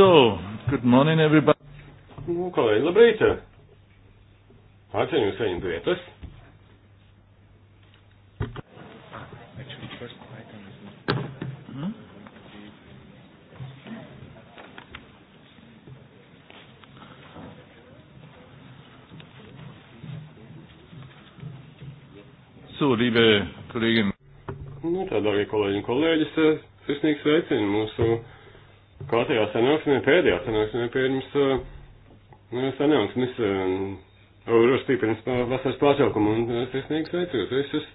So, good morning everybody. Nu, kolēģi, labrīt! Aicinu jūs saņemt vietas. sanāksmē, pēdējā sanāksmē pirms uh, nu, sanāksmes Eurostī uh, pirms vasaras pārtraukuma un es uh, iesniegu sveicu jūs visus.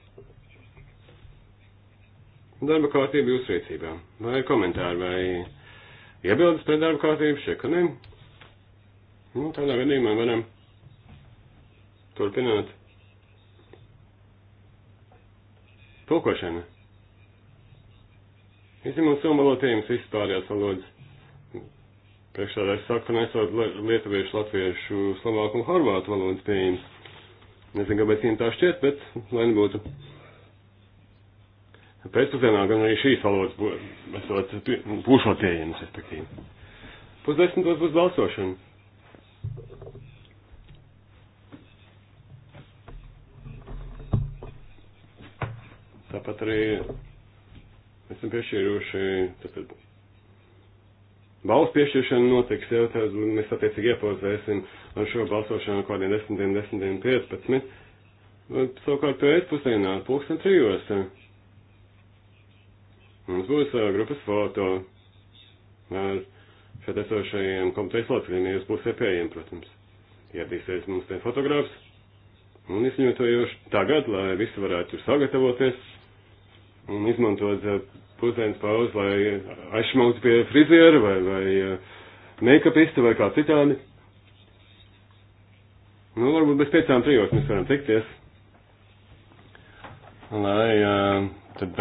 Darba kārtība jūsu rīcībā. Vai komentāri, vai iebildes pret darba kārtību, šeit, ka ne? Nu, tādā gadījumā varam turpināt. Tulkošana. Izņemot somu valodu, jums vispārējās valodas. Priekšsēdājs saka, ka nesot lietuviešu, latviešu, slovāku un horvātu valodas pieejams. Nezinu, kāpēc viņiem tā šķiet, bet lai nebūtu. Nu Pēcpusdienā gan arī šīs valodas esot būšot pieejamas, respektīvi. Pusdesmitos būs balsošana. Tāpat arī esam piešķīruši, tātad balsu piešķiršana notiks jau tās, un mēs attiecīgi iepozēsim ar šo balsošanu kaut kādiem 10, 10, 15. Savukārt pēcpusdienā, pulksten trijos, mums būs uh, grupas foto ar šeit esošajiem komitejas locekļiem, ja jūs būsiet pieejami, protams. Iedīsies mums te fotogrāfs, un izņotojuši tagad, lai visi varētu tur sagatavoties un izmantot eh, pusdienas pauzi, lai aizsmauktu pie friziera vai, vai eh, meikapista vai kā citādi. Nu, varbūt bez piecām trijos mēs varam tikties, lai eh, tad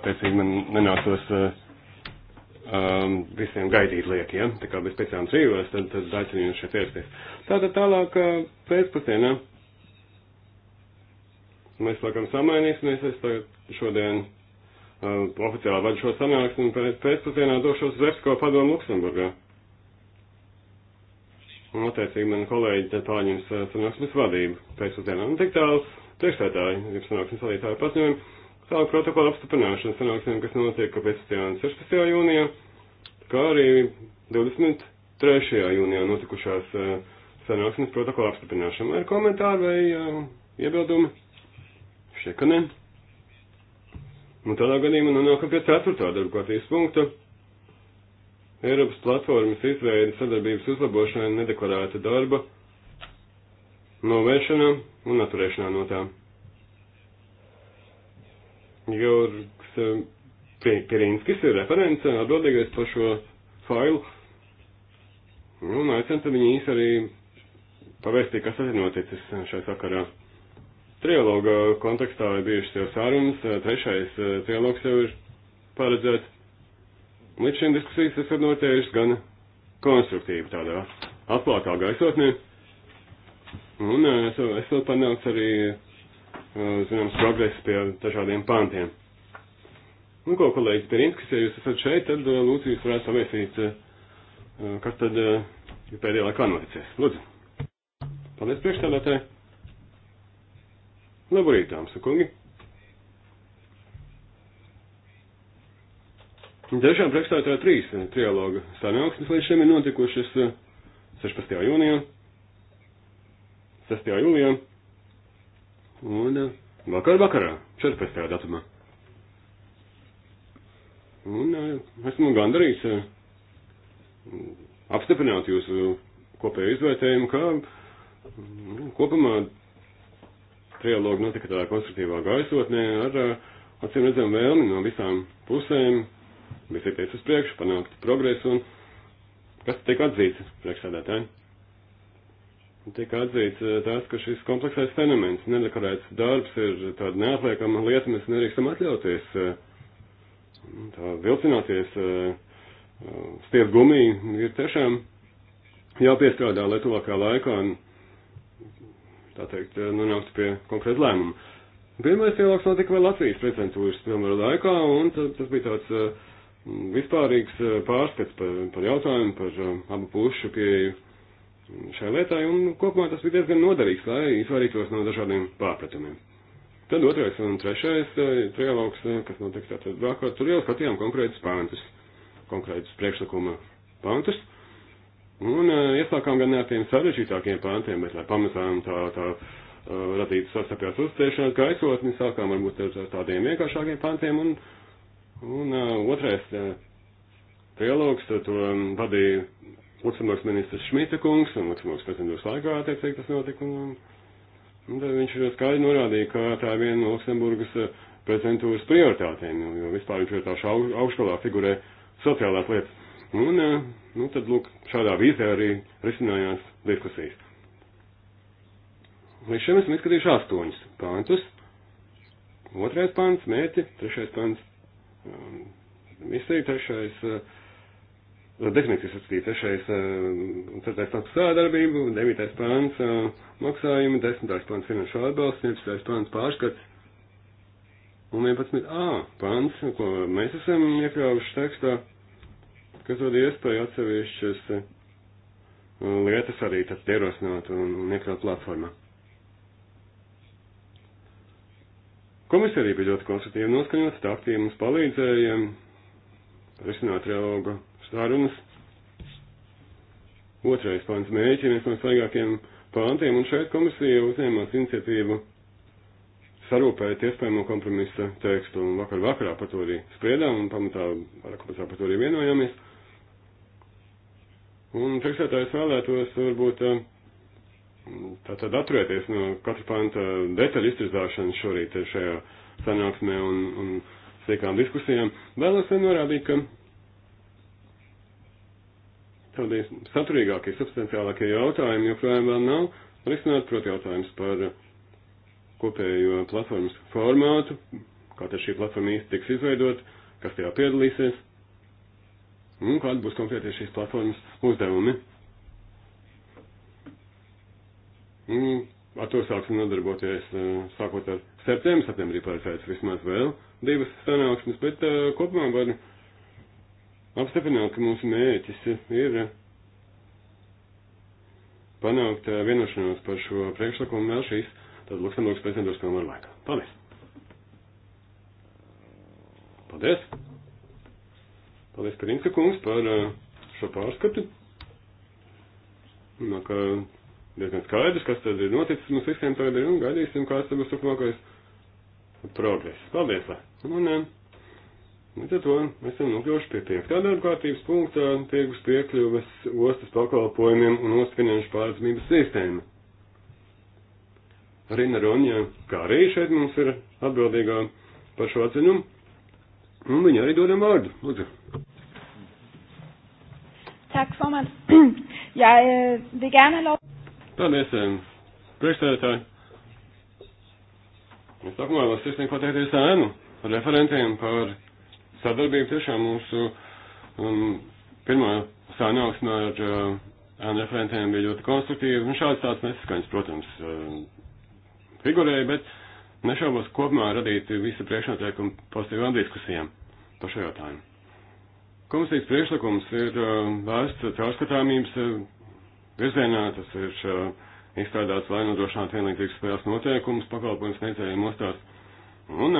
attiecīgi man nenāktos um, visiem gaidīt liek, ja? Tā kā bez piecām trijos, tad, tad aicinu jūs šeit ierasties. Tātad tālāk pēcpusdienā. Mēs laikam samainīsimies, es tagad šodien oficiāli vadu šo sanāksmi un pēc, pēcpusdienā došos uz EFSCO padomu Luksemburgā. Un, attiecīgi, mani kolēģi tad pārņems sanāksmes vadību pēcpusdienā. Un tik tālu priekšsētāji, ja sanāksmes vadītāji paziņojumi, sāk protokola apstiprināšana sanāksmēm, kas notiek 15. un 16. jūnijā, kā arī 23. jūnijā notikušās sanāksmes protokola apstiprināšana. Vai ir komentāri vai uh, iebildumi? Šie, ka ne. Un tādā gadījumā nonākam pie ceturtā darba kārtības punkta. Eiropas platformas izveida sadarbības uzlabošanai nedeklarēta darba novēršanā un atturēšanā no tām. Georgs eh, Pirinskis ir referents eh, atbildīgais par šo failu. Un aicinu viņu īsi arī pavēstīt, kas ir noticis eh, šai sakarā. Trialoga kontekstā ir bijušas jau sarunas, trešais trialogs jau ir paredzēts. Līdz šīm diskusijas esat notiekušas gan konstruktīvi tādā atklātā gaisotnē. Un esot panāks arī, zināms, progress pie dažādiem pantiem. Nu, ko, kolēģis Pirinskis, ja jūs esat šeit, tad lūdzu jūs varētu pavēstīt, kas tad pēdējā laikā noticies. Lūdzu. Paldies priekšstādātāji. Labrīt, dāmas un kungi! Tiešām priekšstādā trīs eh, trialoga sanāksmes līdz šiem ir notikušas 16. Eh, jūnijā, 6. jūlijā un eh, vakar vakarā, 14. datumā. Un esmu gandarīts apstiprināt jūsu kopēju izvērtējumu, ka mm, kopumā trialogi notika tādā konstruktīvā gaisotnē ar eh, acīm redzam vēlmi no visām pusēm virzīties uz priekšu, panākt progresu un kas tiek atzīts priekšsēdētāji. Tiek atzīts eh, tas, ka šis kompleksais fenomens, nedekorēts darbs ir tāda neatliekama lieta, mēs nerīkstam atļauties eh, tā vilcināties, stiep gumiju ir tiešām jāpiestrādā, lai tuvākā laikā un tā teikt, eh, nonākt pie konkrēta lēmuma. Pirmais dialogs notika vēl Latvijas prezidentūras pilnvaru laikā, un tas bija tāds eh, vispārīgs eh, pārskats par, par jautājumu, par abu pušu pieeju šai lietai, un kopumā tas bija diezgan noderīgs, lai izvairītos no dažādiem pārpratumiem. Tad otrais un trešais trialogs, kas notiks tātad vēlāk, tur jau skatījām konkrētus pantus, konkrētus priekšlikuma pantus. Un eh, iesākām gan ar tiem sarežģītākiem pāntiem, bet lai pamazām tā, tā eh, radītu sastapjās uzticēšanās gaisotni, sākām varbūt ar tādiem vienkāršākiem pāntiem. Un, un eh, otrais trialogs, to um, vadīja Luksemburgas ministrs Šmita kungs, un Luksemburgas prezidentūras laikā, attiecīgi tas notika. Un, un, un viņš skaidri norādīja, ka tā ir viena no Luksemburgas prezidentūras prioritātēm, jo, jo vispār viņš ir tā augšgalā figurē sociālās lietas. Un, eh, nu, tad, lūk, šādā vīzē arī risinājās diskusijas. Līdz šim esam izskatījuši astoņus pāntus. Otrais pāns - mērķi, trešais pāns um, - misija, trešais uh, - definīcijas atskatīt, trešais uh, - ceturtais pāns - sādarbību, devītais pāns uh, - maksājumi, desmitais pāns - finanšu atbalsts, vienpadsmitais pāns - pārskats. Un 11a pāns, ko mēs esam iekļāvuši tekstā, kas dod iespēju atsevišķas uh, lietas arī tad ierosināt un, un iekļaut platformā. Komisija arī bija ļoti konstruktīvi noskaņota, tā aktīvi mums palīdzēja risināt trialogu sarunas. Otrais pāns mēģi, viens no svaigākiem pāntiem, un šeit komisija uzņēmās iniciatīvu sarūpēt iespējamo kompromisa tekstu, un vakar vakarā par to arī spriedām, un pamatā vakarā par to arī vienojāmies. Un priekšsētājs vēlētos varbūt eh, tātad atturēties no katra panta detaļu izstrādāšanas šorīt šajā sanāksmē un, un sīkām diskusijām. Vēlos vien norādīt, ka tādi saturīgākie, substanciālākie jautājumi joprojām vēl nav risināti, proti jautājums par kopējo platformas formātu, kā tad šī platforma īsti tiks izveidot, kas tajā piedalīsies. Un kāda būs konkrēti šīs platformas uzdevumi? Un hm, ar to sāksim nodarboties sākot ar septembri, septembrī paredzēts vismaz vēl divas sanāksmes, bet uh, kopumā var apstiprināt, ka mūsu mērķis ir panākt vienošanos par šo priekšlikumu vēl šīs tad Luksemburgas prezidentūras pilnvaru laikā. Paldies! Paldies! Paldies, Karinska kungs, par eh, šo pārskatu. No, nu, ka diezgan skaidrs, kas tad ir noticis mums visiem tagad ir, un gaidīsim, kāds tad būs turpmākais progress. Paldies, lai. Un, eh, līdz ar to esam nokļuvuši pie piektā darba kārtības punktā, tirgus piekļuves ostas pakalpojumiem un ostu finanšu pārredzamības sistēmu. Rina Ronja, kā arī šeit mums ir atbildīgā par šo atzinumu. Un nu, viņi arī dodam vārdu. Lūdzu. Tak, formand. Jeg øh, vil gerne have lov. Paldies, eh, priekšstādātāji. Es sākumā vēl sirsnīgi pateikties ēnu referentiem par sadarbību tiešām mūsu um, pirmā sanāksmē ar uh, ēnu referentiem bija ļoti konstruktīva. Un šāds tāds nesaskaņas, protams, uh, figurēja, bet nešaubos kopumā radīt visu priekšnoteikumu pozitīvām diskusijām par šo jautājumu. Komisijas priekšlikums ir uh, vērsts caurskatāmības uh, virzienā, tas ir uh, izstrādāts, lai nodrošinātu vienlīdzīgas spēles noteikumus pakalpojums neicējiem ostās. Un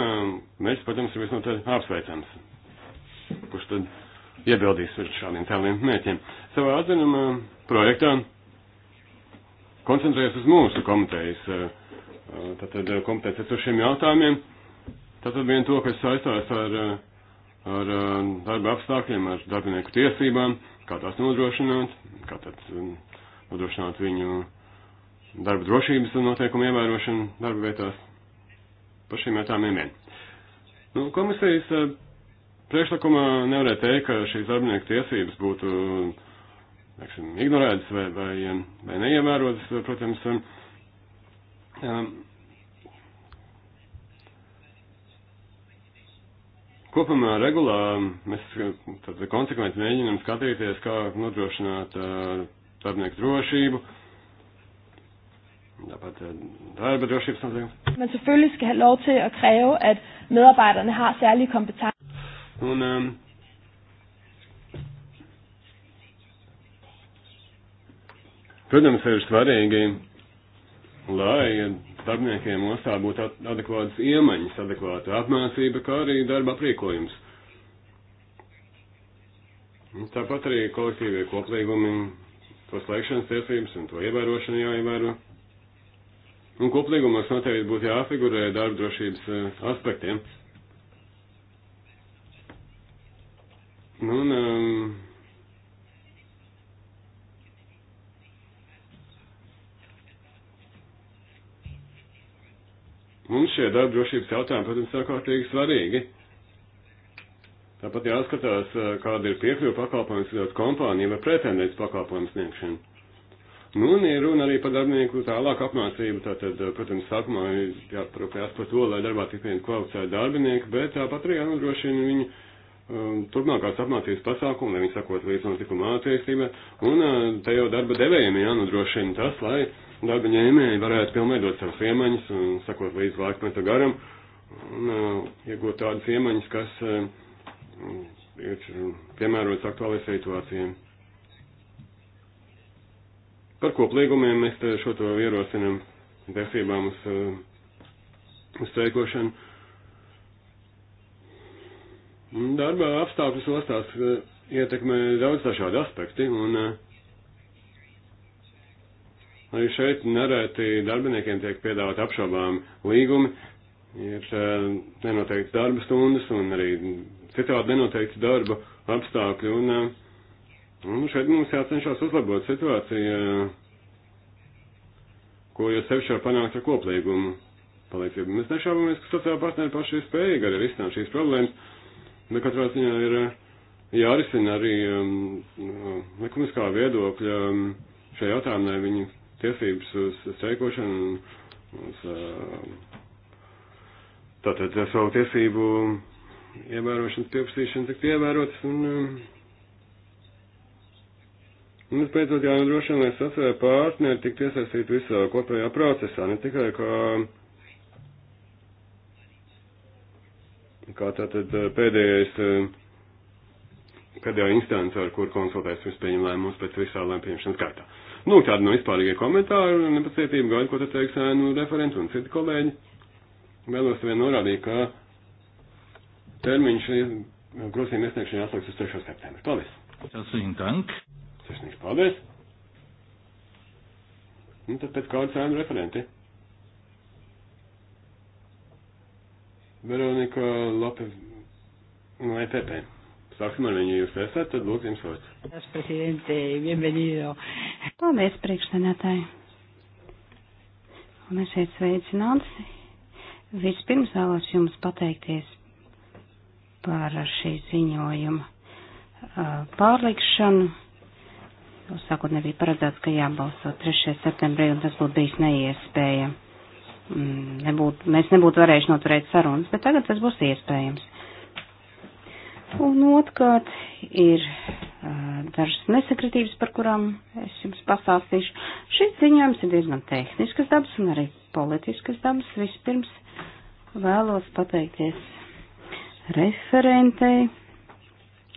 mērķis, protams, ir visnotaļ apsveicams. Kurš tad iebildīs uz šādiem tēliem mērķiem? Savā atzinuma projektā koncentrējas uz mūsu komitejas uh, tātad eh, kompetences uz šiem jautājumiem. Tātad vien to, kas saistās ar, eh, ar eh, darba apstākļiem, ar darbinieku tiesībām, kā tās nodrošināt, kā tad mm, nodrošināt viņu darba drošības un noteikumu ievērošanu darba vietās. Par šiem jautājumiem vien. Nu, komisijas priekšlikumā nevarētu teikt, ka šīs darbinieku tiesības būtu, neksim, ignorētas vai, vai, vai neievērotas, protams, um, kopumā regulā mēs tad konsekventi mēģinam skatīties, kā nodrošināt uh, darbinieku drošību. Tāpat uh, darba drošības nozīme. Man selvfølgelig skal have lov til at kræve, at medarbejderne har særlige kompetencer. Un, um, protams, ir svarīgi lai darbiniekiem ostā būtu adekvātas iemaņas, adekvāta apmācība, kā arī darba aprīkojums. Tāpat arī kolektīvie koplīgumi, to slēgšanas tiesības un to ievērošana jāievēro. Un koplīgumos noteikti būtu jāfigurē darba drošības eh, aspektiem. Nu, un, um, Un šie darba drošības jautājumi, protams, ir ārkārtīgi svarīgi. Tāpat jāskatās, eh, kāda ir piekļuva pakalpojums uz kompāniju vai pretendents pakalpojums sniegšanu. Nu, un ir runa arī par darbinieku tālāku apmācību, tātad, eh, protams, sākumā jāparūpējās par to, lai darbā tik vien kvalificēti darbinieki, bet tāpat arī jānodrošina viņu um, turpmākās apmācības pasākumu, lai viņi sakot līdz notikuma attīstībai, un uh, te jau darba devējiem jānodrošina tas, lai uh, darba ņēmēji varētu pilnveidot savas iemaņas un sakot līdz laikmeta garam un uh, iegūt tādas iemaņas, kas uh, ir piemērotas aktuālajai situācijai. Par koplīgumiem mēs šo to ierosinam tiesībām uz, uh, uz teikošanu. Darba apstākļus ostās uh, ietekmē daudz dažādi aspekti un uh, Arī šeit nereti darbiniekiem tiek piedāvāt apšaubām līgumi, ir eh, nenoteikts darba stundas un arī citādi nenoteikts darba apstākļi. Un, eh, un šeit mums jācenšas uzlabot situāciju, eh, ko jūs sevi šā panākt ar koplīgumu palīdzību. Mēs nešaubamies, ka sociāla partneri paši ir spējīgi arī risināt šīs problēmas, bet katrā ziņā ir jārisina arī um, likumiskā viedokļa um, šajā jautājumā, lai viņi tiesības uz streikošanu, uz uh, tātad savu tiesību ievērošanas pieprasīšanu tiktu ievērotas un, um, un es beidzot jānodrošina, lai sasvē partneri tiktu iesaistīti visā kopējā procesā, ne tikai kā kā tātad uh, pēdējais, pēdējā uh, instance, ar kur konsultēs vispieņem lēmumus pēc visā lēmu pieņemšanas kārtā. Nu, tādi no vispārīgie komentāri un nepacietība gaidu, ko te teiks ēnu referenti un citi kolēģi. Vēlos vien norādīt, ka termiņš grozījuma iesniegšanai atliks uz 3. septembri. Paldies! Herzlichen Dank! Sirsnīgs paldies! Un nu, tad pēc kādas ēnu referenti. Veronika Lopez no EPP. Sāksim ar viņu. Jūs esat, tad lūdzu jums vārds. Paldies, priekšsēdētāji. Un es šeit sveicināts. Vispirms vēlos jums pateikties par šī ziņojuma pārlikšanu. Jūs sakot, nebija paredzēts, ka jābalso 3. septembrī, un tas būtu bijis neiespējami. Mm, Nebūt, mēs nebūtu varējuši noturēt sarunas, bet tagad tas būs iespējams. Un otrkārt ir dažas nesakritības, par kurām es jums pastāstīšu. Šis ziņojums ir diezgan tehniskas dabas un arī politiskas dabas. Vispirms vēlos pateikties referentei.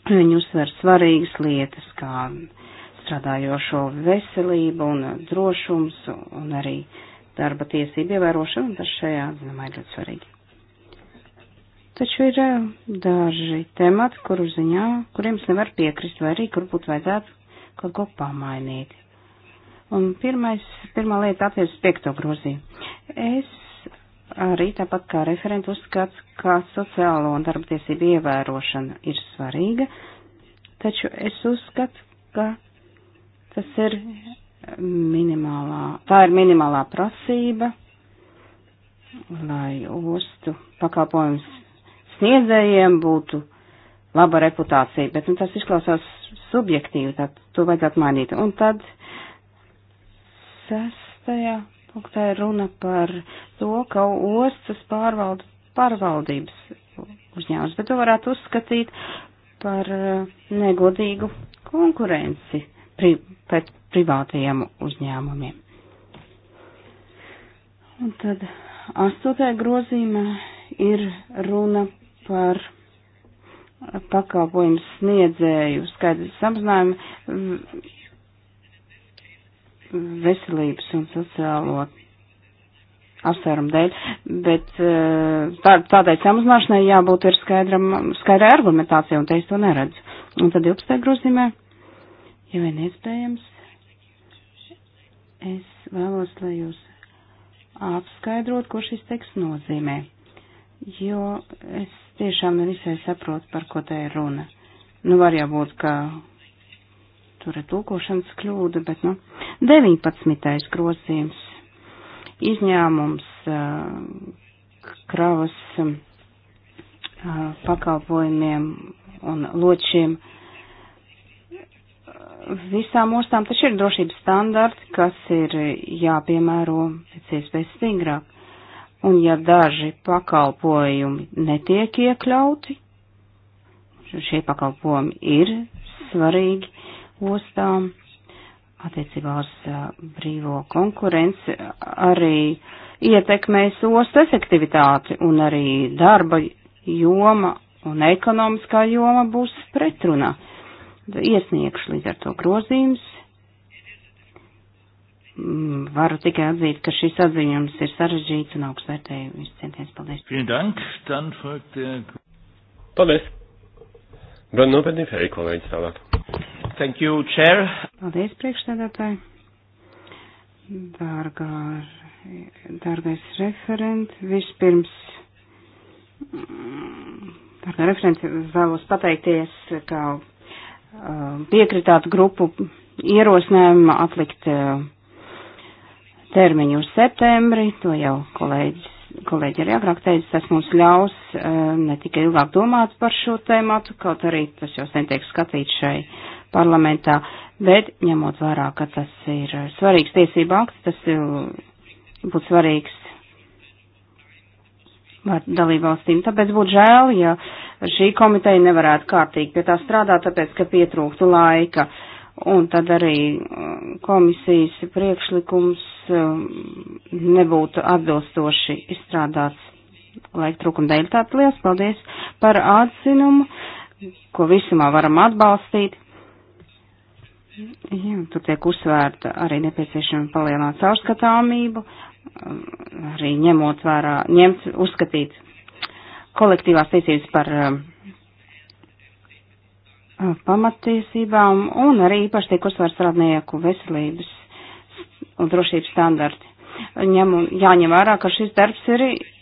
Viņa uzsver svarīgas lietas, kā strādājošo veselību un drošums un arī darba tiesību ievērošanu, un tas šajā atzinumā ir ļoti svarīgi. Taču ir eh, daži temati, kuru ziņā, kuriem es nevaru piekrist, vai arī kur būtu vajadzētu kaut ko pamainīt. Un pirmais, pirmā lieta attiecas piekto grozīju. Es arī tāpat kā referentu uzskats, ka sociālo un darba tiesību ievērošana ir svarīga, taču es uzskatu, ka tas ir minimālā, tā ir minimālā prasība, lai ostu pakalpojums sniedzējiem būtu laba reputācija, bet nu, tas izklausās subjektīvi, tad to vajadzētu mainīt. Un tad sestajā punktā ir runa par to, ka ostas pārvalda pārvaldības uzņēmums, bet to varētu uzskatīt par eh, negodīgu konkurenci pri, pret privātajiem uzņēmumiem. Un tad astotajā grozījumā ir runa par pakalpojumu sniedzēju skaidrs samazinājumu veselības un sociālo apsvērumu dēļ, bet eh, tā, tādai samazināšanai jābūt ir skaidram, skaidrai argumentācijai, un te es to neredzu. Un tad 12. grozīmē, ja vien iespējams, es vēlos, lai jūs apskaidrot, ko šis teksts nozīmē. Jo es tiešām nevisai saprotu, par ko te ir runa. Nu, var jau būt, ka tur ir tūkošanas kļūda, bet, nu, 19. grozījums izņēmums kravas pakalpojumiem un ločiem. Visām ostām taču ir drošības standarti, kas ir jāpiemēro pēc iespējas stingrāk. Un ja daži pakalpojumi netiek iekļauti, šie pakalpojumi ir svarīgi ostām attiecībā uz brīvo konkurenci, arī ietekmēs ostu efektivitāti un arī darba joma un ekonomiskā joma būs pretrunā. Iesniegšu līdz ar to grozījums Mm, varu tikai atzīt, ka šis atziņojums ir sarežģīts un augstvērtēju visu centienu. Paldies. Paldies. Gan nopietni fēri kolēģis tālāk. Thank you, Chair. Paldies, priekšstādātāji. Dārgā, dārgais referent, vispirms. Mm, dārgā referent, vēlos pateikties, ka uh, piekritāt grupu ierosinājumu atlikt uh, termiņu uz septembri, to jau kolēģis, kolēģi arī agrāk teica, tas mums ļaus eh, ne tikai ilgāk domāt par šo tēmatu, kaut arī tas jau sen tiek skatīts šai parlamentā, bet ņemot vērā, ka tas ir svarīgs tiesība akts, tas būtu svarīgs dalībvalstīm. Tāpēc būtu žēl, ja šī komiteja nevarētu kārtīgi pie tā strādāt, tāpēc, ka pietrūktu laika. Uh, un tad arī mm, komisijas priekšlikums mm, nebūtu atbilstoši izstrādāts laika trūkuma dēļ. Tātad liels paldies par atzinumu, ko visumā varam atbalstīt. Jā, tur tiek uzsvērta arī nepieciešama palielināt caurskatāmību, mm, arī ņemot vērā, ņemt, uzskatīt kolektīvās tiesības par um, pamatiesībām un arī īpaši tiek uzsvērts strādnieku veselības un drošības standarti. Ņem, jāņem vērā, ka šis darbs ir,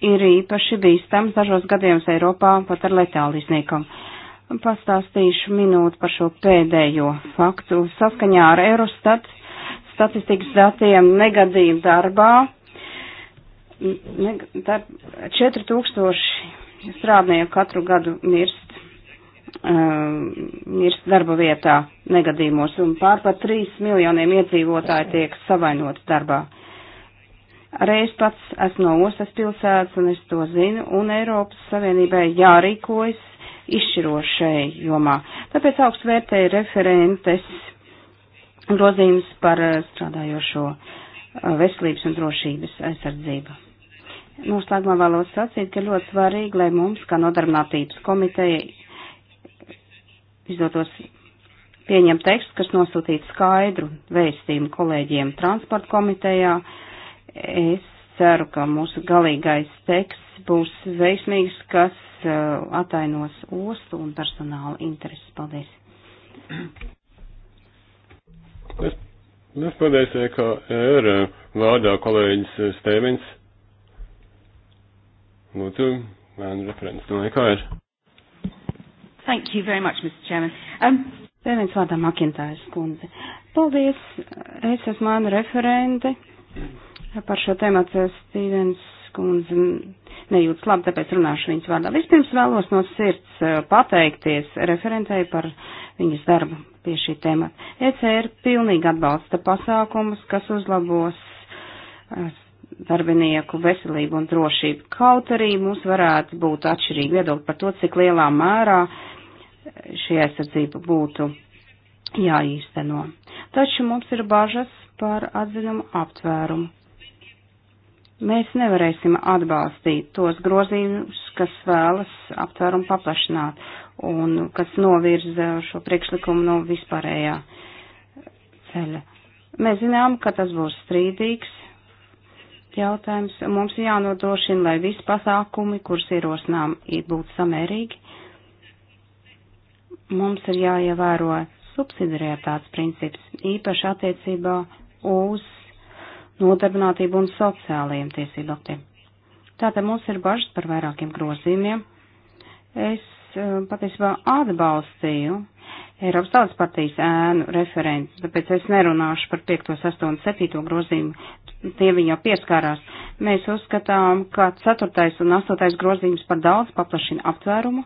ir īpaši bīstams dažos gadījumos Eiropā pat ar letāli izniekam. Pastāstīšu minūti par šo pēdējo faktu. Saskaņā ar Eurostat statistikas datiem negadījumu darbā ne, darb, 4000 strādnieku katru gadu mirst mirst um, darba vietā negadījumos, un pār par 3 miljoniem iedzīvotāji tiek savainoti darbā. Reiz pats esmu no ostas pilsētas, un es to zinu, un Eiropas Savienībai jārīkojas izšķirošai jomā. Tāpēc augstu vērtēju referentes grozījums par uh, strādājošo uh, veselības un drošības aizsardzību. Noslēgumā vēlos sacīt, ka ļoti svarīgi, lai mums, kā nodarbinātības komiteja, izdotos pieņemt tekstu, kas nosūtītu skaidru vēstījumu kolēģiem transporta komitejā. Es ceru, ka mūsu galīgais teksts būs veiksmīgs, kas uh, atainos ostu un personāla intereses. Paldies! Mēs, mēs paldies, ka ir uh, vārdā kolēģis uh, Stēvins. Lūdzu, man referents no EKR. Thank you very much, Mr. Chairman. Um, Pēviens vārdā Makintājas kundze. Paldies, es esmu Anna referente par šo tēmatu Stīvens kundze nejūtas labi, tāpēc runāšu viņas vārdā. Vispirms vēlos no sirds uh, pateikties referentei par viņas darbu pie šī tēmata. ECR pilnīgi atbalsta pasākumus, kas uzlabos uh, darbinieku veselību un drošību. Kaut arī mums varētu būt atšķirīgi viedokļi par to, cik lielā mērā šī aizsardzība būtu jāīsteno. Taču mums ir bažas par atzinumu aptvērumu. Mēs nevarēsim atbalstīt tos grozījumus, kas vēlas aptvērumu paplašināt un kas novirza šo priekšlikumu no vispārējā ceļa. Mēs zinām, ka tas būs strīdīgs jautājums. Mums jānodrošina, lai visi pasākumi, kurus ierosinām, būtu samērīgi mums ir jāievēro subsidiarietāts princips, īpaši attiecībā uz nodarbinātību un sociālajiem tiesību aktiem. Tātad mums ir bažas par vairākiem grozījumiem. Es eh, patiesībā atbalstīju Eiropas Tautas partijas ēnu referentu, tāpēc es nerunāšu par 5, 8 un 7 grozījumu, tie viņi jau pieskārās. Mēs uzskatām, ka 4. un 8. grozījums par daudz paplašina aptvērumu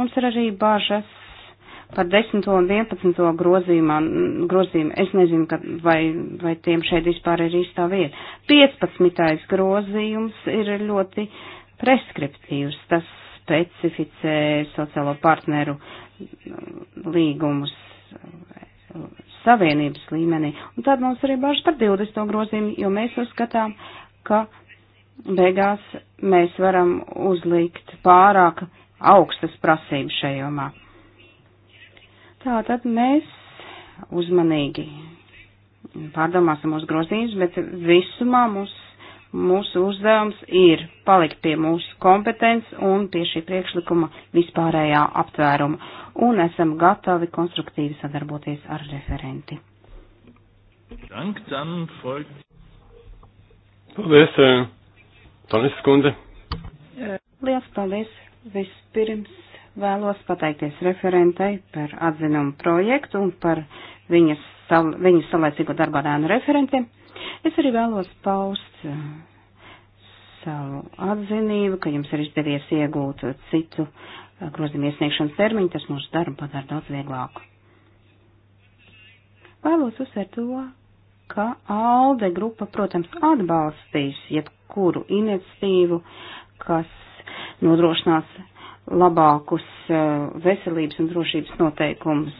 Mums ir arī bažas par 10. un 11. grozījumā, grozījumu. Es nezinu, kad, vai, vai tiem šeit vispār ir īstā vieta. 15. grozījums ir ļoti preskriptīvs. Tas specificē sociālo partneru līgumus savienības līmenī. Un tad mums arī bažas par 20. grozījumu, jo mēs uzskatām, ka beigās mēs varam uzlikt pārāk augstas prasības šajā jomā. Tātad mēs uzmanīgi pārdomāsim mūsu grozījumus, bet visumā mūs, mūsu uzdevums ir palikt pie mūsu kompetences un pie šī priekšlikuma vispārējā aptvēruma. Un esam gatavi konstruktīvi sadarboties ar referenti. Dank, dann folgt. Paldies, eh, Tonis Skundze. Liels paldies. Vispirms vēlos pateikties referentai par atzinumu projektu un par viņas, sal, viņu saulēcīgo darbā dēnu referentiem. Es arī vēlos paust uh, savu atzinību, ka jums ir izdevies iegūt citu uh, grozījumu iesniegšanas termiņu, tas mūsu darbu padara daudz vieglāku. Vēlos uzsvērt to, ka ALDE grupa, protams, atbalstīs jebkuru iniciatīvu, kas nodrošinās labākus eh, veselības un drošības noteikumus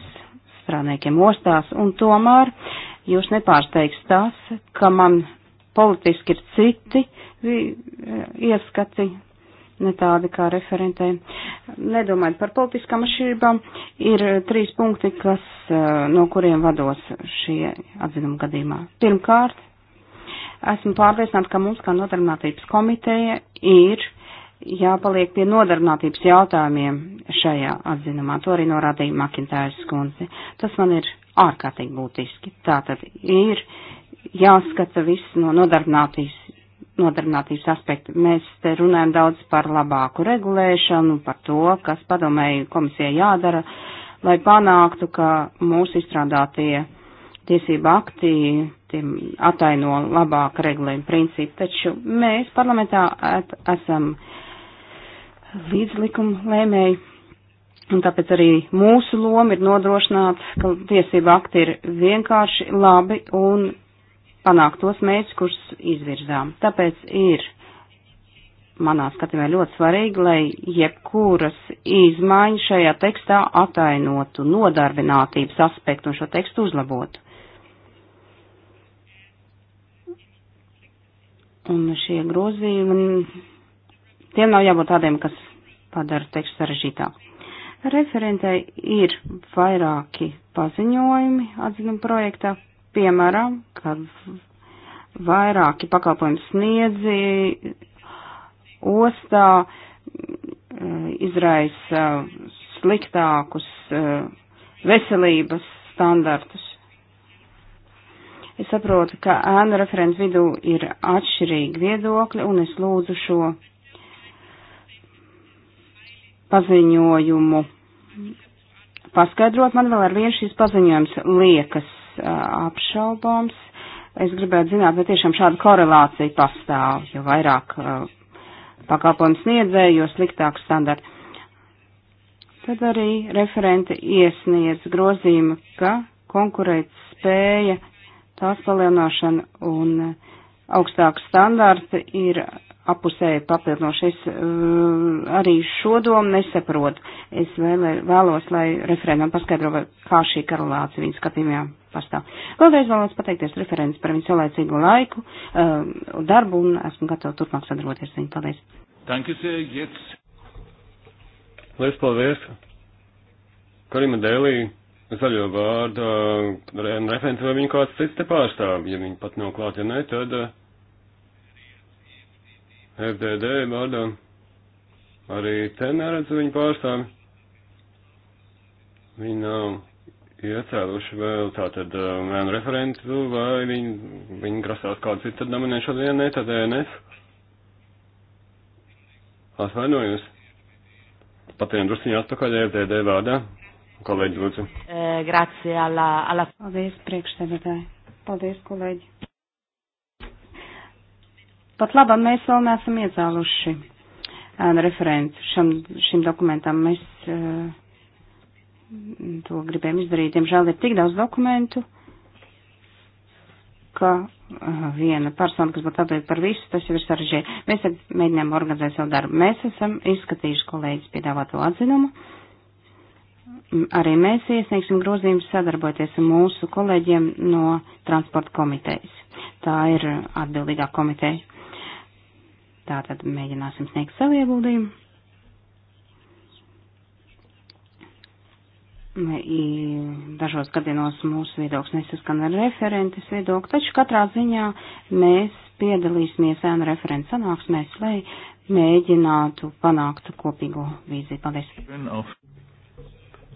strādniekiem ostās, un tomēr jūs nepārsteigs tas, ka man politiski ir citi eh, ieskati, ne tādi kā referentē. Nedomājot par politiskām atšķirībām, ir eh, trīs punkti, kas, no kuriem vados šie atzinuma gadījumā. Pirmkārt, esmu pārliecināta, ka mums kā nodarbinātības komiteja ir jāpaliek pie nodarbinātības jautājumiem šajā atzinumā. To arī norādīja Makintājas skundze. Tas man ir ārkārtīgi būtiski. Tātad ir jāskata viss no nodarbinātības, nodarbinātības aspekta. Mēs te runājam daudz par labāku regulēšanu, par to, kas padomēju komisijai jādara, lai panāktu, ka mūsu izstrādātie tiesība akti attaino labāk regulējumu principu, taču mēs parlamentā at, esam līdzlikumu lēmēji. Un tāpēc arī mūsu loma ir nodrošināt, ka tiesība akti ir vienkārši labi un panākt tos mērķus, kurus izvirzām. Tāpēc ir manā skatījumā ļoti svarīgi, lai jebkuras izmaiņas šajā tekstā atainotu nodarbinātības aspektu un šo tekstu uzlabotu. Un šie grozījumi Tiem nav jābūt tādiem, kas padara tekstu sarežģītāk. Referentei ir vairāki paziņojumi atzinuma projektā, piemēram, ka vairāki pakalpojumu sniedzi ostā eh, izraisa sliktākus eh, veselības standartus. Es saprotu, ka ēnu referents vidū ir atšķirīgi viedokļi, un es lūdzu šo paziņojumu paskaidrot. Man vēl ar vienu šis paziņojums liekas apšaubāms. Es gribētu zināt, vai tiešām šāda korelācija pastāv, jo vairāk pakalpojumu sniedzēju, jo sliktāk standarti. Tad arī referenti iesniedz grozījumu, ka konkurēt spēja, tās palielināšana un augstāka standarta ir apusēji papildinoši. Es uh, arī šo domu nesaprotu. Es vēlē, vēlos, lai referendam paskaidro, kā šī korelācija viņa skatījumā pastāv. Vēlreiz vēlos pateikties referents par viņu saulēcīgo laiku, uh, darbu un esmu gatava turpmāk sadarboties ar viņu. Paldies! Tankas, jetzt. Lies paldies! Karima Dēlī, zaļo vārdu, uh, referents vai viņu kāds cits te pārstāv, ja viņi pat nav klāt, ja nē, tad. Uh, FDD vārdā. Arī te neredzu viņu pārstāvi. Viņi nav iecēluši vēl tātad mēnu uh, um, referentu, vai viņi, viņi grasās kādu citu, tad nominē šodien, ne, tad uh, ENF. Atvainojos. Patiem drusciņā atpakaļ FDD vārdā. Kolēģi, lūdzu. E, grazie, alla, alla. Paldies, priekšsēdētāji. Paldies, kolēģi. Pat labam mēs vēl neesam iezāluši referentu šam, šim dokumentam. Mēs to gribējām izdarīt. Diemžēl ir tik daudz dokumentu, ka viena persona, kas būtu atbildīga par visu, tas jau ir sarežģīti. Mēs tagad mēģinām organizēt savu darbu. Mēs esam izskatījuši kolēģis piedāvāto atzinumu. Arī mēs iesniegsim grozījumus sadarboties ar mūsu kolēģiem no transporta komitejas. Tā ir atbildīgā komiteja. Tātad mēģināsim sniegt savu ieguldījumu. Dažos gadienos mūsu viedoklis nesaskan ar referentes viedokli, taču katrā ziņā mēs piedalīsimies ēnu referents sanāksmēs, lai mēģinātu panākt kopīgo vīziju. Paldies!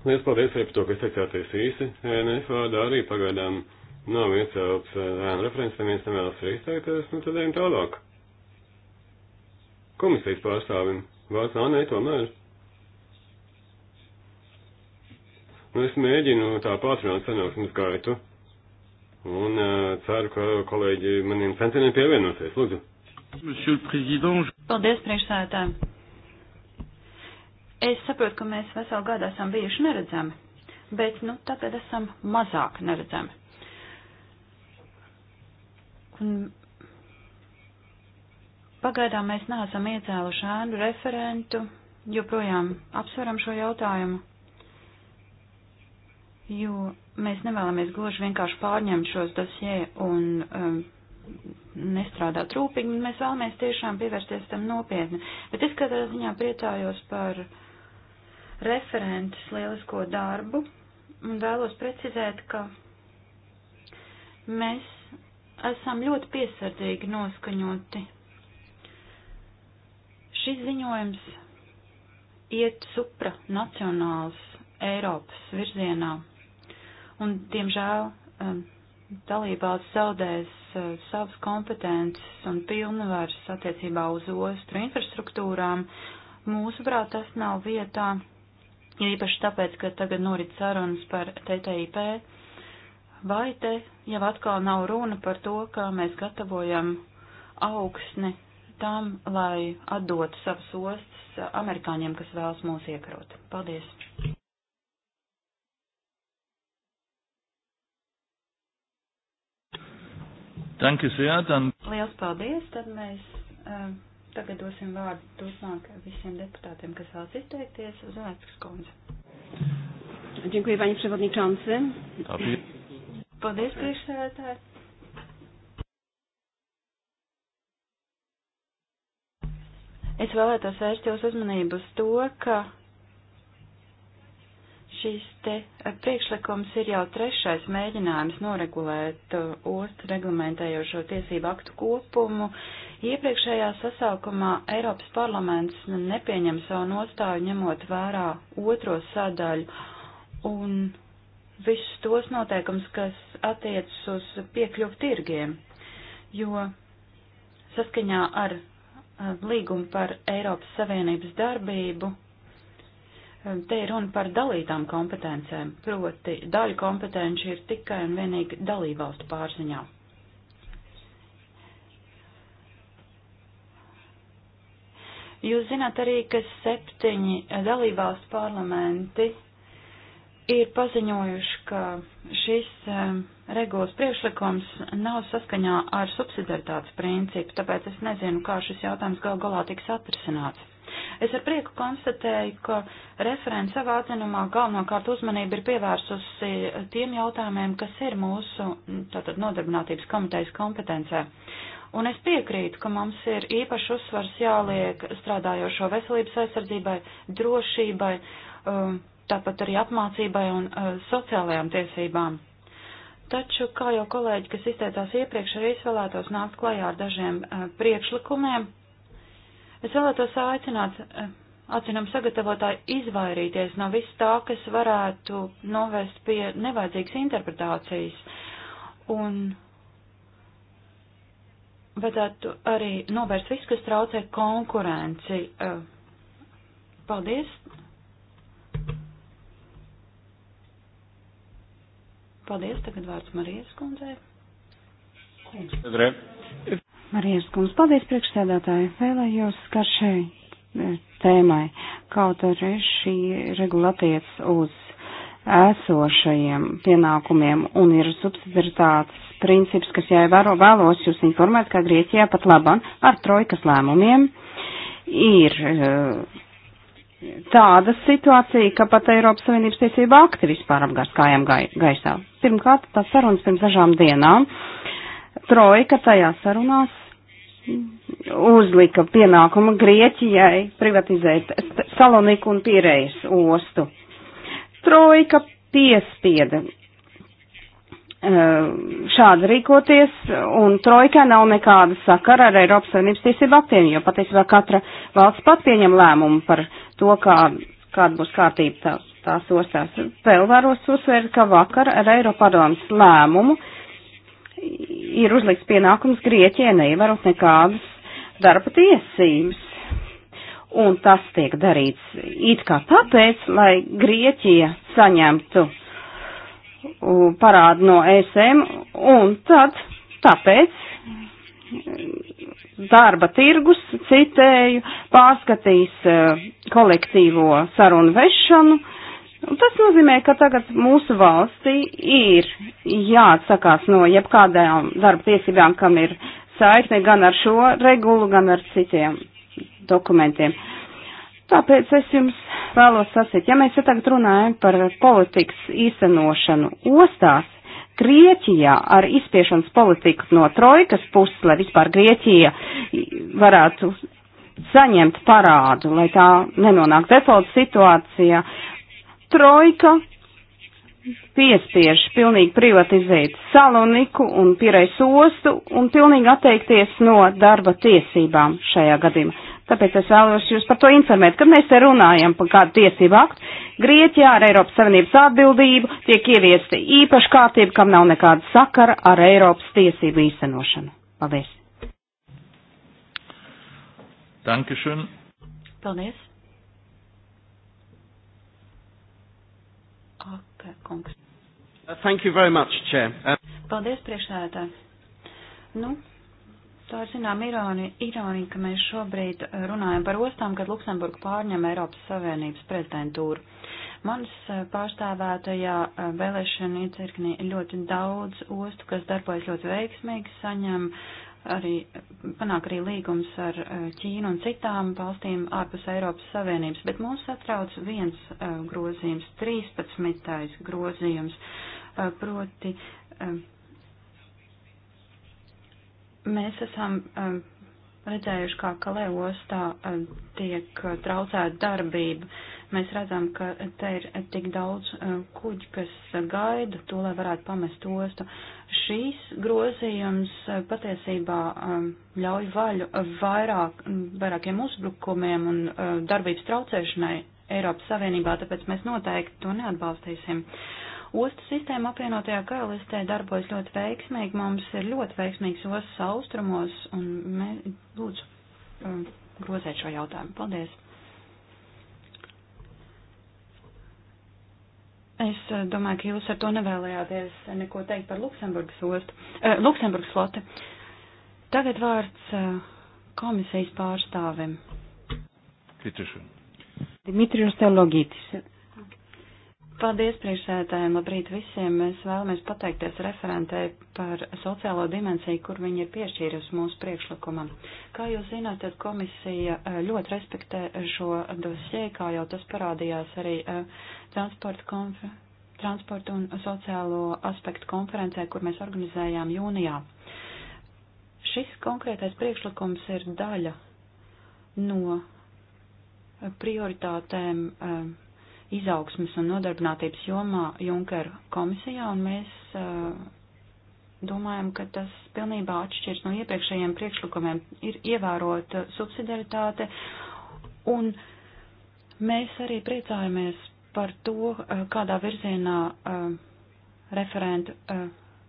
Liels paldies, Rep, to, ka teicāties īsi. ENF vārdā arī pagaidām nav iecelts ēnu referents, neviens nevēlas arī izteikties, nu tad ejam tālāk komisijas pārstāvim. Vārds Anē tomēr. Nu, es mēģinu tā pātrināt sanāksmes gaitu un uh, ceru, ka kolēģi maniem centieniem pievienosies. Lūdzu. Paldies, priekšsēdētāji. Es saprotu, ka mēs veselu gadu esam bijuši neredzami, bet nu tagad esam mazāk neredzami. Un Pagaidām mēs neesam iecēluši ēnu referentu, joprojām apsveram šo jautājumu, jo mēs nevēlamies gluži vienkārši pārņemt šos dosie un um, nestrādāt rūpīgi, mēs vēlamies tiešām pievērsties tam nopietni. Bet es kādā ziņā priecājos par referentes lielisko darbu un vēlos precizēt, ka mēs esam ļoti piesardzīgi noskaņoti Šis ziņojums iet supranacionāls Eiropas virzienā, un, diemžēl, um, dalībās zaudēs uh, savas kompetences un pilnvaras attiecībā uz ostru infrastruktūrām. Mūsuprāt, tas nav vietā, īpaši tāpēc, ka tagad norit sarunas par TTIP, vai te jau atkal nav runa par to, kā mēs gatavojam augsni tam, lai atdotu savas ostas amerikāņiem, kas vēlas mūs iekarot. Paldies! Danke sehr, dann. Liels paldies, tad mēs uh, tagad dosim vārdu turpmāk visiem deputātiem, kas vēlas izteikties uz Vēskas kundze. Dziękuję, panie przewodniczący. Paldies, priekšsēdētāji. Es vēlētos vērst jūs uzmanību uz to, ka šīs te eh, priekšlikums ir jau trešais mēģinājums noregulēt eh, ostu reglamentējošo tiesību aktu kopumu. Iepriekšējā sasaukumā Eiropas parlaments nepieņem savu nostāju ņemot vērā otro sadaļu un visus tos noteikums, kas attiecas uz piekļuvu tirgiem, jo saskaņā ar Eh, līgumu par Eiropas Savienības darbību. Eh, te ir runa par dalītām kompetencēm, proti daļu kompetenci ir tikai un vienīgi dalībvalstu pārziņā. Jūs zināt arī, ka septiņi dalībvalstu parlamenti ir paziņojuši, ka šis um, regulas priekšlikums nav saskaņā ar subsidiaritātes principu, tāpēc es nezinu, kā šis jautājums gal galā tiks atrisināts. Es ar prieku konstatēju, ka referents savā atzinumā galvenokārt uzmanību ir pievērsusi tiem jautājumiem, kas ir mūsu tātad, nodarbinātības komitejas kompetencē. Un es piekrītu, ka mums ir īpaši uzsvars jāliek strādājošo veselības aizsardzībai, drošībai, um, tāpat arī apmācībai un uh, sociālajām tiesībām Taču, kā jau kolēģi, kas izteicās iepriekš, arī es vēlētos nākt klajā ar dažiem uh, priekšlikumiem. Es vēlētos aicināt uh, eh, atzinam sagatavotāju izvairīties no viss tā, kas varētu novest pie nevajadzīgas interpretācijas. Un vajadzētu arī novērst visu, kas traucē konkurenci. Eh, paldies, Paldies, tagad vārds Marijas kundzei. Marijas kundze, paldies priekšsēdētāji. Vēlējos, ka šai e, tēmai kaut arī šī regula attiec uz esošajiem pienākumiem un ir subsidiaritātes princips, kas jāievēro vēlos jūs informēt, ka Grieķijā pat labam ar trojkas lēmumiem ir uh, tāda situācija, ka pat Eiropas Savienības tiesība akti vispār apgāst kājām gai, gaisā. Pirmkārt, tas sarunas pirms dažām dienām. Trojka tajā sarunās uzlika pienākumu Grieķijai privatizēt Saloniku un Pīrējas ostu. Trojka piespieda eh, šādi rīkoties, un trojkai nav nekāda sakara ar Eiropas Savienības tiesību aktiem, jo patiesībā katra valsts pat pieņem lēmumu par to, kā, kāda būs kārtība tā, tās ostās. Vēl vēros uzsvērt, ka vakar ar Eiropadomas lēmumu ir uzlikts pienākums Grieķijai neievarot nekādas darba tiesības. Un tas tiek darīts it kā tāpēc, lai Grieķija saņemtu parādu no ESM, un tad tāpēc, darba tirgus, citēju, pārskatīs e, kolektīvo sarunu vešanu. Tas nozīmē, ka tagad mūsu valstī ir jāatsakās no jebkādām darba tiesībām, kam ir saikne gan ar šo regulu, gan ar citiem dokumentiem. Tāpēc es jums vēlos sacīt, ja mēs ja tagad runājam par politikas īstenošanu ostās, Grieķijā ar izspiešanas politiku no trojkas puses, lai vispār Grieķija varētu saņemt parādu, lai tā nenonāk default situācijā, trojka piespiež pilnīgi privatizēt Saloniku un Pirais ostu un pilnīgi atteikties no darba tiesībām šajā gadījumā. Tāpēc es vēlos jūs par to informēt, kad mēs te runājam par kādu tiesību aktu. Grieķijā ar Eiropas Savienības atbildību tiek ieviesti īpaši kārtība, kam nav nekāda sakara ar Eiropas tiesību īstenošanu. Paldies! Dankeschön. Paldies! Ak, kungs. Thank you very much, Chair. Paldies, priekšsēdētāji. Nu, Tā ir, zinām, ironija, ironija, ka mēs šobrīd eh, runājam par ostām, kad Luksemburga pārņem Eiropas Savienības prezidentūru. Manas eh, pārstāvētajā eh, vēlēšana iecirknī ir ļoti daudz ostu, kas darbojas ļoti veiksmīgi, saņem arī, panāk arī līgums ar Ķīnu un citām valstīm ārpus Eiropas Savienības, bet mūs satrauc viens grozījums, 13. grozījums, proti Mēs esam um, redzējuši, kā Kalē ostā um, tiek uh, traucēta darbība. Mēs redzam, ka te ir tik daudz um, kuģi, kas gaida to, lai varētu pamest ostu. Šīs grozījums uh, patiesībā ļauj vaļu vairāk, vairākiem uzbrukumiem un uh, darbības traucēšanai Eiropas Savienībā, tāpēc mēs noteikti to neatbalstīsim. Uh, Ostu sistēma apvienotajā karalistē darbojas ļoti veiksmīgi. Mums ir ļoti veiksmīgs ostas austrumos, un mēs lūdzu um, grozēt šo jautājumu. Paldies! Es uh, domāju, ka jūs ar to nevēlējāties neko teikt par Luksemburgas ostu, eh, Luksemburgas floti. Tagad vārds uh, komisijas pārstāvim. Kritišu. Dimitrijus Teologītis. Paldies priekšsētājiem, labrīt visiem. Mēs vēlamies pateikties referentei par sociālo dimensiju, kur viņa ir piešķīrusi mūsu priekšlikumam. Kā jūs zināt, tad komisija eh, ļoti respektē šo dosie, kā jau tas parādījās arī eh, transporta konferencē transportu un sociālo aspektu konferencē, kur mēs organizējām jūnijā. Šis konkrētais priekšlikums ir daļa no prioritātēm uh, izaugsmas un nodarbinātības jomā Junker komisijā, un mēs uh, domājam, ka tas pilnībā atšķirs no iepriekšējiem priekšlikumiem. Ir ievērota eh, subsidiaritāte, un mēs arī priecājamies par to, uh, kādā virzienā uh, referenta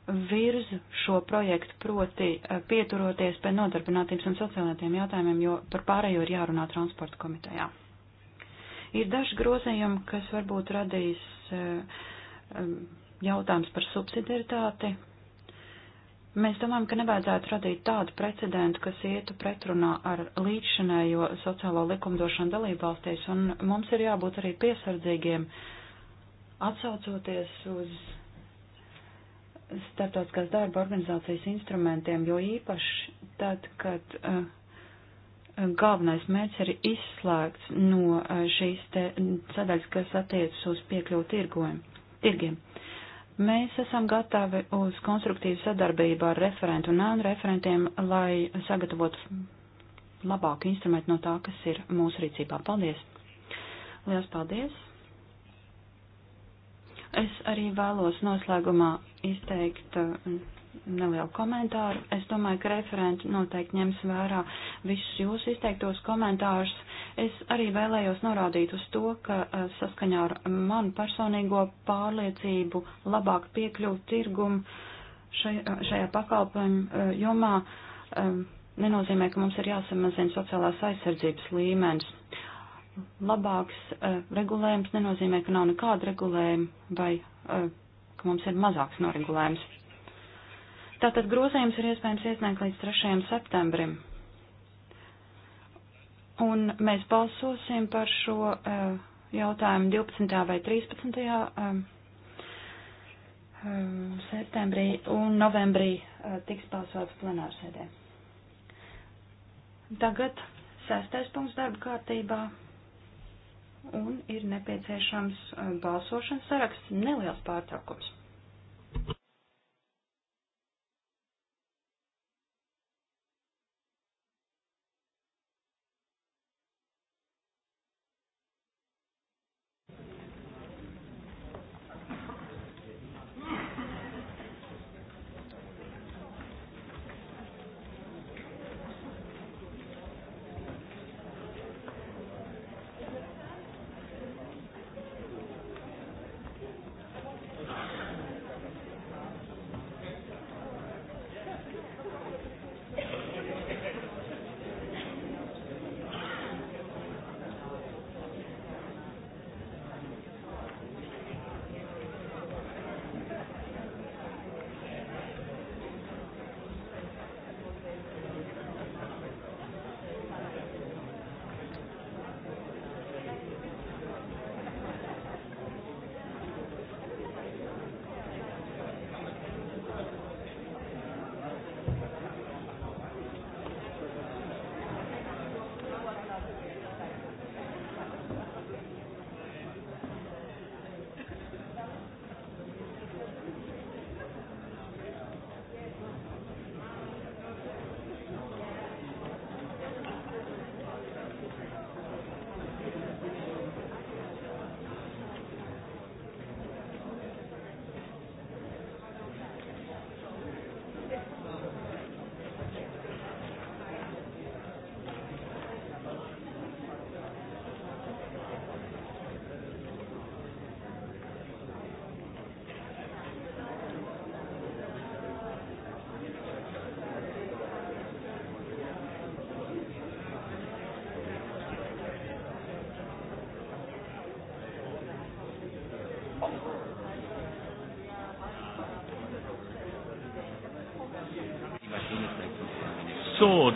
virzu šo projektu, proti pieturoties pie nodarbinātības un sociālajiem jautājumiem, jo par pārējo ir jārunā transporta komitejā. Ir daži grozījumi, kas varbūt radīs e, e, jautājums par subsidiaritāti. Mēs domājam, ka nevajadzētu radīt tādu precedentu, kas ietu pretrunā ar līdzšanējo sociālo likumdošanu dalībvalstīs, un mums ir jābūt arī piesardzīgiem, atsaucoties uz starptautiskās darba organizācijas instrumentiem, jo īpaši tad, kad uh, galvenais mērķis ir izslēgts no e, šīs te sadaļas, kas attiecas uz piekļuvu tirgiem. Mēs esam gatavi uz konstruktīvu sadarbību ar referentu un ānu referentiem, lai sagatavotu labāku instrumentu no tā, kas ir mūsu rīcībā. Paldies! Liels paldies! Es arī vēlos noslēgumā izteikt e, nelielu komentāru. Es domāju, ka referenti noteikti ņems vērā visus jūsu izteiktos komentārus. Es arī vēlējos norādīt uz to, ka eh, saskaņā ar manu personīgo pārliecību labāk piekļūt tirgumu šajā, eh, šajā pakalpojumu eh, jomā nenozīmē, ka mums ir jāsamazina sociālās aizsardzības līmenis. Labāks regulējums nenozīmē, ka nav nekāda regulējuma vai ka mums ir mazāks noregulējums. Tātad grozījums ir iespējams iesniegt līdz 3. septembrim. Un mēs balsosim par šo uh, jautājumu 12. vai 13. Uh, eh, eh, septembrī un novembrī uh, tiks balsots plenārsēdē. Tagad sestais punkts darba kārtībā un ir nepieciešams balsošanas saraksts neliels pārtraukums.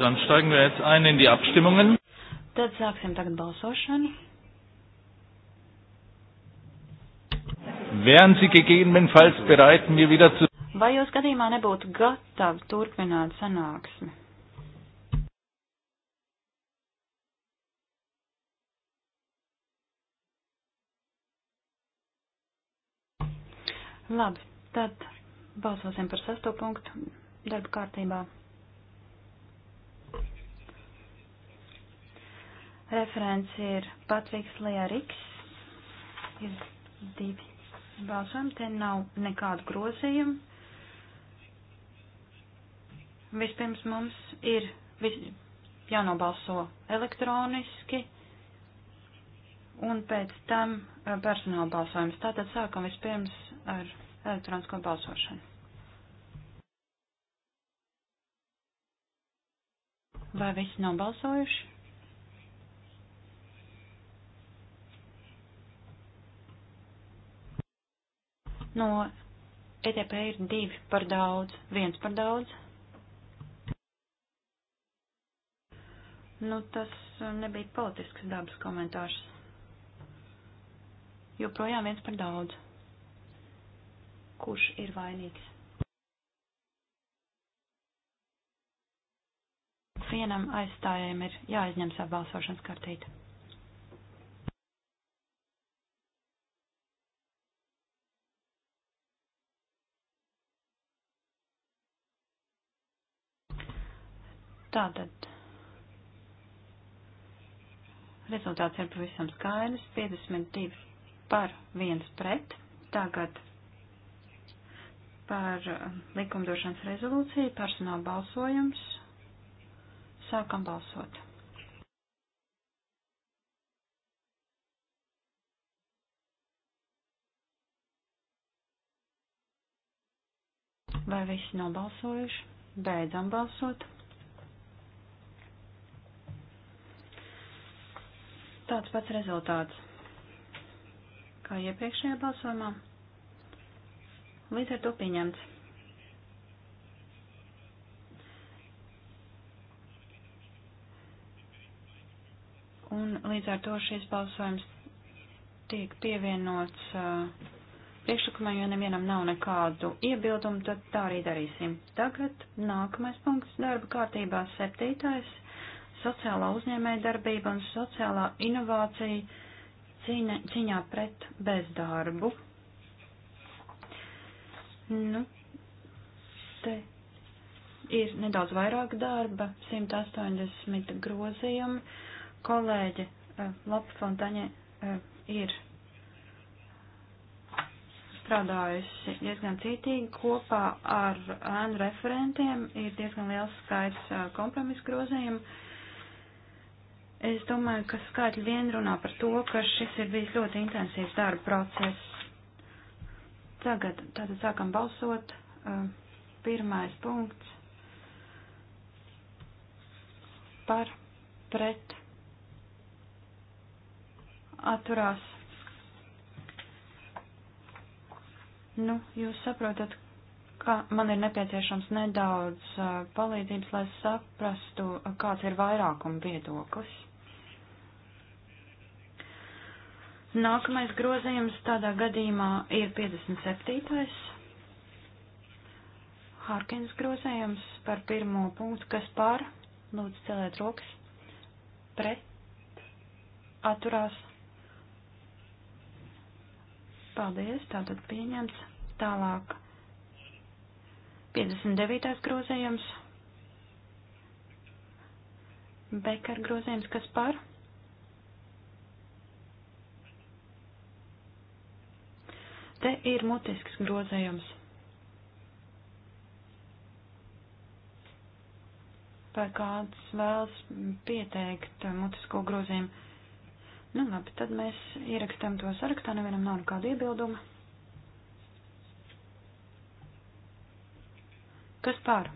dann steigen wir jetzt ein in die Abstimmungen. Tad sāksim tagad balsošanu. Wären Sie gegebenenfalls bereit, mir wieder zu. Vai jūs gadījumā nebūtu gatavi turpināt sanāksmi? Labi, tad balsosim par sesto punktu darba kārtībā. Referents ir Patriks Lejariks. Ir divi balsojumi, te nav nekādu grozījumu. Vispirms mums ir vis, jānobalso elektroniski un pēc tam eh, personāla balsojums. Tātad sākam vispirms ar elektronisko balsošanu. Vai visi nav balsojuši? No ETP ir divi par daudz, viens par daudz. Nu, tas uh, nebija politisks dabas komentārs. Joprojām viens par daudz. Kurš ir vainīgs? Vienam aizstājējiem ir jāizņem savu balsošanas kartīti. Tātad rezultāts ir pavisam skaidrs. 52 par 1 pret. Tagad par uh, likumdošanas rezolūciju personāla balsojums. Sākam balsot. Vai visi nobalsojuši? Beidzam balsot. tāds pats rezultāts kā iepriekšējā balsojumā. Līdz ar to pieņemts. Un līdz ar to šis balsojums tiek pievienots uh, priekšlikumā, jo nevienam nav nekādu iebildumu, tad tā arī darīsim. Tagad nākamais punkts darba kārtībā - septītais sociālā uzņēmēja darbība un sociālā inovācija cīne, cīņā pret bezdarbu. Nu, te ir nedaudz vairāk darba, 180 grozījumi. Kolēģe eh, Lapa Fontaņa eh, ir strādājusi diezgan cītīgi kopā ar ēnu referentiem, ir diezgan liels skaits eh, kompromisu grozījumu Es domāju, ka skaitļi vien runā par to, ka šis ir bijis ļoti intensīvs darba process. Tagad tātad sākam balsot. Pirmais punkts par pret atturās. Nu, jūs saprotat, ka man ir nepieciešams nedaudz palīdzības, lai saprastu, kāds ir vairākuma viedoklis. Nākamais grozījums tādā gadījumā ir 57. Harkins grozījums par pirmo punktu, kas pār, lūdzu celēt rokas, pret, atturās. Paldies, tātad pieņemts. Tālāk. 59. grozījums. Bekar grozījums, kas pār? Te ir mutisks grozējums. Vai kāds vēlas pieteikt mutisko grozījumu? Nu, labi, tad mēs ierakstam to sarakstā, nevienam nav nekāda iebilduma. Kas pār?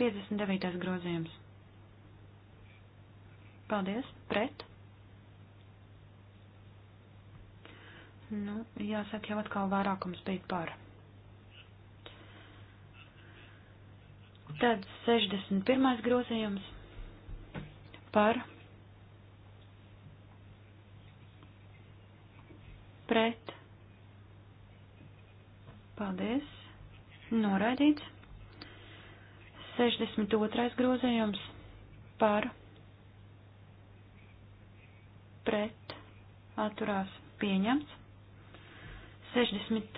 59. grozījums. Paldies, pret. Nu, jāsaka, jau atkal vairākums bija par. Tad 61. grozījums par pret. Paldies. Noraidīts. 62. grozījums par pret atturās pieņemts. 63.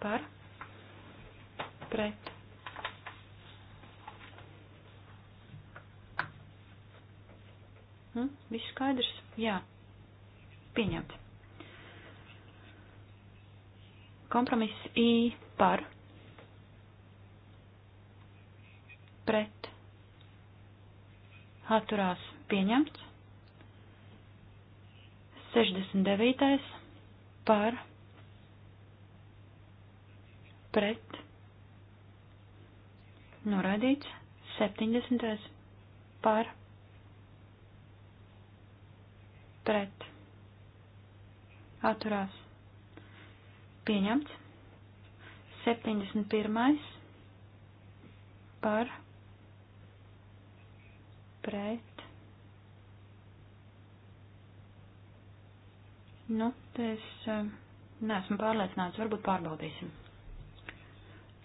Par. Pret. Hmm? Viss skaidrs? Jā. Pieņemt. Kompromiss I par. Pret. Atturās. Pieņemts. 69. par pret norādīts 70. par pret atturās pieņemts 71. par pret Nu, te es eh, neesmu pārliecināts, varbūt pārbaudīsim.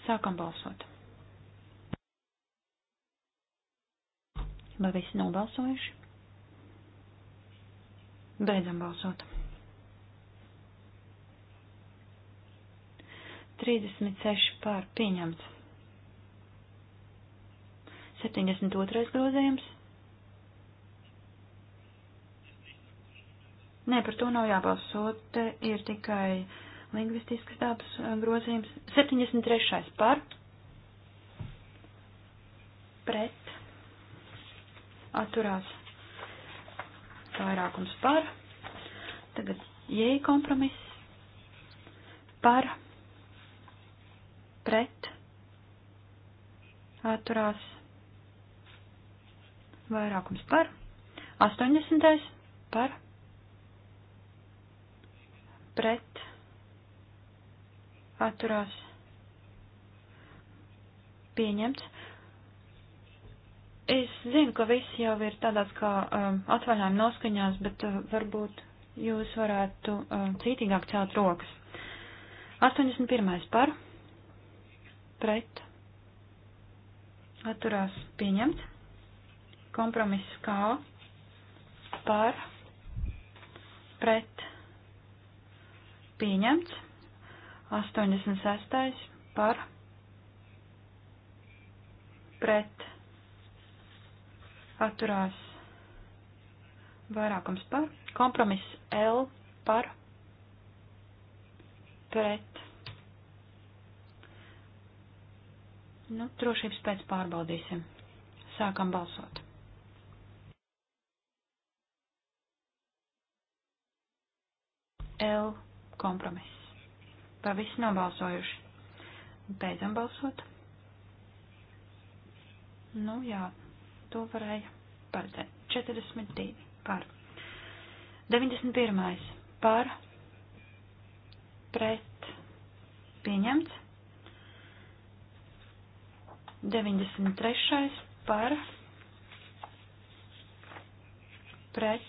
Sākam balsot. Vai visi nobalsojuši? Beidzam balsot. 36 pār pieņemts. 72. grozījums Nē, par to nav jābalso. Te ir tikai lingvistiskas dabas eh, grozījums. 73. par. Pret. Atturās. Vairākums par. Tagad jēja kompromiss. Par. Pret. Atturās. Vairākums par. 80. par pret atturās pieņemts. Es zinu, ka visi jau ir tādās kā um, atvaļājuma noskaņās, bet uh, varbūt jūs varētu uh, cītīgāk celt rokas. 81. par pret atturās pieņemts. Kompromiss kā par pret pieņemts. 86. par pret atturās vairākums par. Kompromiss L par pret. Nu, drošības pēc pārbaudīsim. Sākam balsot. L kompromiss. Vai visi nobalsojuši? Beidzam balsot. Nu jā, to varēja paredzēt. 42 par. 91. par. Pret. Pieņemts. 93. par. Pret.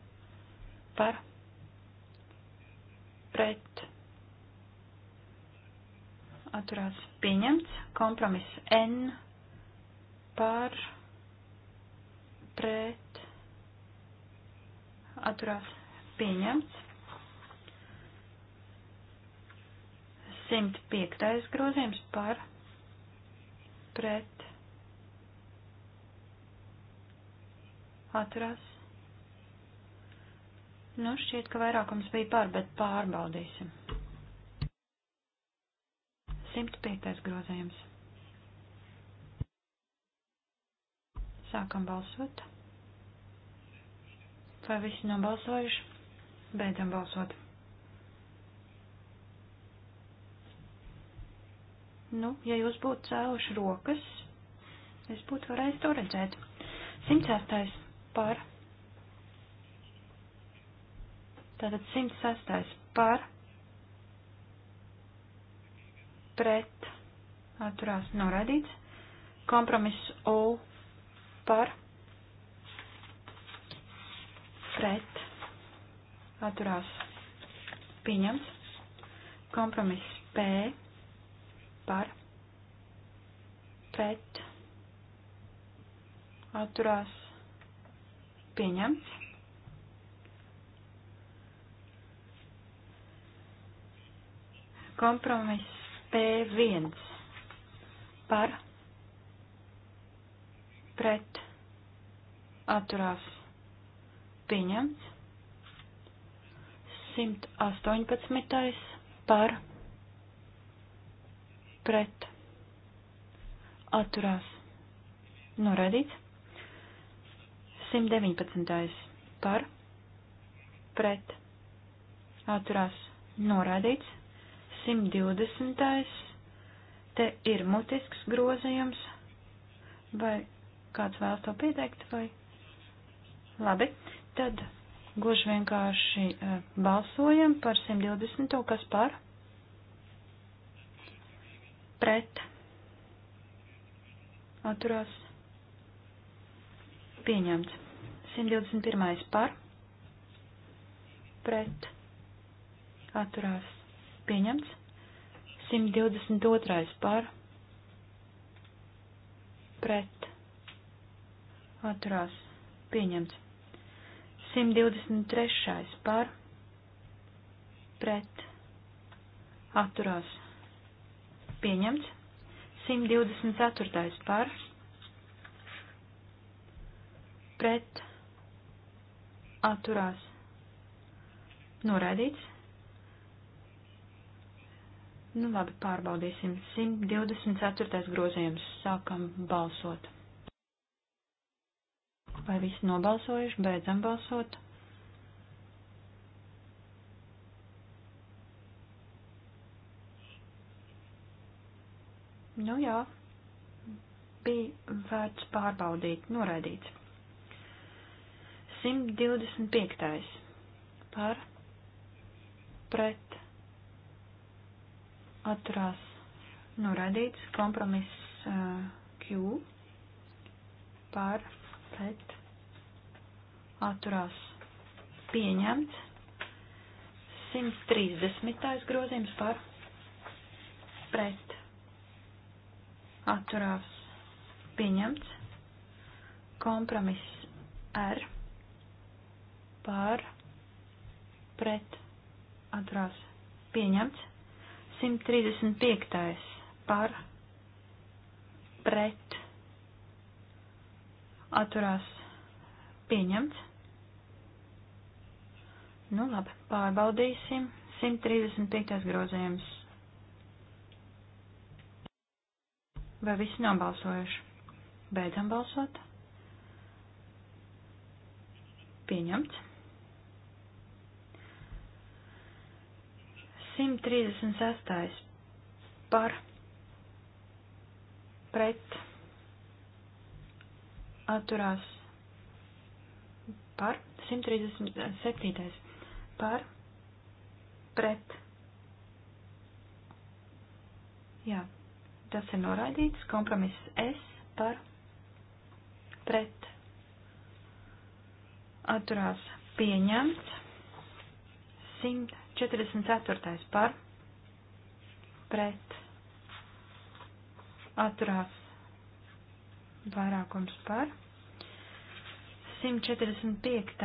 par pret atturās pieņemts, kompromiss N par pret atturās pieņemts. 105. grozījums par pret atturās Nu, šķiet, ka vairākums bija par, bet pārbaudīsim. 105. grozējums. Sākam balsot. Vai visi nobalsojuši? Beidzam balsot. Nu, ja jūs būtu cēluši rokas, es būtu varējis to redzēt. 106. par Tātad 106. par pret atturās noraidīts. Kompromiss U par pret atturās pieņemts. Kompromiss P par pret atturās pieņemts. Kompromiss P1 par pret atturās pieņemts. 118. par pret atturās norādīts. 119. par pret atturās norādīts. 120. Te ir mutisks grozījums. Vai kāds vēlas to pieteikt? Vai? Labi, tad gluži vienkārši eh, balsojam par 120. kas par? Pret. Atturās. Pieņemts. 121. par. Pret. Atturās pieņemts. 122. par pret atturās pieņemts. 123. par pret atturās pieņemts. 124. par pret atturās noraidīts. Nu labi, pārbaudīsim. 124. grozījums. Sākam balsot. Vai visi nobalsojuši? Beidzam balsot. Nu jā, bija vērts pārbaudīt, noraidīts. 125. par pret atturās norādīts kompromiss uh, Q par pret atturās pieņemts 130. grozījums par pret atturās pieņemts kompromiss R par pret atturās pieņemts 135. par pret atturās pieņemts. Nu labi, pārbaudīsim. 135. grozījums. Vai visi nav balsojuši? Beidzam balsot. Pieņemts. 136. par pret atturās par 137. par pret. Jā, tas ir noraidīts. Kompromiss S par pret atturās pieņemts 100. 44. par pret atturās vairākums par 145.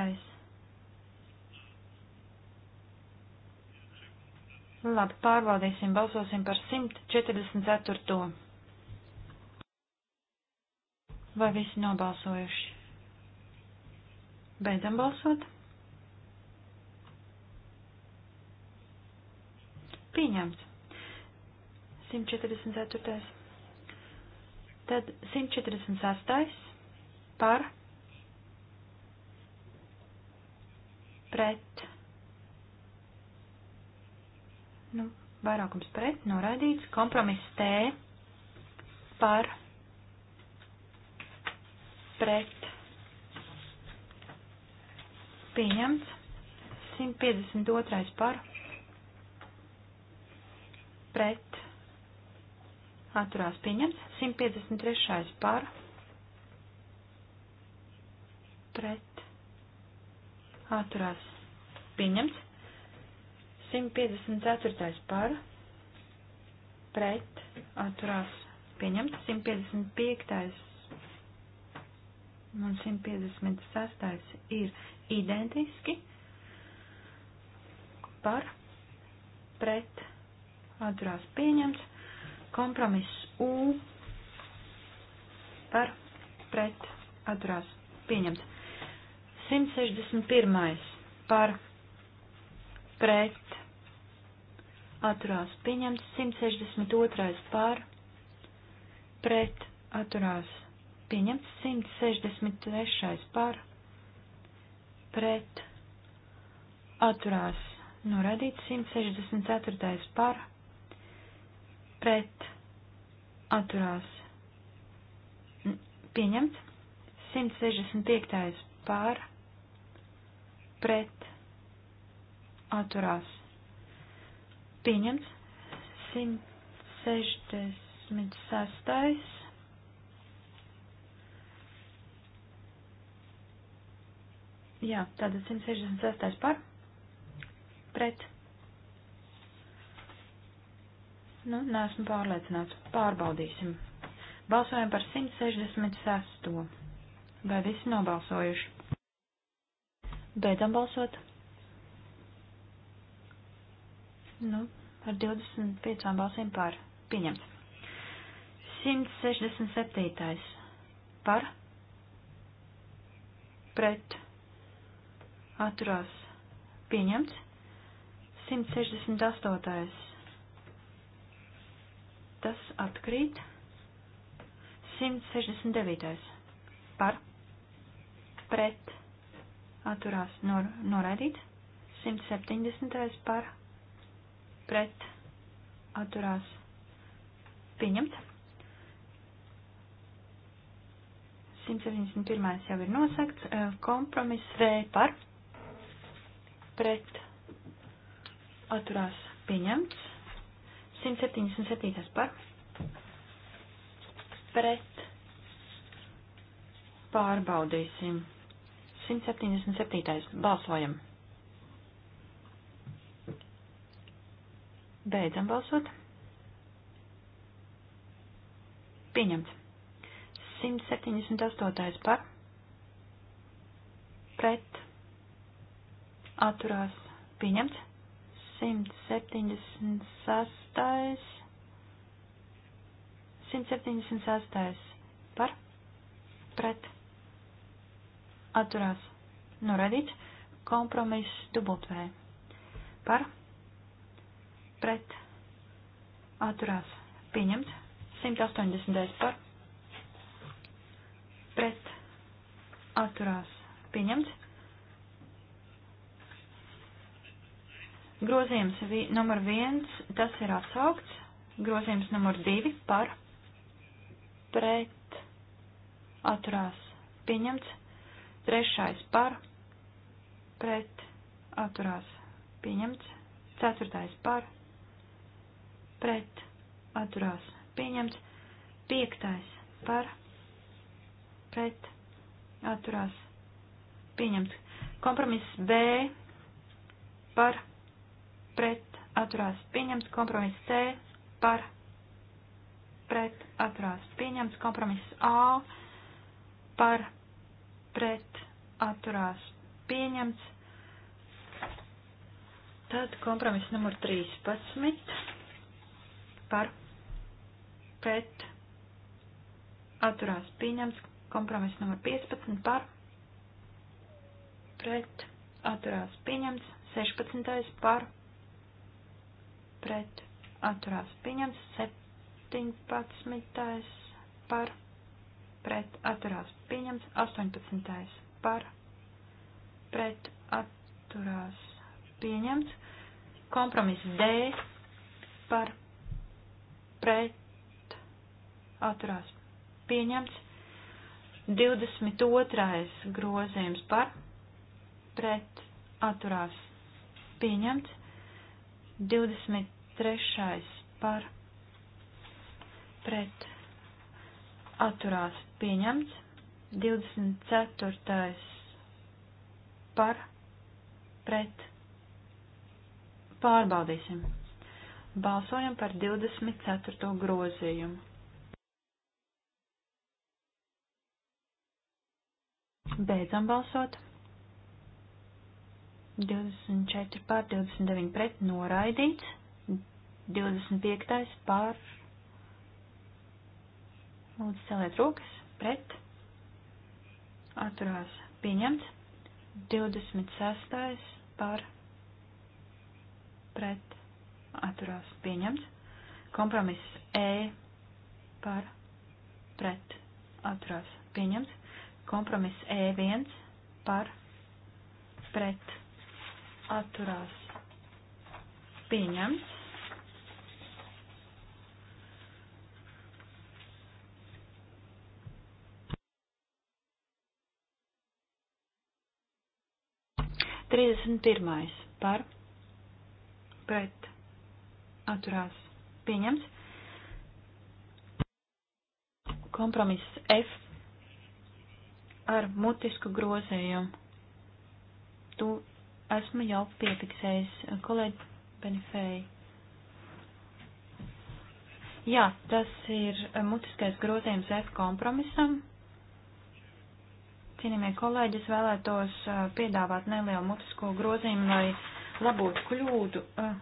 Labi, pārbaudīsim, balsosim par 144. Vai visi nobalsojuši? Beidzam balsot. Pieņemts. 144. Tad 146. par pret. Nu, vairākums pret, noraidīts. Kompromiss T par pret. Pieņemts. 152. par pret pret atturās pieņemts, 153. par pret atturās pieņemts, 154. par pret atturās pieņemts, 155. un 156. ir identiski par pret atturās atturās pieņemts. Kompromiss U par pret atturās pieņemts. 161. par pret atturās pieņemts. 162. par pret atturās pieņemts. 163. par pret atturās noradīts. 164. par pret pret atturās pieņemts. 165. pār pret atturās pieņemts. 166. Jā, tātad 166. par pret Nu, neesmu pārliecināts. Pārbaudīsim. Balsojam par 166. Vai visi nobalsojuši? Beidzam balsot. Nu, ar 25 balsīm pār. Pieņemts. 167. Par. Pret. Atturās. Pieņemts. 168 tas atkrīt. 169. par pret atturās nor, noraidīts. 170. par pret atturās pieņemts. 171. jau ir nosakts. Kompromiss V par pret atturās pieņemts. 177. par pret pārbaudīsim. 177. balsojam. Beidzam balsot. Pieņemts. 178. par. Pret. Atturās. Pieņemts. 176. 176. Par pret atturās. Noradīts kompromiss dubultvē. Par pret atturās. Pieņemts 180. par pret atturās. Pieņemts Grozījums vi, numur viens, tas ir atsaukts. Grozījums numur divi par pret atturās pieņemts. Trešais par pret atturās pieņemts. Ceturtais par pret atturās pieņemts. Piektais par pret atturās pieņemts. Kompromiss B par pret pret atturās pieņemts kompromiss C par pret atturās pieņemts kompromiss A par pret atturās pieņemts. Tad kompromiss numur 13 par pret atturās pieņemts kompromiss numur 15 par pret atturās pieņemts 16 par pret pret atturās pieņemts, 17. par pret atturās pieņemts, 18. par pret atturās pieņemts, kompromiss D par pret atturās pieņemts, 22. grozījums par pret atturās pieņemts, 20. Trešais par pret atturās pieņemts. 24. par pret pārbaudīsim. Balsojam par 24. grozījumu. Beidzam balsot. 24 pār 29 pret noraidīts. 25. pār. Lūdzu, celiet rokas pret. Atturās pieņemts. 26. pār. Pret. Atturās pieņemts. Kompromiss E pār. Pret. Atturās pieņemts. Kompromiss E1 pār. Pret. Atturās pieņemts. 31. par pret atturās pieņemts. Kompromiss F ar mutisku grozējumu. Tu esmu jau piefiksējis, kolēģi Benifēji. Jā, tas ir mutiskais grozījums F kompromisam, Cienījamie kolēģi, es vēlētos uh, piedāvāt nelielu mutisko grozījumu, lai labotu kļūdu, uh,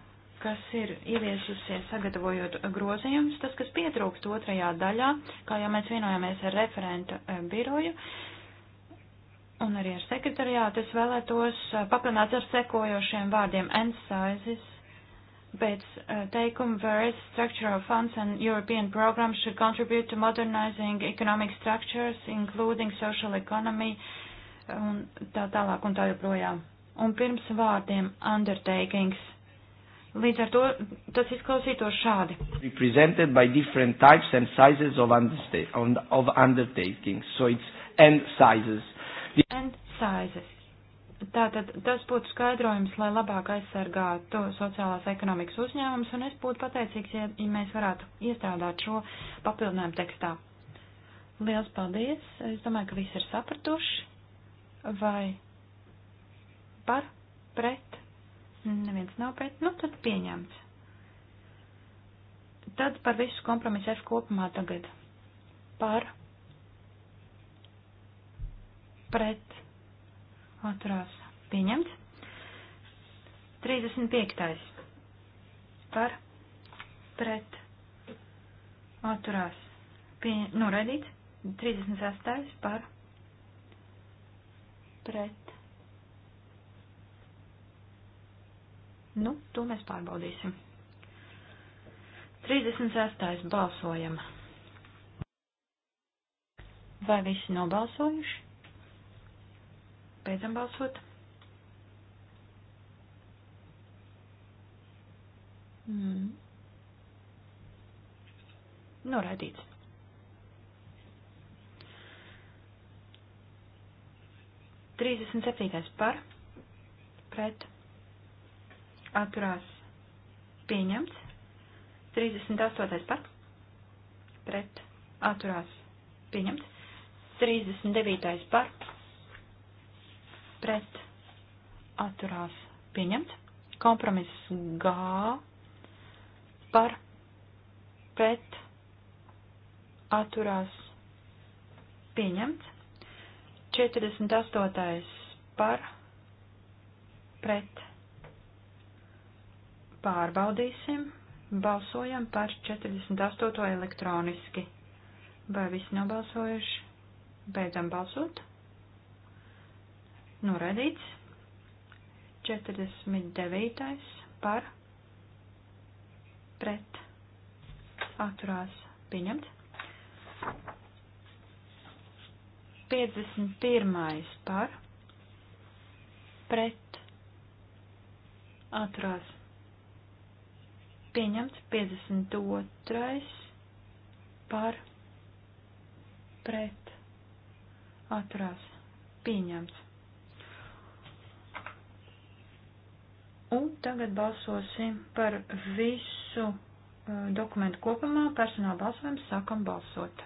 kas ir ieviesusies sagatavojot grozījumus. Tas, kas pietrūkst otrajā daļā, kā jau mēs vienojāmies ar referenta uh, biroju un arī ar sekretariātu, es vēlētos papildināt ar sekojošiem vārdiem emphasizes pēc uh, teikuma various structural funds and European programs should contribute to modernizing economic structures, including social economy un tā tālāk un tā joprojām. Un pirms vārdiem undertakings. Līdz ar to tas izklausītos šādi. Represented by different types and sizes of, understa- of undertakings. So it's and sizes. And sizes. Tātad tas būtu skaidrojums, lai labāk aizsargātu sociālās ekonomikas uzņēmumus, un es būtu pateicīgs, ja, ja mēs varētu iestrādāt šo papildinājumu tekstā. Liels paldies! Es domāju, ka visi ir sapratuši. Vai par, pret? Neviens nav pret. Nu, tad pieņemts. Tad par visu kompromisu F kopumā tagad. Par, pret atturās pieņemts. 35. par pret atturās pie, noraidīts. 36. par pret. Nu, to mēs pārbaudīsim. 36. balsojam. Vai visi nobalsojuši? Beidzam balsot. Mm. Noraidīts. Trīsdesmit septītais par, pret, atturās, pieņemts. Trīsdesmit astotais par, pret, atturās, pieņemts. Trīsdesmit devītais par, pret atturās pieņemts. Kompromiss G par pret atturās pieņemts. 48. par pret pārbaudīsim. Balsojam par 48. elektroniski. Vai visi nobalsojuši? Beidzam balsot. Noraidīts. 49. par pret atturās pieņemt. 51. par pret atturās pieņemts. 52. par pret atturās pieņemts. Un tagad balsosim par visu uh, dokumentu kopumā. Personāla balsojums sākam balsot.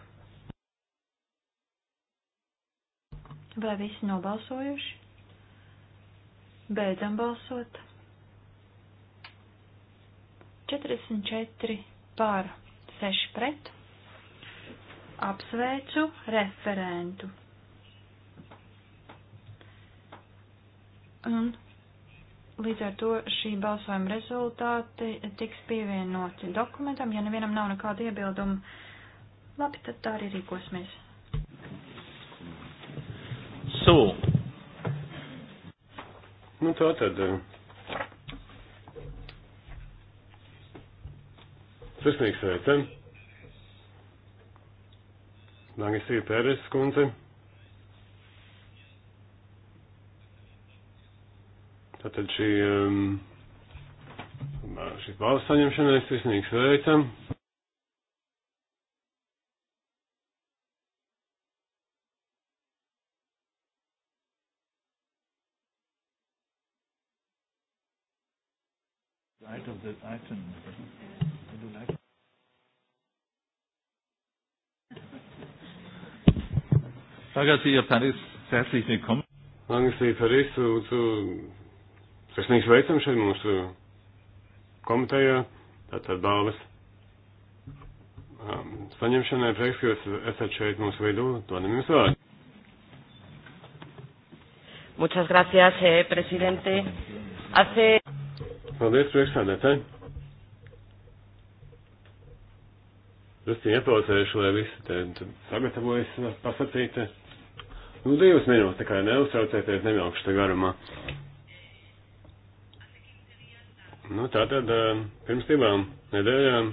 Vai visi nobalsojuši? Beidzam balsot. 44 pār 6 pret. Apsveicu referentu. Un Līdz ar to šī balsojuma rezultāti tiks pievienoti dokumentam, ja nevienam nav nekāda iebilduma. Labi, tad tā arī rīkosimies. So. Nu tā tad. Eh, Sesnieks sveicam. Nagisija Pēres kundze. Tātad šī, um, šī balvas saņemšanai sirsnīgi sveicam. Item that item. Would you like? Tagad ir Paris, herzlich willkommen. Angesichts Paris, zu, zu Sirsnīgi sveicam šeit mūsu komitejā, tātad balvas um, saņemšanai prieks, ka jūs esat šeit mūsu vidū, to nemies vārdu. Muchas gracias, eh, presidente. Hace. Paldies, priekšsādētāji. Es te iepauzēšu, lai visi te, te sagatavojas pasakīt. Nu, divas minūtes, tā kā neuztraucēties, nevilkšu te garumā. Nu, tātad pirms divām nedēļām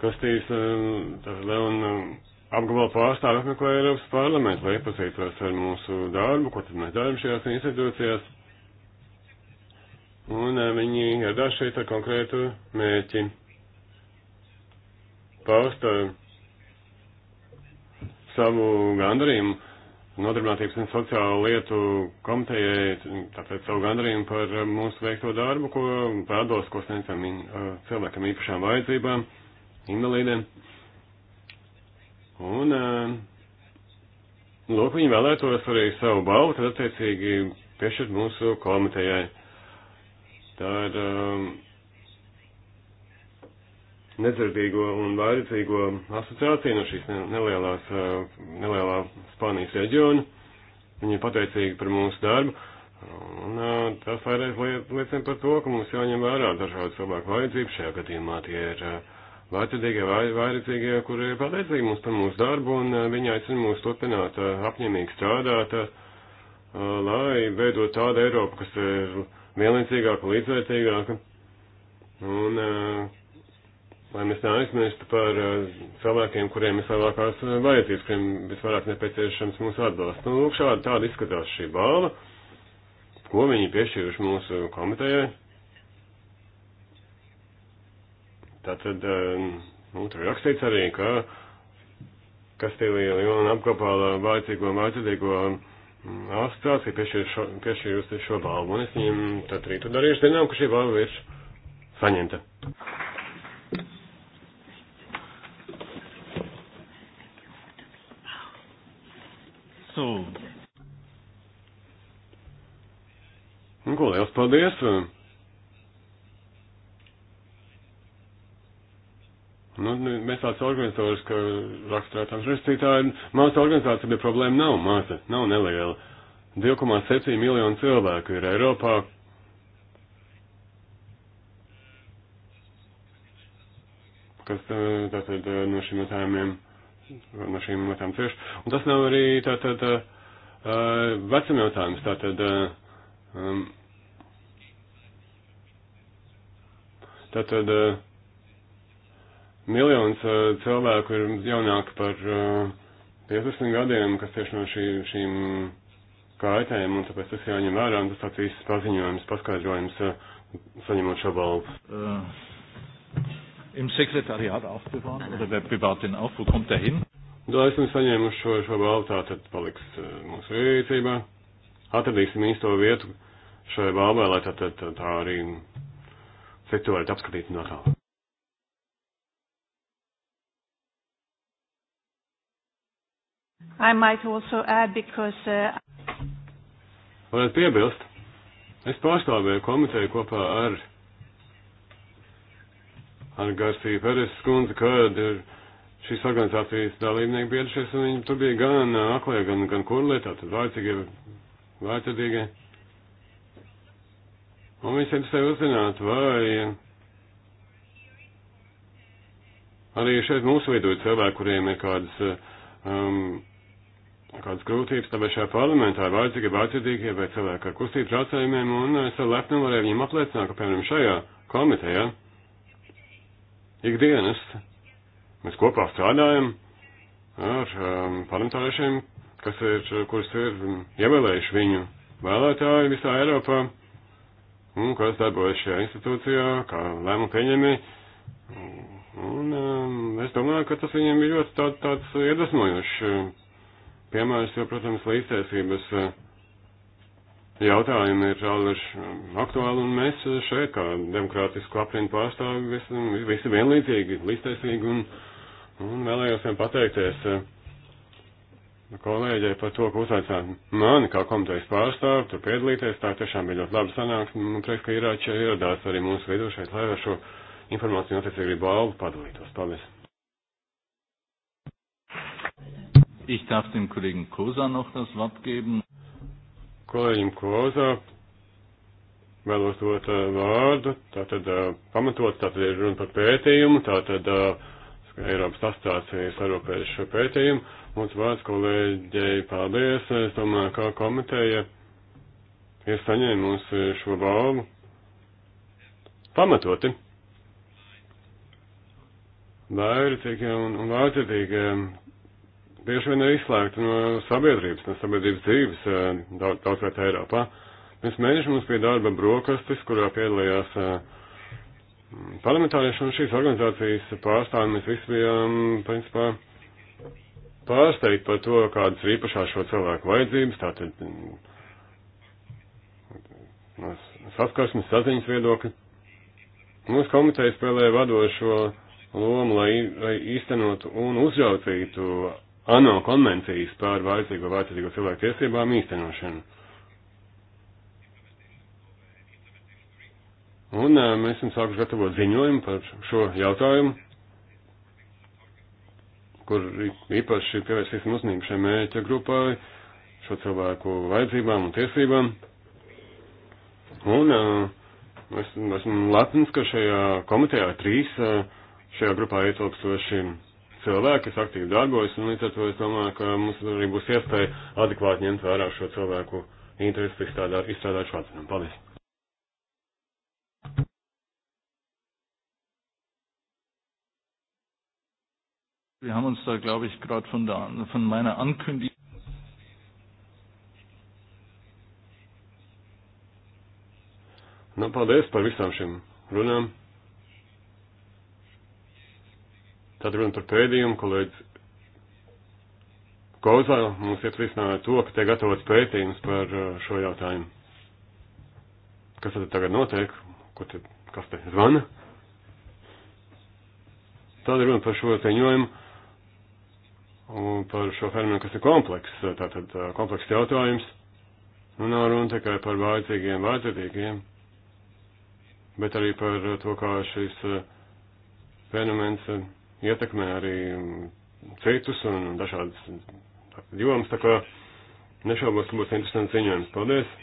Kastīs Leona apgabala pārstāvi apmeklēja Eiropas parlamentu, lai iepazītos ar mūsu darbu, ko tad mēs darām šajās institūcijās. Un viņi ieradās šeit ar konkrētu mērķi. Pausta savu gandarījumu nodarbinātības un sociālo lietu komitejai tāpēc savu gandarījumu par mūsu veikto darbu, ko pēdos, ko sniedzam uh, cilvēkam īpašām vajadzībām, invalīdiem. Un, uh, lūk, viņi vēlētos arī savu balvu, tad attiecīgi piešķirt mūsu komitejai. Tā ir um, nedzirdīgo un vairdzīgo asociāciju no šīs nelielās, nelielā Spānijas reģiona. Viņi ir pateicīgi par mūsu darbu. Un tas vairāk liecina par to, ka mums jāņem vērā dažādu cilvēku vajadzību. Šajā gadījumā tie ir vajadzīgie, vajadzīgie, kuri ir pateicīgi mums par mūsu darbu un viņi aicina mūs turpināt apņemīgi strādāt, lai veidot tādu Eiropu, kas ir vienlīdzīgāka, līdzvērtīgāka. Un uh, lai mēs neaizmirstu par uh, cilvēkiem, kuriem ir lielākās uh, vajadzības, kuriem visvairāk nepieciešams mūsu atbalsts. Nu, lūk, šādi tāda izskatās šī balva, ko viņi piešķīruši mūsu komitejai. Tātad, um, nu, tur rakstīts arī, ka Kastīlija Leona apkopāla vajadzīgo un vajadzīgo um, asociācija piešķīrusi šo, piešķīrusi šo balvu, un es viņiem tad rītu darīšu, zinām, ka šī balva ir saņemta. paldies! Nu, mēs tāds organizators, ka raksturētām žurnālistītāji, māsa organizācija, bet problēma nav māsa, nav neliela. 2,7 miljonu cilvēku ir Eiropā. Kas tātad no šiem jautājumiem, no šiem jautājumiem cieši. Un tas nav arī tātad vecam jautājums, tātad um, Tātad eh, miljons eh, cilvēku ir jaunāki par 50 eh, gadiem, kas tieši no šī, šīm kaitēm, un tāpēc tas jāņem vērā, un tas tāds īsts paziņojums, paskaidrojums, saņemot šo balvu. Uh, Im sekretariāt aufbewahren, oder wer bewahrt den auf, wo kommt der hin? Da esam saņēmuši šo, šo balvu, tā tad paliks mūsu rīcībā. Atradīsim īsto vietu šai balvai, lai tā, tā, tā, tā arī Citu varat apskatīt no tālu. I might also add because uh, Varat piebilst, es pārstāvēju komiteju kopā ar, ar Garciju Peres skundzi, kad ir šīs organizācijas dalībnieki biedrušies, un viņi tur bija gan uh, aklie, gan, gan kurlē, tātad vārdzīgie, vārdzīgie. Un mēs interesē uzzināt, vai arī šeit mūsu vidū ir cilvēki, kuriem ir kādas, um, kādas grūtības, tāpēc šajā parlamentā ir vajadzīgi vājcirdīgie vai cilvēki ar kustību traucējumiem, un es ar lepnumu varēju viņiem apliecināt, ka, piemēram, šajā komitejā ikdienas mēs kopā strādājam ar um, parlamentāriešiem, kas ir, kurus ir um, ievēlējuši viņu vēlētāji visā Eiropā un kas darbojas šajā institūcijā, kā lēmu pieņemi. Un um, es domāju, ka tas viņiem ir ļoti tā, tāds iedvesmojošs uh, piemērs, jo, protams, līdztiesības uh, jautājumi ir raudši um, aktuāli, un mēs uh, šeit, kā demokrātisku aprindu pārstāvi, visi, visi vienlīdzīgi, līdztiesīgi, un, un vēlējos viņiem pateikties. Uh, kolēģei par to, ka uzaicināt mani kā komitejas pārstāvu, tur piedalīties. Tā tiešām bija ļoti laba sanāksme. Man prieks, ka Irāķa ieradās arī mūsu vidū šeit, lai ar šo informāciju noteikti arī balvu padalītos. Paldies! Ich darf dem Kollegen Kosa noch das Wort geben. Kolēģim Kosa vēlos dot uh, vārdu, tātad uh, pamatot, tātad ir runa par pētījumu, tātad uh, Eiropas asociācija ir sarūpējuši šo pētījumu, Mūsu vārds kolēģei paldies. Es domāju, kā komiteja ir saņēmusi šo balvu. Pamatoti. Vairītīgi un, un vācietīgi bieži vien ir izslēgti no sabiedrības, no sabiedrības dzīves eh, daudz, daudz vietā Eiropā. Mēs mēģinām mums pie darba brokastis, kurā piedalījās eh, parlamentārieši un šīs organizācijas pārstāvji. Mēs visi bijām, principā, pārsteigt par to, kādas ir īpašās šo cilvēku vajadzības, tātad mm, saskarsmes saziņas viedokļi. Mūsu komiteja spēlē vadošo lomu, lai, lai īstenotu un uzraucītu ANO konvencijas par vajadzīgo vajadzīgo cilvēku tiesībām īstenošanu. Un mēs esam sākuši gatavot ziņojumu par šo jautājumu kur īpaši pievērsīsim uzmanību šai mērķa grupai, šo cilvēku vajadzībām un tiesībām. Un es esmu lepns, ka šajā komitejā trīs šajā grupā ietilpstoši cilvēki, kas aktīvi darbojas, un līdz ar to es domāju, ka mums arī būs iespēja adekvāti ņemt vērā šo cilvēku interesu izstrādāt, izstrādāt šo atzinumu. Paldies! Wir haben uns da, glaube ich, gerade von, der, von meiner Ankündigung. Nu, paldies par visām šīm runām. Tad runa par pēdījumu, kolēģis Kozā mums iepazīstināja to, ka te gatavots pētījums par uh, šo jautājumu. Kas tad tagad notiek? Ko te, kas te zvana? Tad runa par šo ceņojumu un par šo fenomenu, kas ir komplekss, tātad komplekss jautājums. Nu, nav runa tikai par vajadzīgiem, vajadzīgiem, bet arī par to, kā šis fenomens ietekmē arī citus un dažādas jomas. Tā kā nešaubos, ka būs interesants ziņojums. Paldies!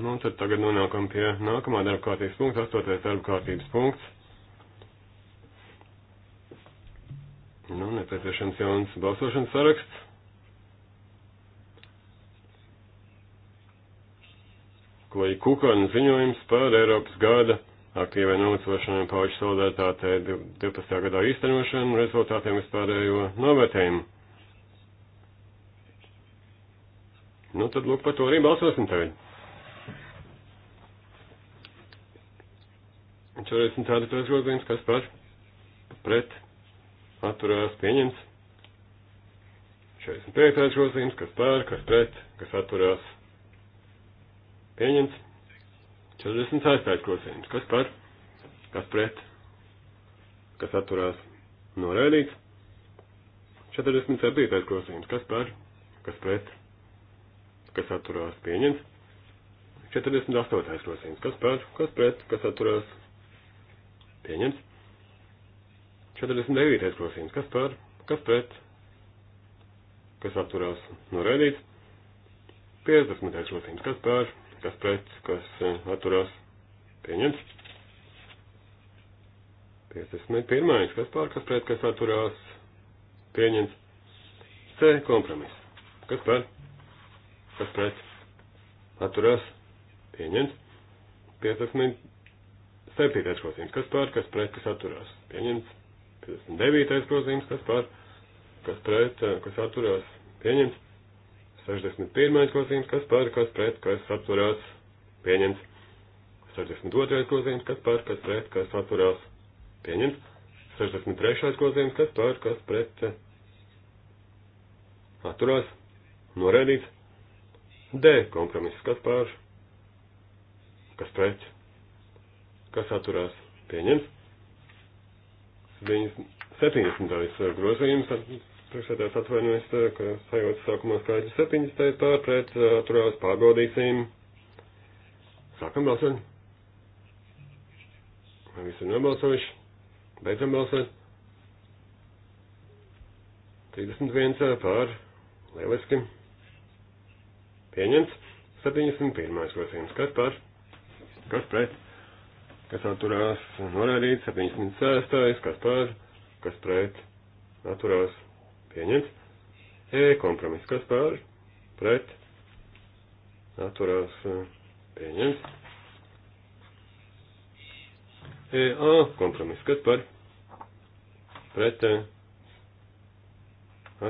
Nu, tad tagad nonākam pie nākamā darba kārtības punkta, astotais darba kārtības punkts. Nu, nepieciešams jauns balsošanas saraksts. Klai Kukana ziņojums par Eiropas gada aktīvai novecošanai pauģu solidaritātē 12. gadā īstenošanu un rezultātiem vispārējo novērtējumu. Nu, tad lūk par to arī balsosim tagad. 40. grozījums, kas par pret atturās pieņemts. 45. grozījums, kas pār, kas pret, kas atturās pieņemts. 46. grozījums, kas par, kas pret, kas atturās noraidīts. 47. grozījums, kas par, kas pret, kas atturās pieņemts. 48. grozījums, kas par, kas pret, kas atturās pieņemts. 49. grozījums. Kas par? Kas pret? Kas atturās? Noraidīts. 50. grozījums. Kas par? Kas pret? Kas e, atturās? Pieņemts. 51. Kas par? Kas pret? Kas atturās? Pieņemts. C. Kompromiss. Kas par? Kas pret? Atturās? Pieņemts. 50. Septītais grozījums. Kas pār, kas pret, kas atturās? Pieņemts. 59. grozījums, kas par, kas pret, kas atturās, pieņemts. 61. grozījums, kas par, kas pret, kas atturās, pieņemts. 62. grozījums, kas par, kas pret, kas atturās, pieņemts. 63. grozījums, kas par, kas pret, atturās, norēdīts. D. kompromiss, kas par, kas pret, kas atturās, pieņemts. 70. grozījums, priekšsēdājs atvainojas, eh, ka sajūta sākumā skaidrs 70. pārpret, eh, atturējās pārbaudīsim. Sākam balsot. Vai visi ir nobalsojuši? Beidzam balsot. 31. Eh, pār. Lieliski. Pieņemts. 71. grozījums. Kas pār? Kas pret? kas atturās, norādīts, 76. kas par, kas pret, atturās, pieņemts. E kompromiss, kas par, pret, atturās, pieņemts. E A kompromiss, kas par, pret,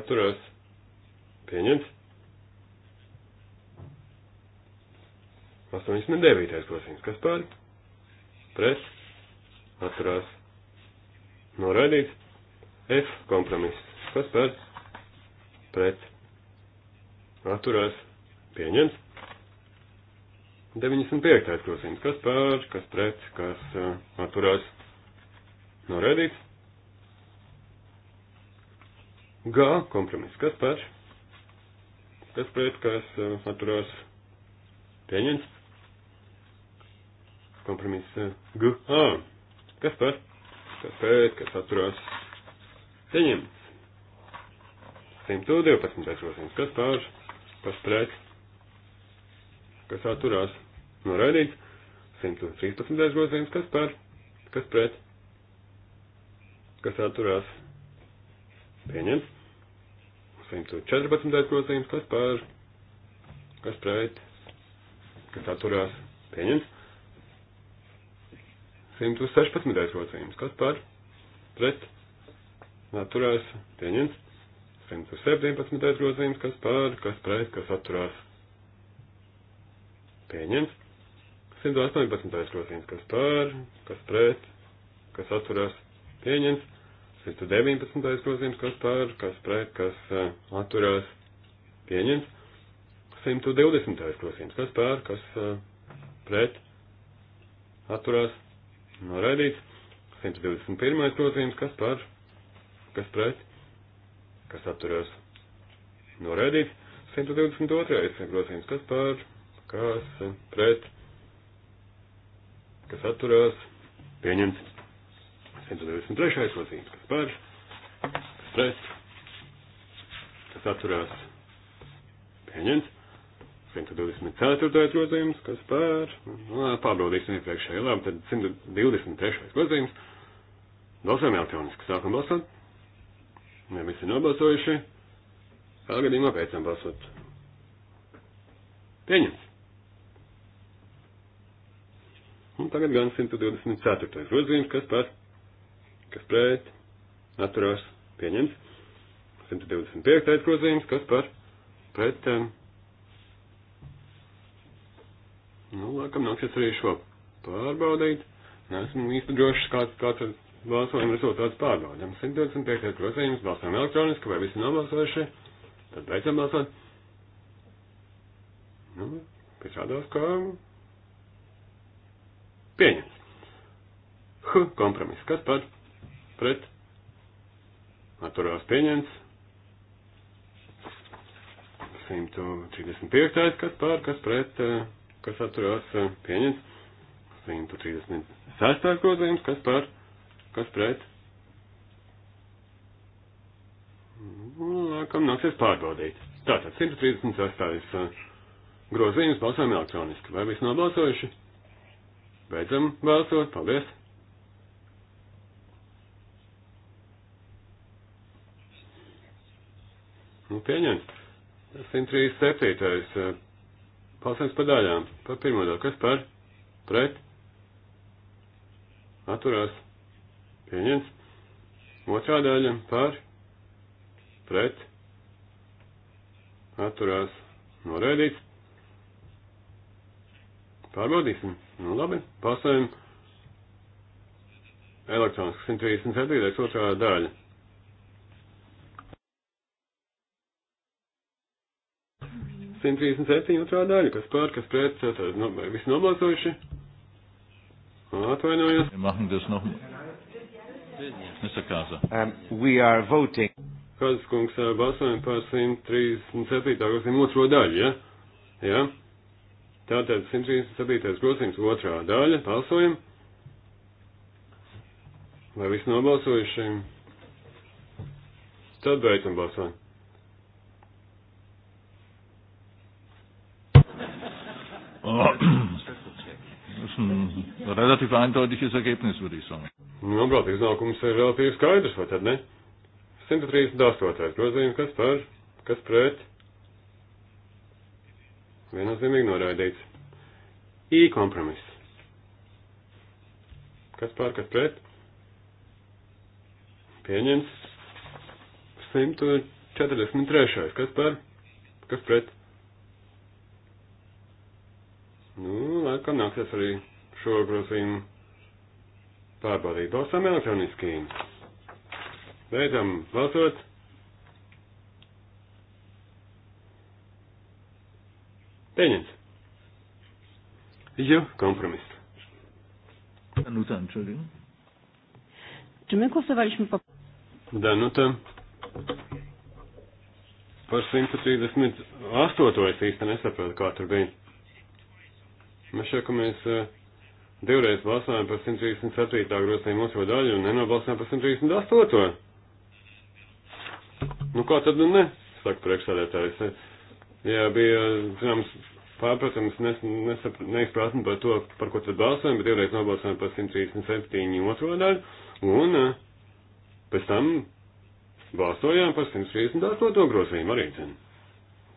atturās, pieņemts. 89. prosījums, kas par, pret, pret, atturās, noraidīts. F kompromiss, kas par, pret, atturās, pieņems. 95. grozījums, kas par, kas pret, kas uh, atturās, noraidīts. G kompromiss, kas par, kas pret, kas uh, atturās, pieņems kompromiss eh, G. A. Kas par? Kas pēc, kas atturās? Pieņemts. 112. grozījums. Kas par? Kas pret? Kas atturās? Noraidīts. 113. grozījums. Kas par? Kas pret? Kas atturās? Pieņemts. 114. grozījums. Kas par? Kas pret? Kas atturās? Pieņemts. 116. rocījums. Kas par? Pret. Atturās. Pieņems. 117. rocījums. Kas par? Kas pret? Kas atturās? Pieņems. 118. rocījums. Kas par? Kas pret? Kas atturās? Pieņems. 119. grozījums, kas par, kas pret, kas atturās, pieņems. 120. grozījums, kas par, kas pret, atturās, noraidīts. 121. grozījums, kas par, kas pret, kas atturās, noraidīts. 122. grozījums, kas par, kas pret, kas atturās, pieņemts. 123. grozījums, kas par, kas pret, kas atturās, pieņemts. 124. grozījums, kas par, pārbaudīsim iepriekšēju, labi, tad 123. grozījums, balsojam elektroniski, sākam balsot, ja visi nobalsojuši, kā gadījumā beidzam balsot. Pieņems. Un tagad gan 124. grozījums, kas par, kas pret, atturās, pieņems. 125. grozījums, kas par, pret, um, Nu, laikam nāksies arī šo pārbaudīt. Nesmu īsti drošs, kāds, kāds balsojuma rezultāts pārbaudām. 125. grozījums balsojam elektroniski, vai visi nobalsojuši? Tad beidzam balsot. Nu, izrādās, ka pieņems. H kompromiss. Kas par? Pret. Atturās pieņems. 135. kas par, kas pret. Uh, kas atturās pieņemts. 136. grozījums, kas par, kas pret. Nu, Lākam nāksies pārbaudīt. Tātad 136. grozījums balsojam elektroniski. Vai visi nobalsojuši? Beidzam balsot. Paldies! Nu, pieņemts. 137. Balsojums pa daļām. Par pirmo daļu. Kas par? Pret? Atturās. Pieņems. Otrā daļa. Par? Pret? Atturās. Noraidīts. Pārbaudīsim. Nu labi. Balsojam. Elektroniski 137. otrā daļa. 137 otrā daļa, kas pār, kas pret, tātad no, nu, visi nobalsojuši. Atvainojos. No... Um, we are voting. Kāds kungs balsojam par 137. grozījumu otro daļu, ja? Ja? Tātad 137. grozījums otrā daļa, balsojam. Vai visi nobalsojuši? Tad beidzam balsojumu. Oh. Das ist ein relativ eindeutiges Ergebnis, würde ich sagen. Manuprāt, iznākums ir relatīvi skaidrs, vai tad ne? 138. grozījums, kas par, kas pret? Viennozīmīgi noraidīts. I kompromiss. Kas par, kas pret? Pieņems. 143. Kas par, kas pret? Nu, laikam nāksies arī šo grozījumu pārbaudīt. Balsām elektroniski. Beidzam balsot. Pieņemts. Jo, kompromis. Danuta, entschuldigung. Czy my głosowaliśmy po... Danuta. Par 138. es īsti nesaprotu, kā tur bija. Mēs šeit, ka mēs eh, divreiz balsājām par 137. grozījumu otro daļu un nenobalsājām par 138. Nu, kā tad nu ne? Saka priekšsēdētājs. Jā, bija, zināms, pārpratums, nes, nesap, neizpratni par to, par ko tad balsojam, bet divreiz nobalsojam par 137. otro daļu, un eh, pēc tam balsojām par 138. grozījumu arī, zin.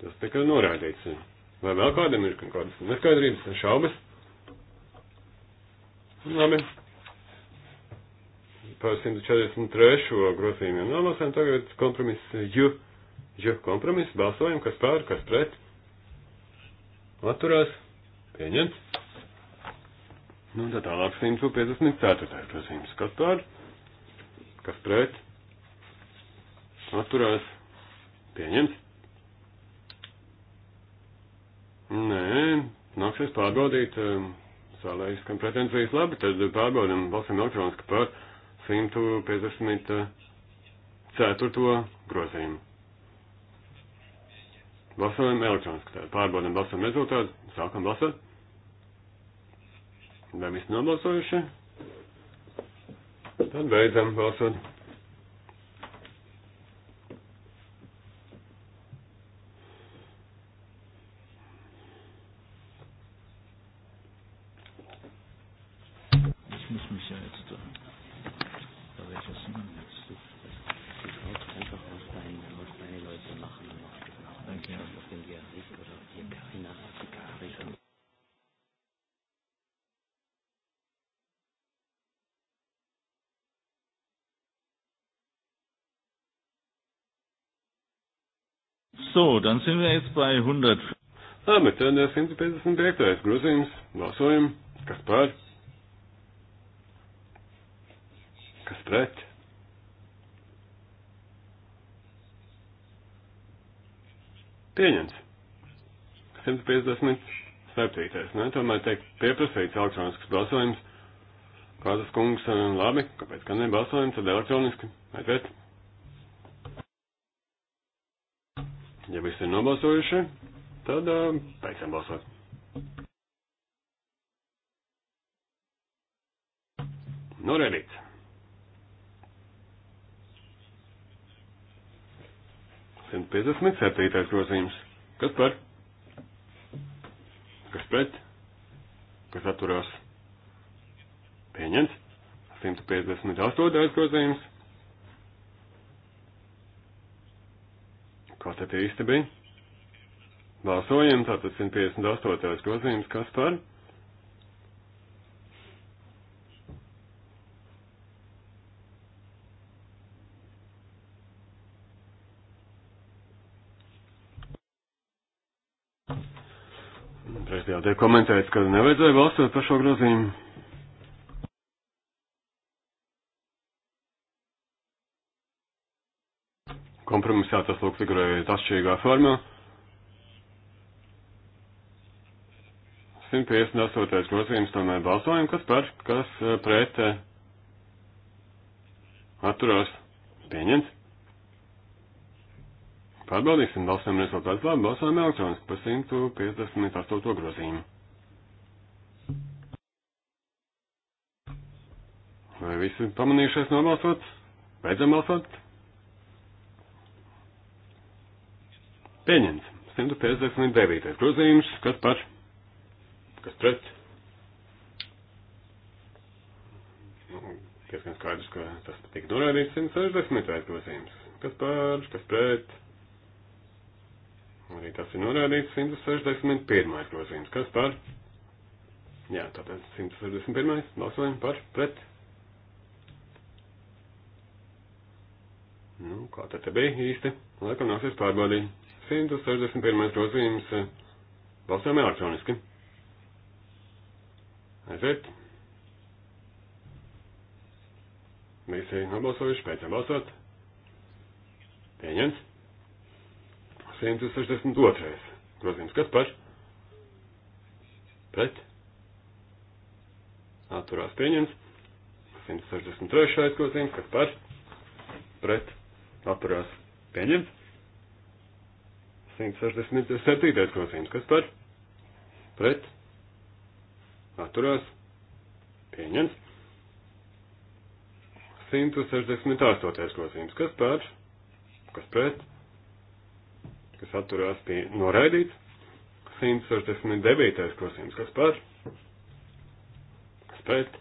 Tas tika noraidīts. Vai vēl kādam ir kādas neskaidrības, šaubas? Labi. Par 143. grozījumiem nolasēm tagad kompromiss J. J kompromiss balsojam, kas pār, kas pret. Atturās. Pieņemts. Nu, tad tālāk 154. grozījums. Kas pār? Kas pret? Atturās. Pieņemts. Nē, nāksies pārbaudīt, ehm, sālē izskan pretenzijas labi, tad pārbaudam balsam elektroniski par 154. Eh, grozījumu. Balsojam elektroniski, tad pārbaudam balsam rezultātu, sākam balsot. Vai visi nobalsojuši? Tad beidzam balsot. So, dann sind wir jetzt bei 100. Labi, tad 155. grozījums. Balsojam. Kas par? Kas pret? Pieņems. 157. Ne? Tomēr tiek pieprasīts elektronisks balsojums. Kādas kungs, eh, labi, kāpēc gan nebalsojam, tad elektroniski? Vai pret? Ja visi ir nobalsojuši, tad uh, beidzam balsot. Norēdīts. Simt piecdesmit septītais grozījums. Kas par? Kas pret? Kas atturās? Pieņemts. 158. grozījums. Kā tad īsti bija? Balsojam, tātad 158. grozījums, kas par? Prezidijā tiek komentēts, ka nevajadzēja balsot par šo grozījumu. kompromisā tas lūk figurēja atšķirīgā formā. 158. grozījums tomēr balsojam, kas par, kas eh, pret eh, atturās pieņemts. Pārbaudīsim balsojumu rezultātu labi, balsojam elektroniski par 158. grozījumu. Vai visi pamanījušies nobalsot? Beidzam balsot? Pieņemts. 159. grozījums, kas par, kas pret. Pieskan skaidrs, ka tas tika norādīts 160. grozījums, kas par, kas pret. Arī tas ir norādīts 161. grozījums, kas par. Jā, tātad 161. balsojam par, pret. Nu, kā tad te bija īsti? Laikam nāksies pārbaudīt. 161. grozījums balsojam elektroniski. Aiziet. Visi nobalsojuši, pēc tam balsot. Pieņems. 162. grozījums. Kas par? Pret. Atturās pieņems. 163. grozījums. Kas par? Pret. Atturās pieņems. 167. grozījums. Kas par? Pret? Atturās? Pieņems. 168. grozījums. Kas par? Kas pret? Kas atturās? Pie... Noraidīts. 169. grozījums. Kas par? Kas pret?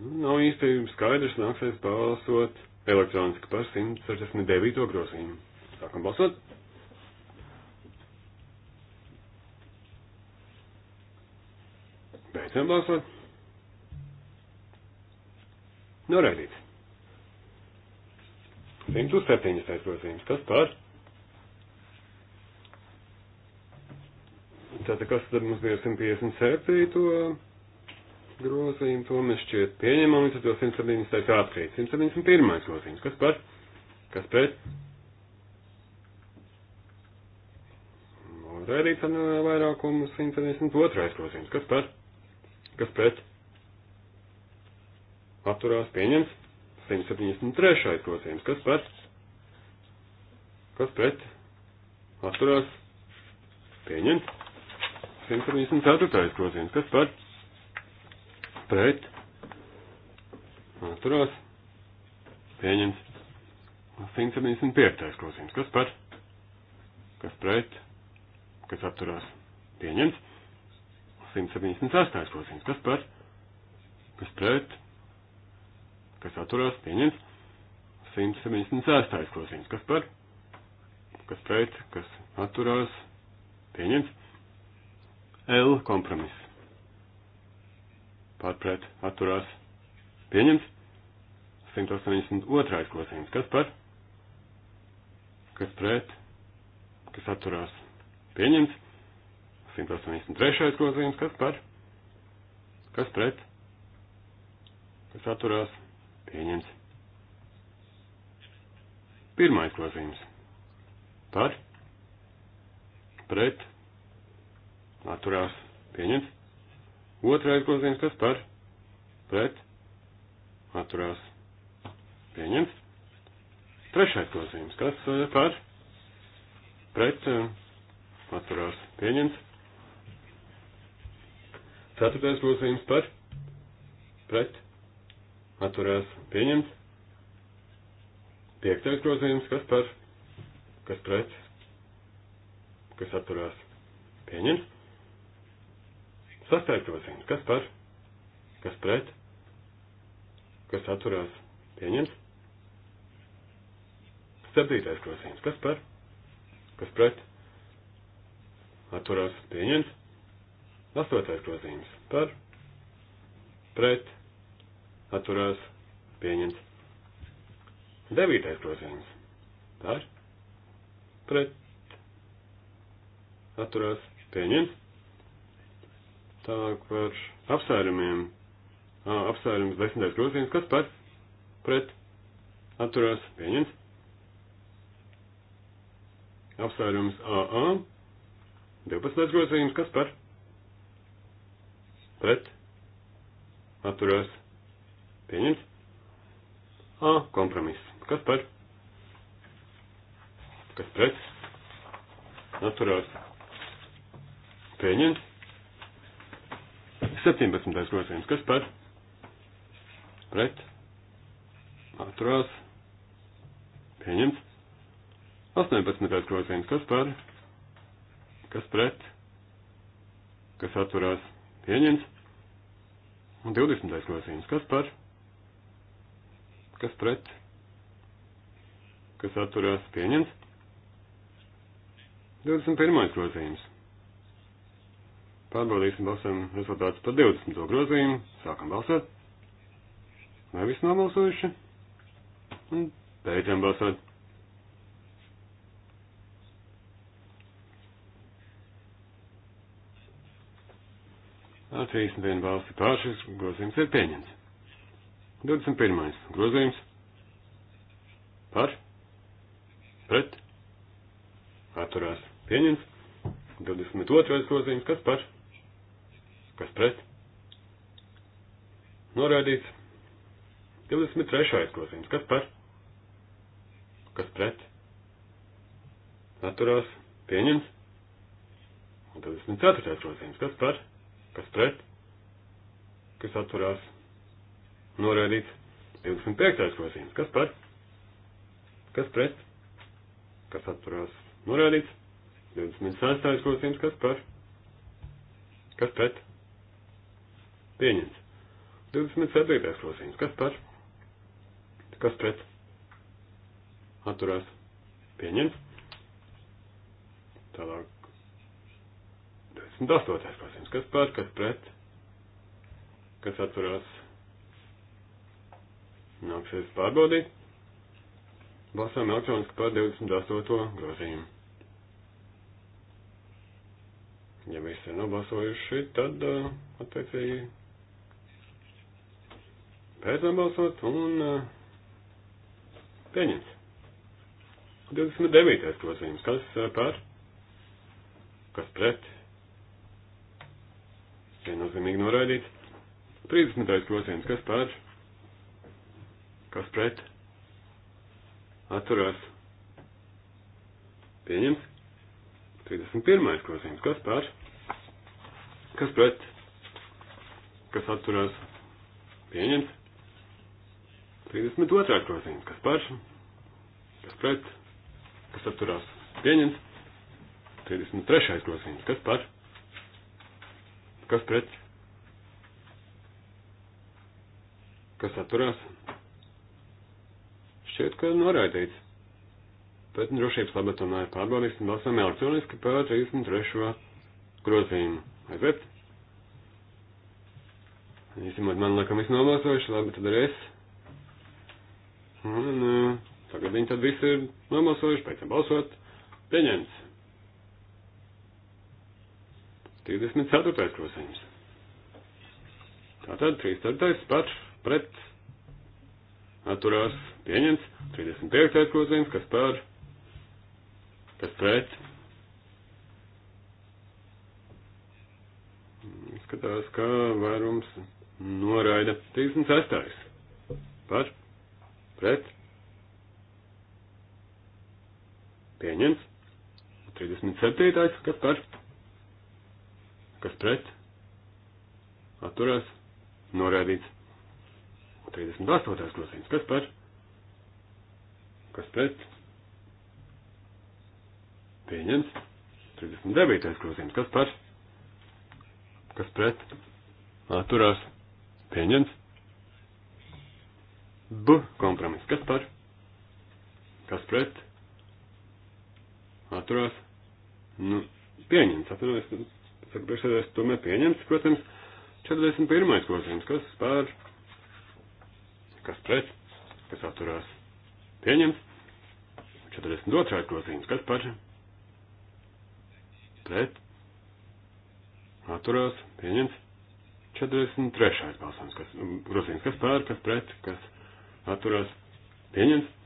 Nu, nav īsti skaidrs, nāksies balsot elektroniski par 169. grozījumu. Sākam balsot. Beidzam balsot. Noraidīts. 107. grozījums. Kas par? Tātad, kas tad mums bija 157 grozījumi to mēs šķiet pieņemami, tad jau 170. atkrīt. 171. grozījums. Kas par? Kas pret? Noraidīts ar vairākumu 172. grozījums. Kas par? Kas pret? Atturās pieņems 173. grozījums. Kas par? Kas pret? Atturās pieņems 174. grozījums. Kas par? pret, atturās, pieņems 175. klausījums. Kas par? Kas pret? Kas atturās? Pieņems 178. klausījums. Kas par? Kas pret? Kas atturās? Pieņems 176. klausījums. Kas par? Kas pret? Kas atturās? Pieņems L kompromiss pārpret atturās pieņems. 182. grozījums. Kas par? Kas pret? Kas atturās pieņems. 183. grozījums. Kas par? Kas pret? Kas atturās pieņems. Pirmais grozījums par pret atturās pieņems. Otrais grozījums, kas par pret atturās pieņemts. Trešais grozījums, kas eh, par pret eh, atturās pieņemts. Ceturtais grozījums par pret atturās pieņemts. Piektais grozījums, kas par kas pret kas atturās pieņemts. Sastais grozījums. Kas par? Kas pret? Kas atturās? Pieņems. Septītais grozījums. Kas par? Kas pret? Atturās? Pieņems. Astotais grozījums. Par? Pret? Atturās? Pieņems. Devītais grozījums. Par? Pret? Atturās? Pieņems. Tālāk par apsvērumiem. Apsvērums desmitais grozījums, kas par pret atturās pieņems. Apsvērums AA. 12. grozījums, kas par pret atturās pieņems. A kompromiss. Kas par? Kas pret? Atturās. Pieņems. 17. grozījums. Kas par? Pret. Atturās. Pieņemts. 18. grozījums. Kas par? Kas pret? Kas atturās? Pieņemts. Un 20. grozījums. Kas par? Kas pret? Kas atturās? Pieņemts. 21. grozījums. Pārbaudīsim balsojumu rezultātus par 20. grozījumu. Sākam balsot. Vai viss nobalsojuši? Un beidzam balsot. Ar 31 balsi pār šis grozījums ir pieņemts. 21. grozījums par, pret, atturās pieņemts. 22. grozījums, kas par? Kas pret? Norādīts. 23. grozījums. Kas par? Kas pret? Atturās. Pieņems. Un 24. grozījums. Kas par? Kas pret? Kas atturās? Norādīts. 25. grozījums. Kas par? Kas pret? Kas atturās? Norādīts. 26. grozījums. Kas par? Kas pret? Pieņemts. 27. grozījums. Kas par? Kas pret? Atturās. Pieņemts. Tālāk. 28. grozījums. Kas par? Kas pret? Kas atturās? Nāksies pārbaudīt. Balsām elektroniski par 28. grozījumu. Ja visi ir nobalsojuši, tad uh, attiecīgi Pēdējām balsot un eh, pieņemts. 29. grozījums. Kas eh, par? Kas pret? Viennozīmīgi noraidīts. 30. grozījums. Kas par? Kas pret? Atturās. Pieņemts. 31. grozījums. Kas par? Kas pret? Kas atturās? Pieņemts. 32. grozījums, kas par, kas pret, kas atturās pieņemts. 33. grozījums, kas par, kas pret, kas atturās. Šķiet, ka noraidīts. Bet drošības labā tomēr pārbaudīsim balsām elektroniski par 33. grozījumu. Aiziet! Īstenībā man laikam viss nobalsojuši, labi, tad arī es Un uh, tagad viņi tad visi ir nobalsojuši, pēc tam balsot, pieņemts. 34. krosējums. Tātad 34. par pret atturās pieņemts. 35. krosējums, kas par, kas pret. Skatās, kā vairums noraida 36. par pret, pieņemts. 37. kas par, kas pret, atturās, norādīts. 38. nosacījums, kas par, kas pret, pieņemts. 39. grozījums, kas par, kas pret, atturās, pieņemts. B kompromiss. Kas par? Kas pret? Atturās. Nu, pieņemts. Atturās. Saka, priekšsēdēs tomēr pieņemts, protams. 41. grozījums. Kas par? Kas pret? Kas atturās? Pieņemts. 42. grozījums. Kas par? Pret? Atturās. Pieņemts. 43. balsojums. Kas, grozījums. Kas par? Kas pret? Kas atturās pieņemts.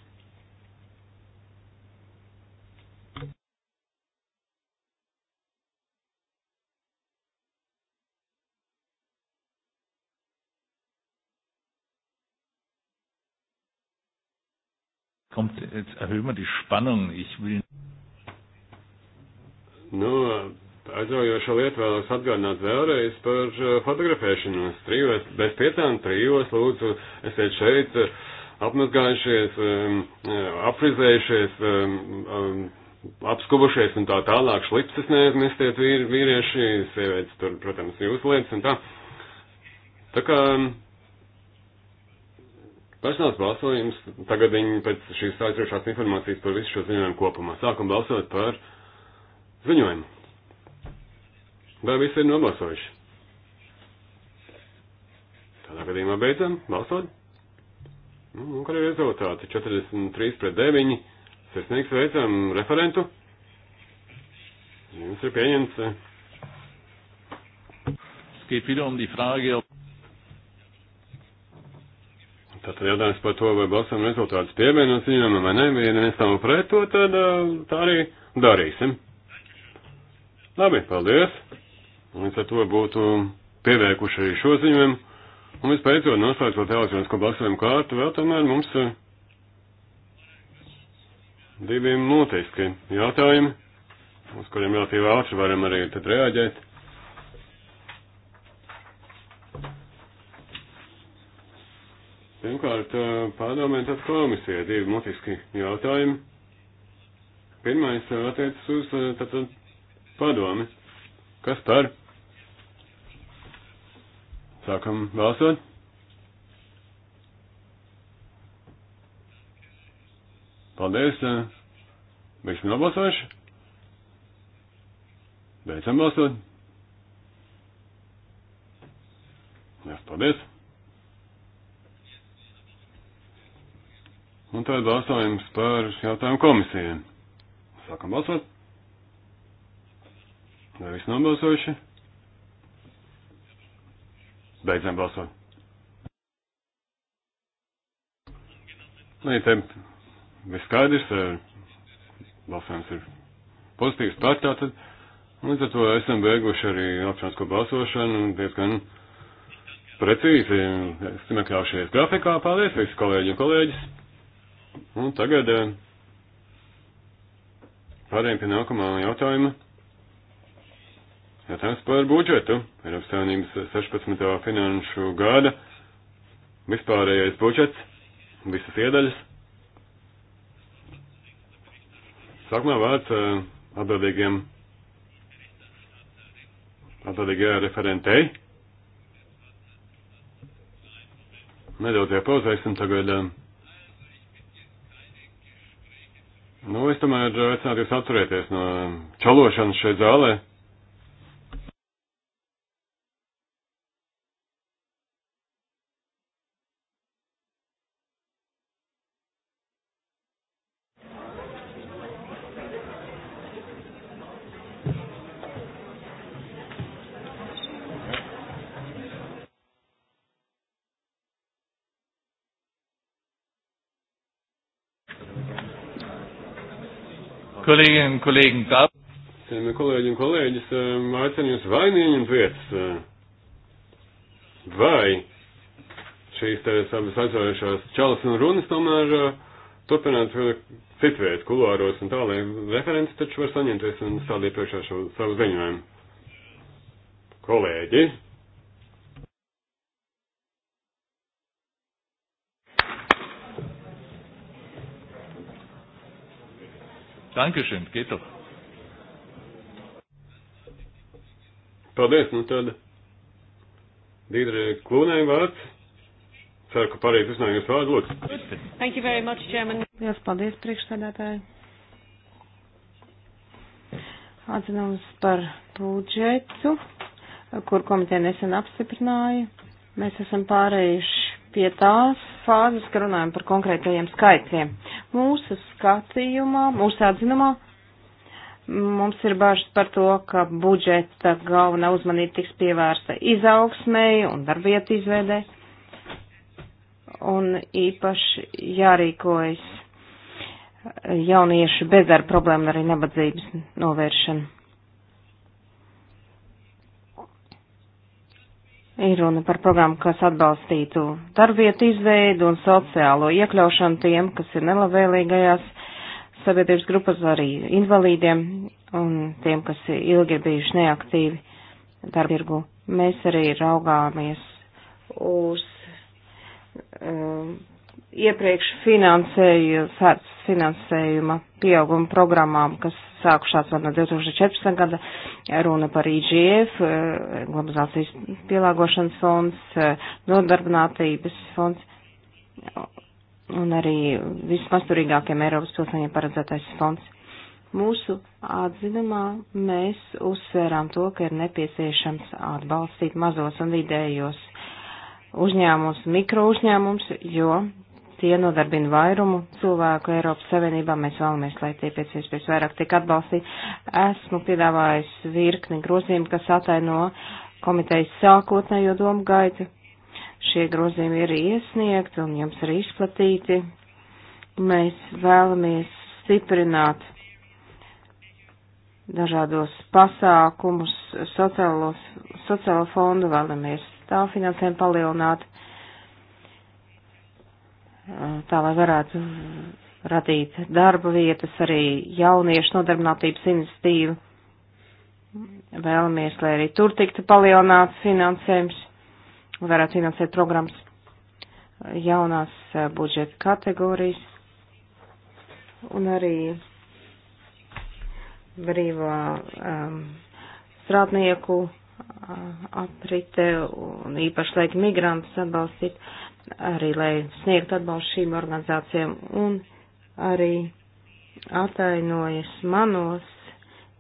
kommt, jetzt erhöhen wir die Spannung. Ich will. Nu, aizraujošo lietu vēlos atgādināt vēlreiz par uh, fotografēšanos. Trijos, bez piecām, trijos, lūdzu, esiet šeit, uh, apmazgājušies, um, uh, apfrizējušies, um, um, apskubušies un tā tālāk, šlipses neaizmirstiet vīr, vīrieši, sievietes tur, protams, jūsu lietas un tā. Tā kā personāls balsojums, tagad viņi pēc šīs aizraujošās informācijas par visu šo ziņojumu kopumā sākam balsot par ziņojumu. Vai visi ir nobalsojuši? Tādā gadījumā beidzam balsot. Nu, un kādi ir rezultāti? 43 pret 9. Sirsnīgi sveicam referentu. Jums ir pieņemts. Geht wieder um die Frage, ob Tātad jautājums par to, vai balsam rezultātus pievienos viņam vai ne, ja neviens tam pret to, tad tā arī darīsim. Labi, paldies! Un līdz ar to būtu pieveikuši arī šo ziņojumu. Un vispēcot noslēdzot elektronisko balsojumu kārtu, vēl tomēr mums eh, divi noteikti jautājumi, uz kuriem relatīvi ātri varam arī tad reaģēt. Pirmkārt, eh, pārdomē tad komisija divi motiski jautājumi. Pirmais eh, attiecas uz tātad padomi. Kas par? Sākam balsot. Paldies. Visi nobalsojuši. Beidzam balsot. Jā, paldies. Un tad balsojums par jautājumu komisijai. Sākam balsot. Vai visi nobalsojuši? Beidzam balsot. Nē, te viss skaidrs, eh, balsojums ir pozitīvs par tātad. Līdz ar to esam beiguši arī elektronisko balsošanu un diezgan precīzi esam iekļaušies grafikā. Paldies visi kolēģi un kolēģis. Un tagad eh, pārējiem pie nākamā jautājuma. Jautājums par budžetu. Eiropas Savienības 16. finanšu gada vispārējais budžets, visas iedaļas. Sākumā vārds eh, atbildīgiem, atbildīgajā referentei. Nedaudz iepauzēsim tagad. Eh. Nu, es tomēr eh, aicinātu jūs atturēties no čalošanas šeit zālē. Kolēģiem, kolēģiem, tā. Cienījamie kolēģi un kolēģis, eh, aicinu jūs vai neņemt nu vietas, eh, vai šīs te savas aizraujošās čalas un runas tomēr eh, turpināt citviet kulāros un tā, lai referents taču var saņemties un stādīt priekšā šo savu ziņojumu. Kolēģi, Dankeschön, geht doch. Paldies, nu tad Dīdre Klūnai vārds. Ceru, ka pareizi uznāju jūs vārdu, lūdzu. Thank you very much, Chairman. Lielas paldies, priekšsēdētāji. Atzinums par budžetu, kur komiteja nesen apstiprināja. Mēs esam pārējuši pie tās fāzes, ka runājam par konkrētajiem skaitļiem. Uh, Mūsu skatījumā, mūsu atzinumā mums ir bažas par to, ka budžeta galvenā uzmanība tiks pievērsta izaugsmēji un darbvietu izveidē. Un īpaši jārīkojas jauniešu bezdarba problēma arī nabadzības novēršana. Ir runa par programmu, kas atbalstītu darbvietu izveidu un sociālo iekļaušanu tiem, kas ir nelabvēlīgajās sabiedrības grupas, arī invalīdiem un tiem, kas ilgi ir bijuši neaktīvi darbirgu. Mēs arī raugāmies uz um, iepriekš finansēju, finansējuma pieauguma programmām, kas sākušās vēl no 2014. gada, runa par IGF, e eh, globalizācijas pielāgošanas fonds, eh, nodarbinātības fonds un arī vismasturīgākiem Eiropas pilsēņiem paredzētais fonds. Mūsu atzinumā mēs uzsvērām to, ka ir nepieciešams atbalstīt mazos un vidējos uzņēmums, mikro uzņēmums, jo tie nodarbina vairumu cilvēku Eiropas Savienībā. Mēs vēlamies, lai tie pēc iespējas vairāk tiek atbalstīti. Esmu piedāvājis virkni grozījumu, kas ataino komitejas sākotnējo domu gaitu. Šie grozījumi ir iesniegti un jums arī izplatīti. Mēs vēlamies stiprināt dažādos pasākumus, sociālo fondu vēlamies tā finansējumu palielināt Uh, tā lai varētu radīt darba vietas, arī jauniešu nodarbinātības iniciatīvu. Vēlamies, lai arī tur tiktu palielināts finansējums, varētu finansēt programmas jaunās uh, budžeta kategorijas un arī brīvā um, strādnieku uh, aprite un īpaši, lai migrantus atbalstīt. Uh, arī lai sniegtu atbalstu šīm organizācijām un arī atainojas manos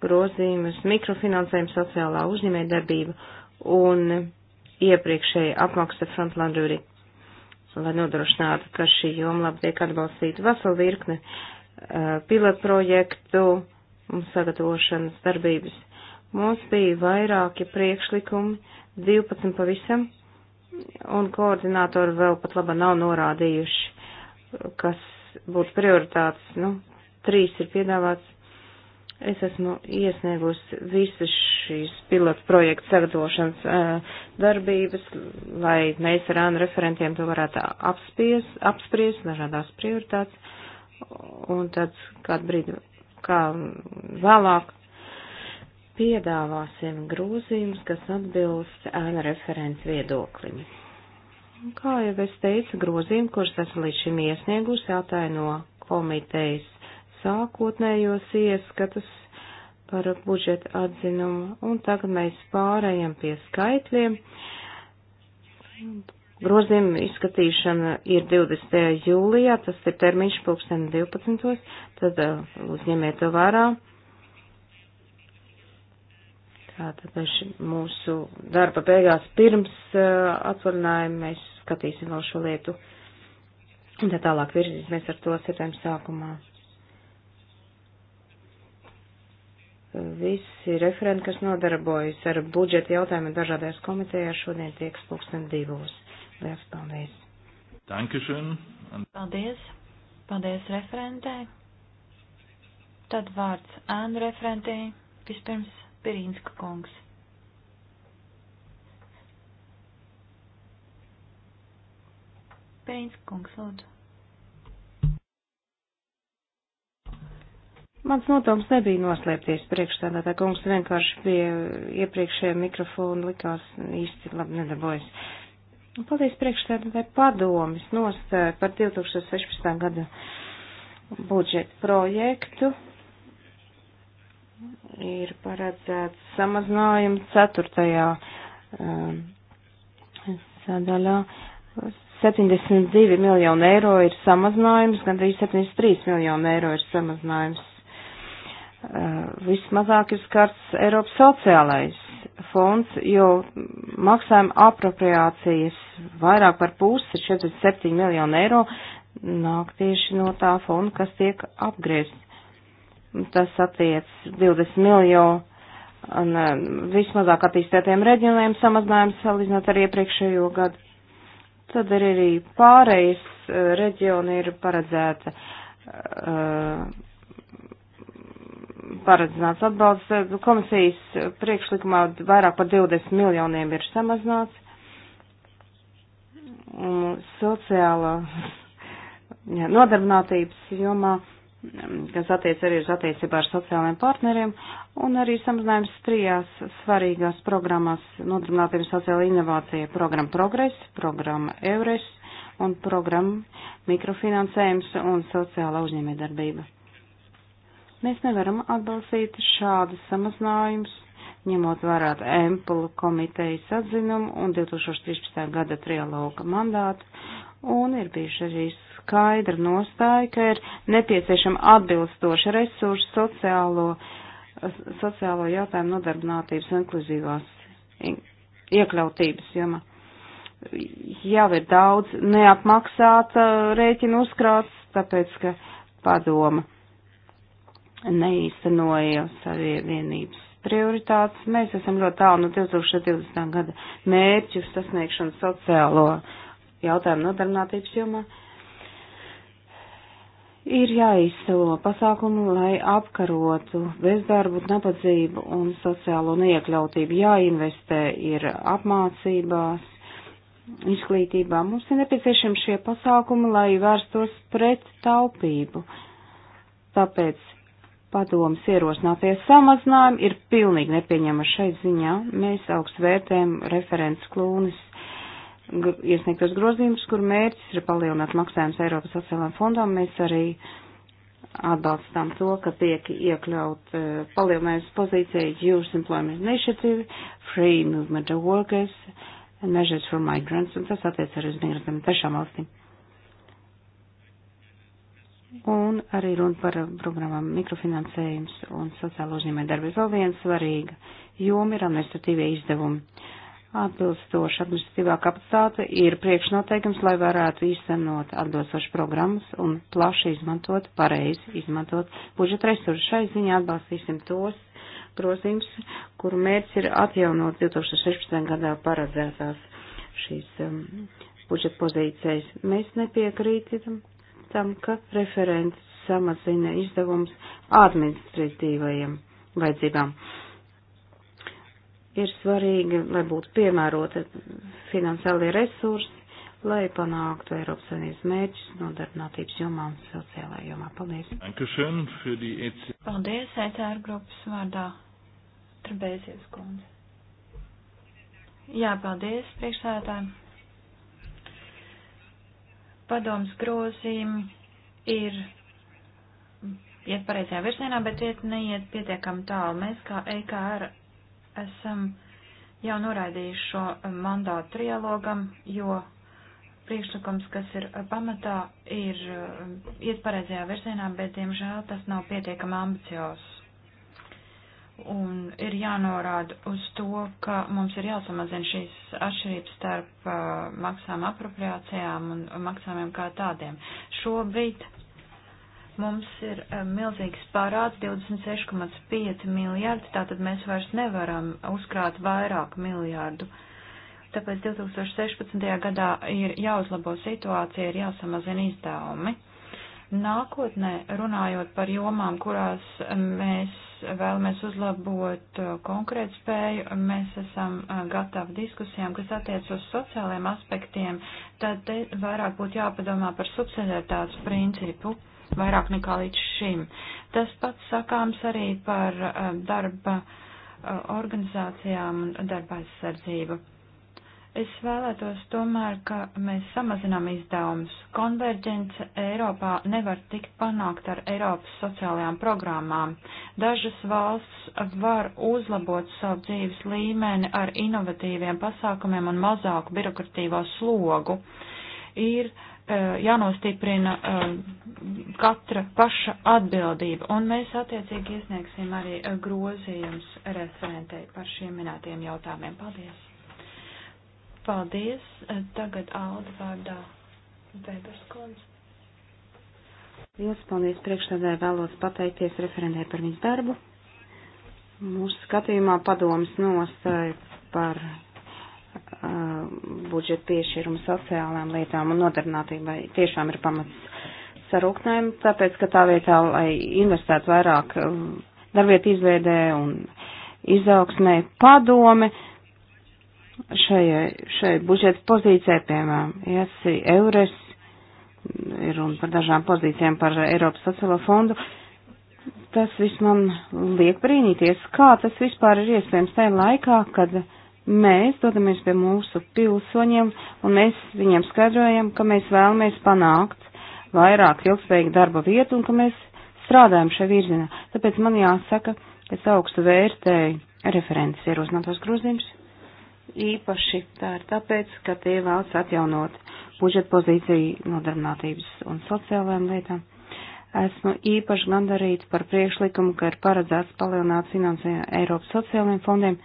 grozījumus mikrofinansējumu sociālā uzņēmē darbība un iepriekšēja apmaksta frontlanduri, lai nodrošinātu, ka šī joma labi tiek atbalstīta veselu virkni pilotprojektu un sagatavošanas darbības. Mums bija vairāki priekšlikumi, 12 pavisam, un koordinātori vēl pat laba nav norādījuši, kas būtu prioritātes. Nu, trīs ir piedāvāts. Es esmu iesniegusi visas šīs pilotu projektu sagatavošanas uh, darbības, lai mēs ar ANU referentiem to varētu apspies, apspriest, dažādās prioritātes, un tad kādu brīdi, kā vēlāk, piedāvāsim grozījumus, kas atbilst ēna referents viedoklim. Kā jau es teicu, grozījumi, kurus esmu līdz šim iesniegusi, ataino komitejas sākotnējos ieskatus par budžeta atzinumu, un tagad mēs pārējam pie skaitļiem. Grozījuma izskatīšana ir 20. jūlijā, tas ir termiņš pulksten 12. Tad uh, uzņemiet to vērā, Tātad mēs mūsu darba beigās pirms uh, atvaļinājuma mēs skatīsim vēl šo lietu. Un tā tālāk virzīsimies ar to septembra sākumā. Visi referenti, kas nodarbojas ar budžeta jautājumiem dažādās komitejās, šodien tiek spūksteni divos. Lielas paldies! Dankeschön! Paldies! Paldies referentē! Tad vārds ēnu referentē. Vispirms Pirīnska kungs. Pirīnska kungs, lūdzu. Mans notoms nebija noslēpties priekšstādātā kungs, vienkārši pie iepriekšējā mikrofona likās īsti labi nedarbojas. Paldies priekšstādātā padomis nost par 2016. gada budžeta projektu ir paredzēts samazinājums ceturtajā um, sadaļā. 72 miljonu eiro ir samazinājums, gandrīz 73 miljonu eiro ir samazinājums. Uh, vismazāk ir skarts Eiropas sociālais fonds, jo maksājuma apropriācijas vairāk par pusi, 47 miljonu eiro, nāk tieši no tā fonda, kas tiek apgriezt. Tas attiec 20 miljonu un e, vismazāk attīstētiem reģioniem samazinājums salīdzinot ar iepriekšējo gadu. Tad arī, arī pārējais e, reģioni ir paredzēta, e, paredzināts atbalsts. Komisijas priekšlikumā vairāk par 20 miljoniem ir samazināts. Un sociāla jā, nodarbinātības jomā kas attiec arī uz attiecībā ar sociālajiem partneriem, un arī samazinājums trijās svarīgās programmās nodarbinātības sociāla inovācija programma Progress, programma Eures un programma mikrofinansējums un sociāla uzņēmējdarbība. Mēs nevaram atbalstīt šādus samazinājumus, ņemot vērā Empulu komitejas atzinumu un 2013. gada trialoga mandātu, un ir bijuši arī skaidra nostāja, ka ir nepieciešama atbilstoša resursu sociālo, sociālo jautājumu nodarbinātības un inkluzīvās iekļautības jomā. Jau ir daudz neapmaksāta rēķina uzkrāts, tāpēc, ka padoma neīstenoja savienības prioritātes. Mēs esam ļoti tālu no 2020. gada mērķu sasniegšanu sociālo jautājumu nodarbinātības jomā. Uh, ir jāizsalo pasākumu, lai apkarotu bezdarbu, nabadzību un sociālo neiekļautību. Jāinvestē ir apmācībās, izglītībā. Mums ir nepieciešami šie pasākumi, lai vērstos pret taupību. Tāpēc padomas ierosināties samazinājumi ir pilnīgi nepieņemami šai ziņā. Mēs augst vērtējam referents klūnis iesniegtos grozījumus, kur mērķis ir palielināt maksājumus Eiropas sociālajiem fondam. Mēs arī atbalstām to, ka tiek iekļaut uh, e, palielinājusi pozīcija Youth Employment Initiative, Free Movement of Workers, and Measures for Migrants, un tas attiec arī uz migrantiem trešām valstīm. Un arī runa par programmām mikrofinansējums un sociālo uzņēmē darbību. Vēl viena svarīga joma ir administratīvie izdevumi. Uh, Atbilstoša administratīvā kapacitāte ir priekšnoteikums, lai varētu īstenot atbilstošas programmas un plaši izmantot, pareizi izmantot budžeta resursus. Šai ziņā atbalstīsim tos grozījums, kuru mērķis ir atjaunot 2016. gadā paredzētās šīs um, budžeta pozīcijas. Mēs nepiekrītam tam, ka referents samazina izdevums administratīvajiem vajadzībām. Uh, ir svarīgi, lai būtu piemērota finansiālie resursi, lai panāktu Eiropas Savienības mērķus nodarbinātības jomā un sociālajā jomā. Paldies! E paldies, ECR grupas vārdā. Trebēzies kundze. Jā, paldies priekšsētājiem. Padoms grozījumi ir iet pareizajā virzienā, bet iet neiet pietiekami tālu. Mēs kā EKR esam jau noraidījuši šo mandātu trialogam, jo priekšlikums, kas ir pamatā, ir uh, iet pareizajā virzienā, bet, diemžēl, tas nav pietiekami ambiciozs. Un ir jānorāda uz to, ka mums ir jāsamazina šīs atšķirības starp uh, maksām apropriācijām un maksājumiem kā tādiem. Šobrīd Mums ir eh, milzīgs pārāds 26,5 miljārdi, tātad mēs vairs nevaram uzkrāt vairāk miljārdu. Tāpēc 2016. gadā ir jāuzlabo situācija, ir jāsamazina izdevumi. Nākotnē, runājot par jomām, kurās eh, mēs vēlamies uzlabot eh, konkrētu spēju, mēs esam gatavi diskusijām, kas attiec uz sociālajiem aspektiem, tad te vairāk būtu jāpadomā par subsidētāts principu vairāk nekā līdz šim. Tas pats sakāms arī par eh, darba eh, organizācijām un darba aizsardzību. Es vēlētos tomēr, ka mēs samazinām izdevumus. Konverģence Eiropā nevar tikt panākt ar Eiropas sociālajām programmām. Dažas valsts var uzlabot savu dzīves līmeni ar inovatīviem pasākumiem un mazāku birokratīvo slogu. Ir uh, Eh, jānostiprina eh, katra paša atbildība, un mēs attiecīgi iesniegsim arī eh, grozījums referentei par šiem minētiem jautājumiem. Paldies! Paldies! Tagad Alda vārdā Weberskons. Liels paldies priekšstādē vēlos pateikties referentē par viņas darbu. Mūsu skatījumā padomas nostāja par Uh, budžeta piešķīrumu sociālām lietām un nodarbinātībai tiešām ir pamats sarūknējumu, tāpēc, ka tā vietā, lai investētu vairāk uh, darbvietu izveidē un izaugsmē padome, šajai, šai budžeta pozīcijai, piemēram, ESI, Eures, ir un par dažām pozīcijām par Eiropas sociālo fondu, tas viss man liek brīnīties, kā tas vispār ir iespējams tajā laikā, kad Mēs dodamies pie mūsu pilsoņiem un mēs viņiem skaidrojam, ka mēs vēlamies panākt vairāk ilgspējīgu darba vietu un ka mēs strādājam šajā virzienā. Tāpēc man jāsaka, ka es augstu vērtēju referents ierosinātos grozījums. Īpaši tā ir tāpēc, ka tie vēlas atjaunot budžeta pozīciju nodarbinātības un sociālajām lietām. Esmu īpaši gandarīts par priekšlikumu, ka ir paredzēts palielināt finansējumu Eiropas sociālajiem fondiem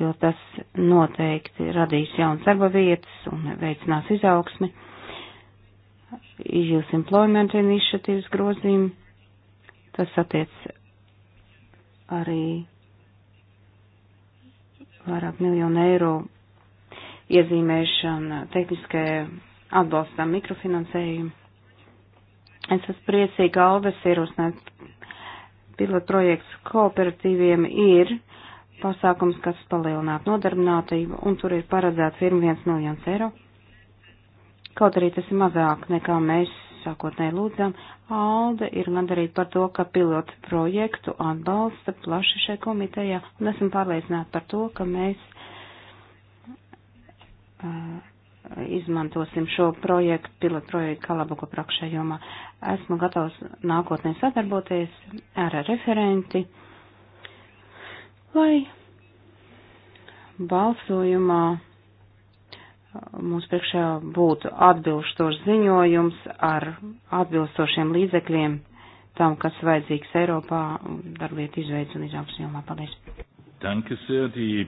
jo tas noteikti radīs jaunas darba vietas un veicinās izaugsmi. Youth Employment Initiatives grozīm, tas attiec arī vairāk miljonu eiro iezīmēšana tehniskajai atbalstam mikrofinansējumu. Es esmu priecīga Alves ierosināt pilotprojekts kooperatīviem ir pasākums, kas palielinātu nodarbinātību, un tur ir paredzēts 1 miljons eiro. Kaut arī tas ir mazāk nekā mēs sākotnēji lūdzām, Alde ir gandarīta par to, ka pilotu projektu atbalsta plaši šai komitejā, un esmu pārliecināta par to, ka mēs uh, izmantosim šo projektu, pilotu projektu Kalabuku prakšējumā. Esmu gatavs nākotnē sadarboties ar referenti. Uh, lai balsojumā uh, mums priekšā būtu atbilstošs ziņojums ar atbilstošiem līdzekļiem tam, kas vajadzīgs Eiropā darbvietu izveids un izaugsmē jomā. Paldies! Danke sehr, die...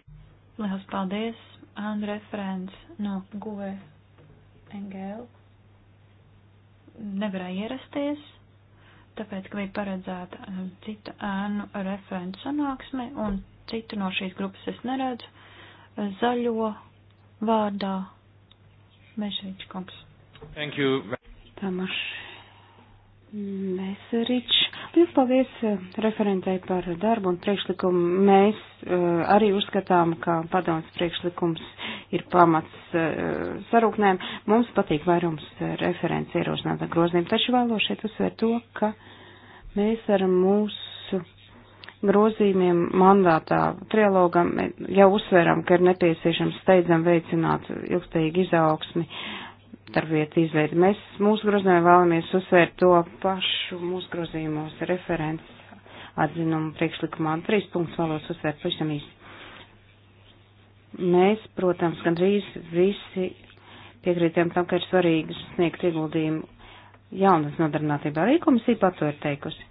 Liels paldies, Andre Frens no Guve NGL. Nevarēja ierasties, tāpēc, ka bija paredzēta uh, cita ēnu referents sanāksme un Citu no šīs grupas es neredzu. Zaļo vārdā Mešriņš kungs. Thank you. Tamaš. Meserič. Liels paldies eh, referentei par darbu un priekšlikumu. Mēs uh, arī uzskatām, ka padomas priekšlikums ir pamats uh, sarūknēm. Mums patīk vairums referents ierosinātā grozījuma, taču vēlos šeit uzsvērt to, ka mēs ar mūsu grozījumiem mandātā trilogam jau uzsveram, ka ir nepieciešams steidzam veicināt ilgspējīgu izaugsmi darbvietu izveidi. Mēs mūsu grozījumā vēlamies uzsvērt to pašu mūsu grozījumos referents atzinumu priekšlikumā. Trīs punktus vēlos uzsvērt pavisam īsti. Mēs, protams, gandrīz visi piekrītām tam, ka ir svarīgi sniegt ieguldījumu jaunas nodarbinātībā. Arī komisija pat to ir teikusi.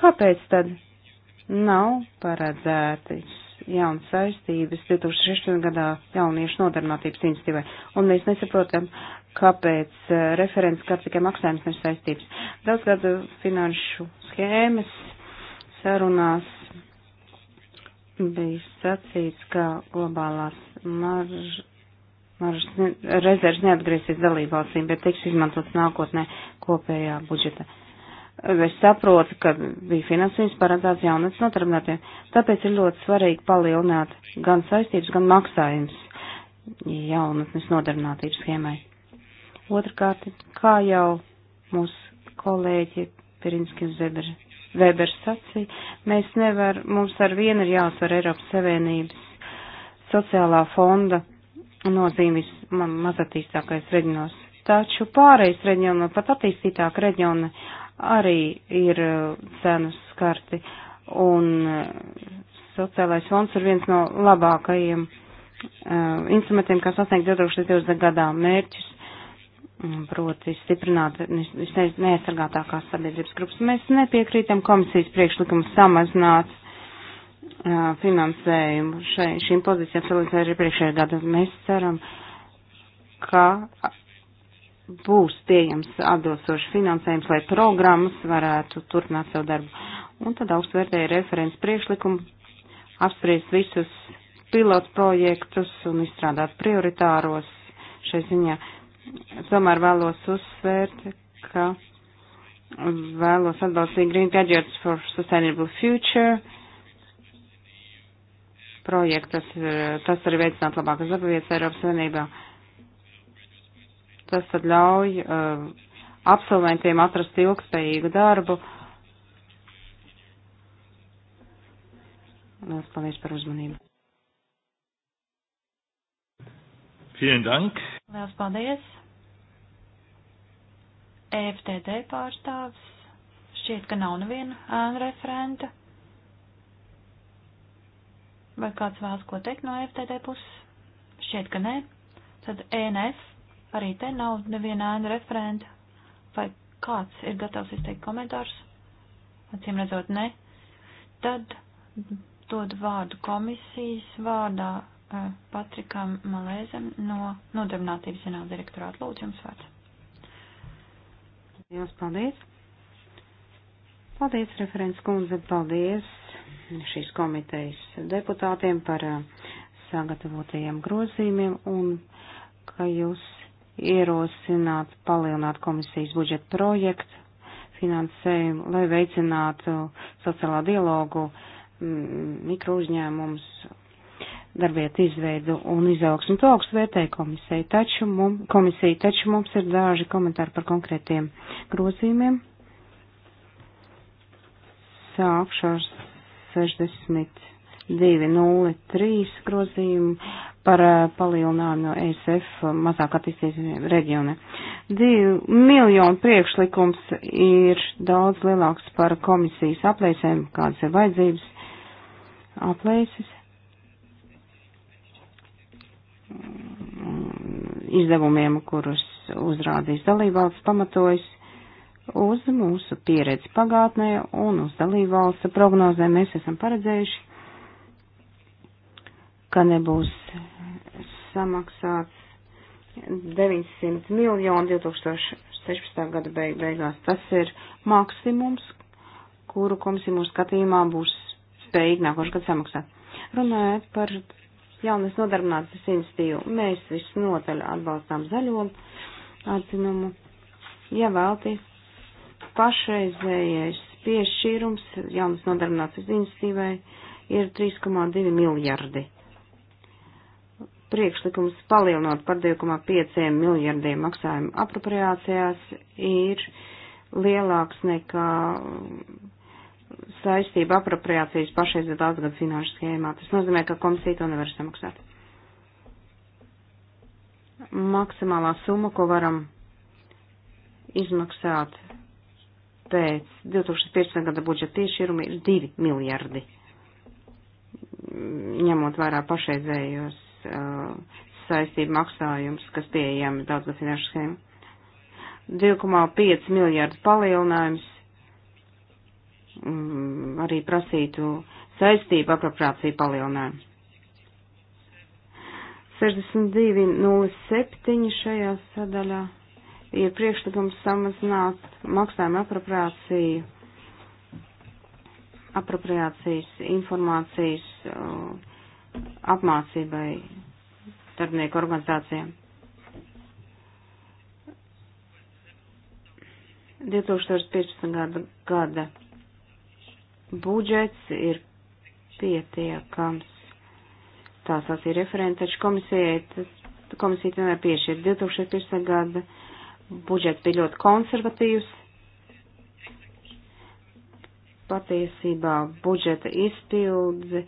Kāpēc tad nav paredzētas jaunas saistības 2016. gadā jauniešu nodarbinātības institīvai. Un mēs nesaprotam, kāpēc uh, referents, kā tikai maksājums nav saistības. Daudz gadu finanšu schēmas sarunās bija sacīts, ka globālās marž, marž ne, rezerves neatgriezīsies dalībvalstīm, bet tiks izmantots nākotnē kopējā budžeta Es saprotu, ka bija finansējums paredzēts jaunatnes notarbinātiem, tāpēc ir ļoti svarīgi palielināt gan saistības, gan maksājums jaunatnes nodarbinātības schēmai. Otrakārt, kā jau mūsu kolēģi Pirinski un Zebri Vēbers sacīja, mēs nevar, mums ar vienu ir jāsver Eiropas Savienības sociālā fonda nozīmes mazatīstākais reģionos. Taču pārējais reģiona, pat attīstītāk reģiona arī ir e, cenu skarti. Un e, sociālais fonds ir viens no labākajiem uh, instrumentiem, kas sasniegt 2020. gadā mērķus, proti stiprināt neaizsargātākās sabiedrības grupas. Mēs nepiekrītam komisijas priekšlikumu samazināt uh, finansējumu šai, šīm pozīcijām, salīdzinot ar iepriekšējā gada. Mēs ceram, ka būs pieejams atbilstoši finansējums, lai programmas varētu turpināt savu darbu. Un tad augstvērtēja referents priekšlikumu apspriest visus pilotu projektus un izstrādāt prioritāros šai ziņā. Tomēr vēlos uzsvērt, ka vēlos atbalstīt Green Gadgets for Sustainable Future projektu, tas, tas arī veicināt labākas darbavietas Eiropas Savienībā. Uh, Tas tad ļauj uh, absolventiem atrast ilgspējīgu darbu. Lielas paldies par uzmanību. Vielen Dank. Lielas paldies. EFTD pārstāvs. Šķiet, ka nav neviena ēna referenta. Vai kāds vēlas ko teikt no EFTD puses? Šķiet, ka nē. Tad ENF Arī te nav neviena ēna referenta. Vai kāds ir gatavs izteikt komentārus? Acīm redzot, ne. Tad dod vārdu komisijas vārdā eh, Patrikam Malēzam no Nodarbinātības zinātnes direktorāta. Lūdzu, jums vārds. Jums paldies. Paldies, referents kundze, paldies šīs komitejas deputātiem par eh, sagatavotajiem grozījumiem un ka jūs ierosināt palielināt komisijas budžeta projektu finansējumu, lai veicinātu sociālā dialogu, mikrouzņēmumus, darbvietu izveidu un izaugsmu. To augstu vērtēja komisija, taču, mum, komisija, taču mums ir daži komentāri par konkrētiem grozījumiem. Sākšu ar 62.03 grozījumu par eh, palielinājumu no ESF mazāk attīstītiem reģioniem. Divu miljonu priekšlikums ir daudz lielāks par komisijas aplēsēm, kādas ir vajadzības aplēses. Izdevumiem, kurus uzrādīs dalībvalsts pamatojas uz mūsu pieredzi pagātnē un uz dalībvalsta prognozēm, mēs esam paredzējuši ka nebūs samaksāts 900 miljonu 2016. gada beig beigās. Tas ir maksimums, kuru komisija mūsu skatījumā būs spējīgi nākošu gadu samaksāt. Runājot par jaunas nodarbinātas institīvu, mēs visnotaļ atbalstām zaļo atzinumu. Ja vēlties pašreizējais piešķīrums jaunas nodarbinātas institīvai ir 3,2 miljardi priekšlikums palielinot par 2,5 miljardiem maksājumu apropriācijās ir lielāks nekā saistība apropriācijas pašreizē daudzgadu finanšu schēmā. Tas nozīmē, ka komisija to nevar samaksāt. Maksimālā summa, ko varam izmaksāt pēc 2015. gada budžeta piešķiruma ir 2 miljardi, ņemot vairāk pašreizējos uh, saistību maksājums, kas pieejami daudzgad finanšu schēmu. 2,5 miljārdu palielinājums um, arī prasītu saistību apropriāciju palielinājumu. 62.07 šajā sadaļā ir priekšlikums samazināt maksājumu apropriāciju apropriācijas informācijas uh, apmācībai darbinieku organizācijām. 2015. gada, gada budžets ir pietiekams. Tā sacīja referenta, taču komisijai, komisija tomēr piešķir 2015. gada budžets bija ļoti konservatīvs. Patiesībā budžeta izpildzi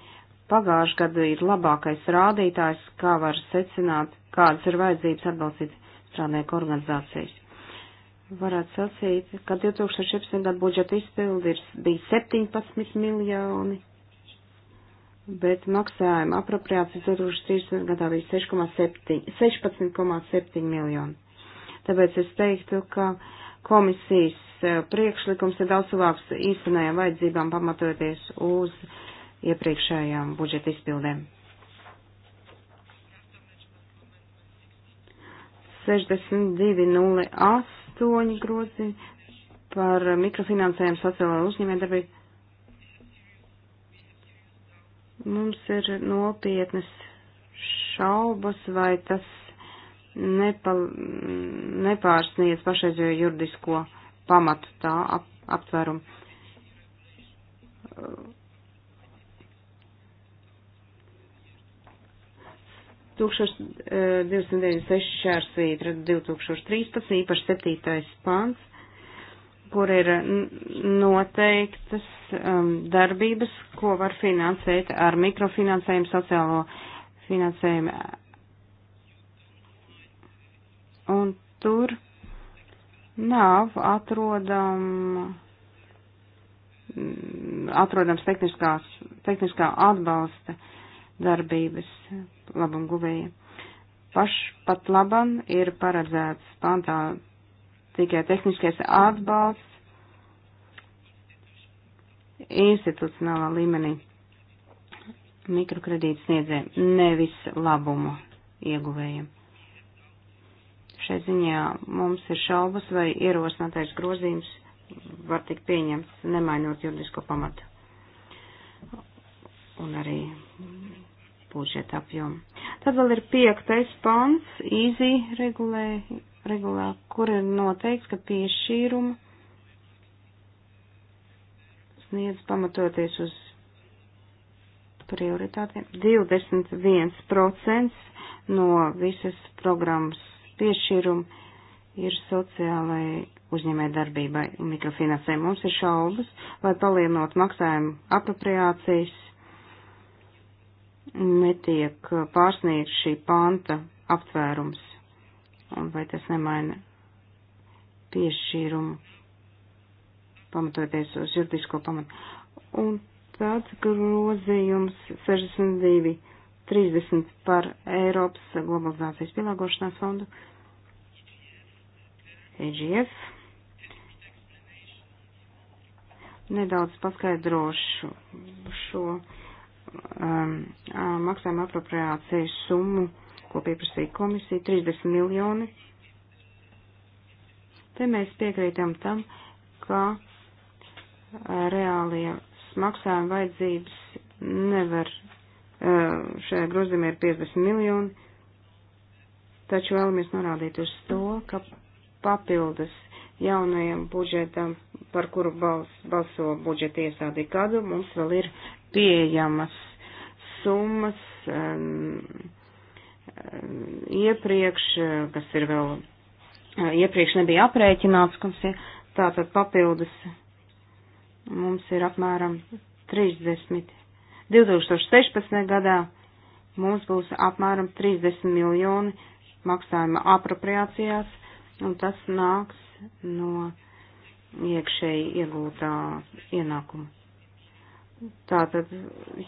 pagājuši gadu ir labākais rādītājs, kā var secināt, kādas ir vajadzības atbalstīt strādnieku organizācijas. Varētu sacīt, ka 2017. gada budžeta izpildi ir, bija 17 miljoni, bet maksājuma apropriācijas 2013. gadā bija 16,7 miljoni. Tāpēc es teiktu, ka komisijas eh, priekšlikums ir daudz tuvāks īstenajām vajadzībām pamatoties uz uh, iepriekšējām budžeta izpildēm. 62.08 grozi par mikrofinansējumu sociālajā uzņēmējdarbību. Mums ir nopietnas šaubas, vai tas nepa, nepārsniedz pašreizējo juridisko pamatu tā ap, aptvērumu 1296 šērsvītra 2013, īpaši 7. pāns, kur ir noteiktas um, darbības, ko var finansēt ar mikrofinansējumu, sociālo finansējumu. Un tur nav atrodama atrodams tehniskās, tehniskā atbalsta darbības labam guvēja. Paš pat labam ir paredzēts pantā tikai tehniskais atbalsts institucionālā līmenī mikrokredītas sniedzējiem, nevis labumu ieguvējiem. Šai ziņā mums ir šaubas, vai ierosinātais grozījums var tikt pieņemts, nemainot juridisko pamatu. Un arī budžeta apjomu. Tad vēl ir piektais pants, īzī regulē, regulā, kur ir noteikts, ka piešķīrumu sniedz pamatoties uz prioritātiem. 21% no visas programmas piešķīrumu ir sociālai uzņēmē darbībai un mikrofinansē. Mums ir šaubas, vai palielinot maksājumu apropriācijas netiek uh, pārsniegt šī panta aptvērums, un vai tas nemaina piešķīrumu, pamatoties uz juridisko pamatu. Un tad grozījums 62, 30 par Eiropas globalizācijas pielāgošanās fondu, EGF. Nedaudz paskaidrošu šo. šo Um, um, maksājuma apropriācijas summu, ko pieprasīja komisija, 30 miljoni. Te mēs piekrītam tam, ka uh, reālie maksājuma vajadzības nevar, uh, šajā grozījumā ir 50 miljoni, taču vēlamies norādīt uz to, ka papildus jaunajam budžetam, par kuru bals, balso budžeta iesādī kādu, mums vēl ir pieejamas summas um, um, iepriekš, kas ir vēl uh, iepriekš nebija aprēķināts, kas ir tātad papildus. Mums ir apmēram 30. 2016. gadā mums būs apmēram 30 miljoni maksājuma apropriācijās, un tas nāks no iekšēji iegūtā ienākuma. Tātad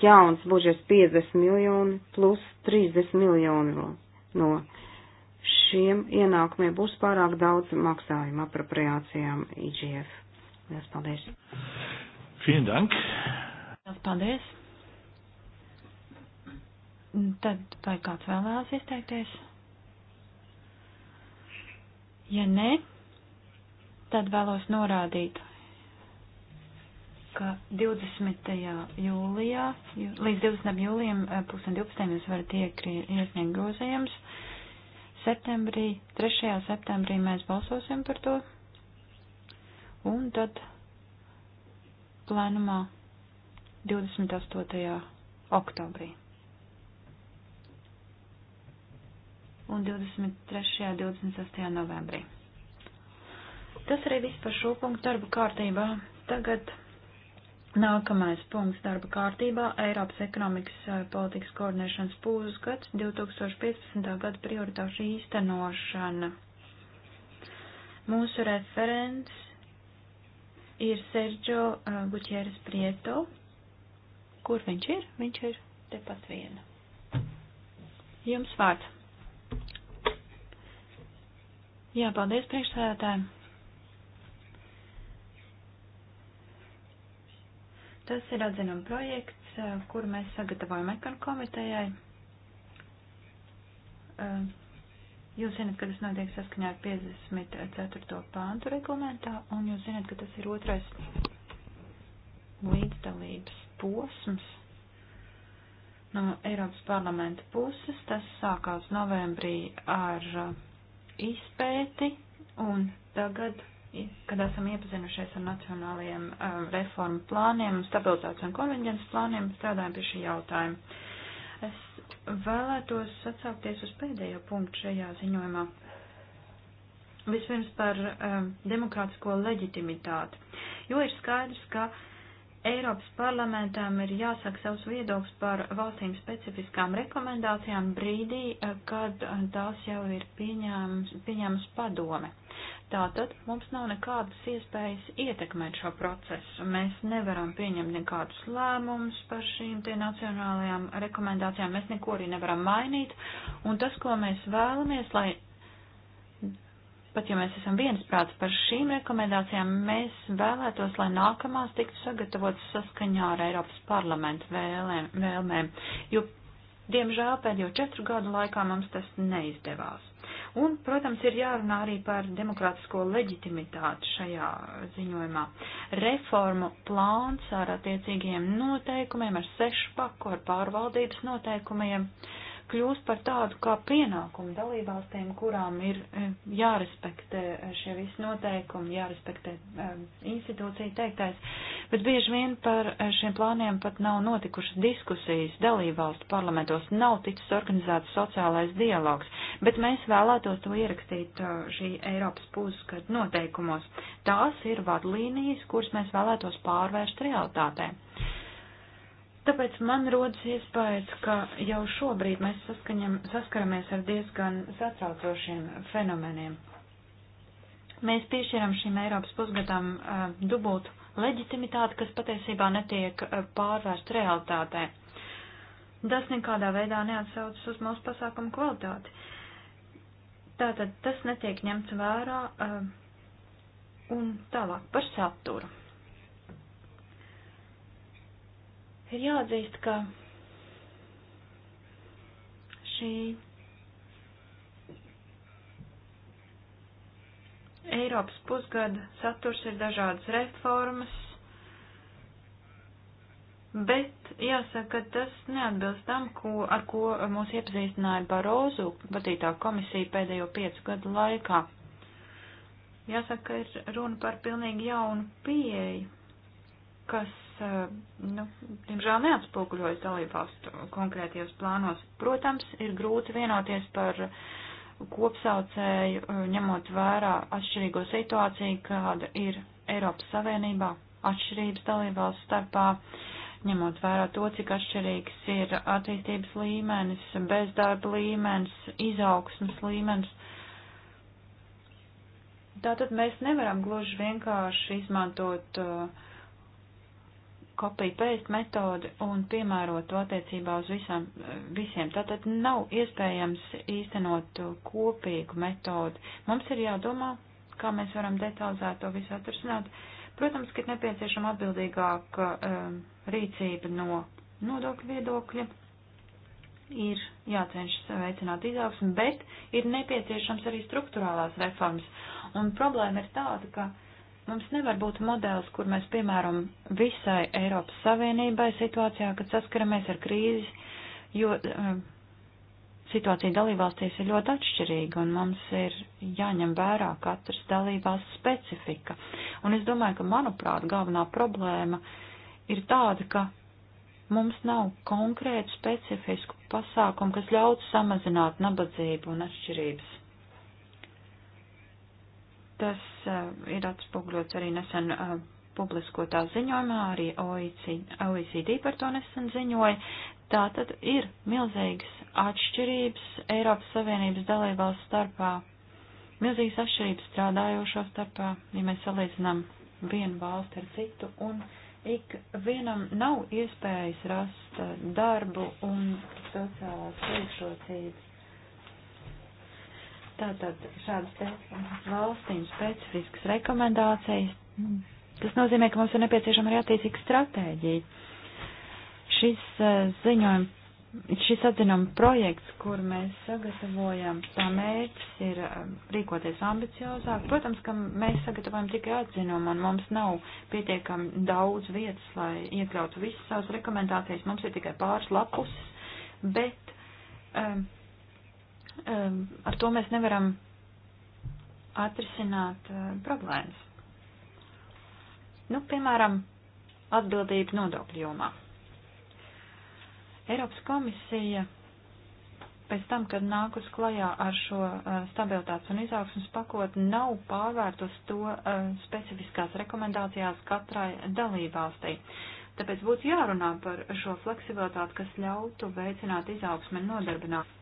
jauns budžets 50 miljoni plus 30 miljoni no šiem ienākumiem būs pārāk daudz maksājumu apropriācijām IGF. Lielas paldies. Vielen Dank. Lielas paldies. Tad vai kāds vēl vēlas izteikties? Ja nē, tad vēlos norādīt ka 20. jūlijā, līdz 20. jūlijam, 2012. Eh, jūs varat iesniegt grozējums. Septembrī, 3. septembrī mēs balsosim par to. Un tad plēnumā 28. oktobrī. Un 23. 26. novembrī. Tas arī viss par šo punktu darba kārtībā. Tagad Nākamais punkts darba kārtībā - Eiropas ekonomikas eh, politikas koordinēšanas pūzgads 2015. gada prioritāšu īstenošana. Mūsu referents ir Sergio eh, Gutieres Prieto. Kur viņš ir? Viņš ir tepat viena. Jums vārds. Jā, paldies priekšsēdētājiem. Tas ir atzinuma projekts, kur mēs sagatavojam ekonu komitejai. Jūs zinat, ka tas notiek saskaņā ar 54. pāntu reglamentā, un jūs zinat, ka tas ir otrais līdzdalības posms no Eiropas parlamenta puses. Tas sākās novembrī ar izpēti, un tagad kad esam iepazinušies ar nacionālajiem eh, reformu plāniem, stabilitātes un konvenģences plāniem, strādājam pie šī jautājuma. Es vēlētos atsaukties uz pēdējo punktu šajā ziņojumā. Vispirms par um, demokrātisko leģitimitāti, jo ir skaidrs, ka uh, Eiropas parlamentām ir jāsaka savs viedoklis par valstīm specifiskām rekomendācijām brīdī, eh, kad eh, tās jau ir pieņēmas padome. Tātad mums nav nekādas iespējas ietekmēt šo procesu. Mēs nevaram pieņemt nekādus lēmumus par šīm te nacionālajām rekomendācijām. Mēs neko arī nevaram mainīt. Un tas, ko mēs vēlamies, lai pat ja mēs esam viensprāts par šīm rekomendācijām, mēs vēlētos, lai nākamās tiktu sagatavotas saskaņā ar Eiropas parlamentu vēlēm, vēlmēm, jo, diemžēl, pēdējo četru gadu laikā mums tas neizdevās. Un, protams, ir jārunā arī par demokrātisko leģitimitāti šajā ziņojumā. Reformu plāns ar attiecīgiem noteikumiem, ar sešu paku, ar pārvaldības noteikumiem. Uh, kļūst par tādu kā pienākumu dalībvalstīm, kurām ir e, jārespektē e, šie visi noteikumi, jārespektē e, institūcija teiktais, bet bieži vien par šiem plāniem pat nav notikušas diskusijas dalībvalstu parlamentos, nav ticis organizēts sociālais dialogs, bet mēs vēlētos to ierakstīt šī Eiropas pusgada noteikumos. Tās ir vadlīnijas, kuras mēs vēlētos pārvērst realitātē. Tāpēc man rodas iespējas, ka jau šobrīd mēs saskaramies ar diezgan satraucošiem fenomeniem. Mēs piešķiram šim Eiropas pusgadam uh, dubultu leģitimitāti, kas patiesībā netiek uh, pārvērst realitātē. Tas nekādā veidā neatsaucas uz mūsu pasākumu kvalitāti. Tātad tas netiek ņemts vērā uh, un tālāk par saturu. Ir jāatzīst, ka šī Eiropas pusgada saturs ir dažādas reformas, Bet jāsaka, tas neatbilst tam, ko, ar ko mūs iepazīstināja Barozu vadītā komisija pēdējo piecu gadu laikā. Jāsaka, ir runa par pilnīgi jaunu pieeju, kas Eh, nu, diemžēl neatspoguļojas dalībvalstu konkrētajos plānos. Protams, ir grūti vienoties par kopsaucēju, eh, ņemot vērā atšķirīgo situāciju, kāda ir Eiropas Savienībā, atšķirības dalībvalstu starpā, ņemot vērā to, cik atšķirīgs ir attīstības līmenis, bezdarba līmenis, izaugsmas līmenis. Tātad mēs nevaram gluži vienkārši izmantot uh, kopiju-pēst metodi un piemērot to attiecībā uz visam, visiem. Tātad nav iespējams īstenot kopīgu metodi. Mums ir jādomā, kā mēs varam detalizēt to visu atrasināt. Protams, ka ir nepieciešama atbildīgāka um, rīcība no nodokļu viedokļa. Ir jācenšas veicināt izaugsmu, bet ir nepieciešams arī struktūrālās reformas. Un problēma ir tāda, ka Mums nevar būt modelis, kur mēs piemēram visai Eiropas Savienībai situācijā, kad saskaramies ar krīzi, jo um, situācija dalībvalstīs ir ļoti atšķirīga un mums ir jāņem vērā katras dalībvalsts specifika. Un es domāju, ka manuprāt galvenā problēma ir tāda, ka mums nav konkrētu specifisku pasākumu, kas ļautu samazināt nabadzību un atšķirības Tas eh, ir atspūgļots arī nesen eh, publiskotā ziņojumā, arī OECD par to nesen ziņoja. Tā tad ir milzīgas atšķirības Eiropas Savienības dalībvalsts starpā, milzīgas atšķirības strādājošo starpā, ja mēs salīdzinām vienu valsti ar citu, un ik vienam nav iespējas rast eh, darbu un sociālās priekšrocības. Tātad šādas valstīm specifiskas rekomendācijas. Tas nozīmē, ka mums ir nepieciešama arī attiecīga stratēģija. Šis eh, ziņojums šis atzinuma projekts, kur mēs sagatavojam, tā mērķis ir eh, rīkoties ambiciozāk. Protams, ka mēs sagatavojam tikai atzinumu un mums nav pietiekami daudz vietas, lai iekļautu visas savas rekomendācijas. Mums ir tikai pāris lapus, bet um, um, ar to mēs nevaram atrisināt uh, problēmas. Nu, piemēram, atbildība nodokļu jomā. Eiropas komisija pēc tam, kad nāk uz klajā ar šo uh, stabilitātes un izaugsmas pakotni, nav pārvērtus to uh, specifiskās rekomendācijās katrai dalībvalstī. Tāpēc būtu jārunā par šo fleksibilitāti, kas ļautu veicināt izaugsmi un nodarbinātību.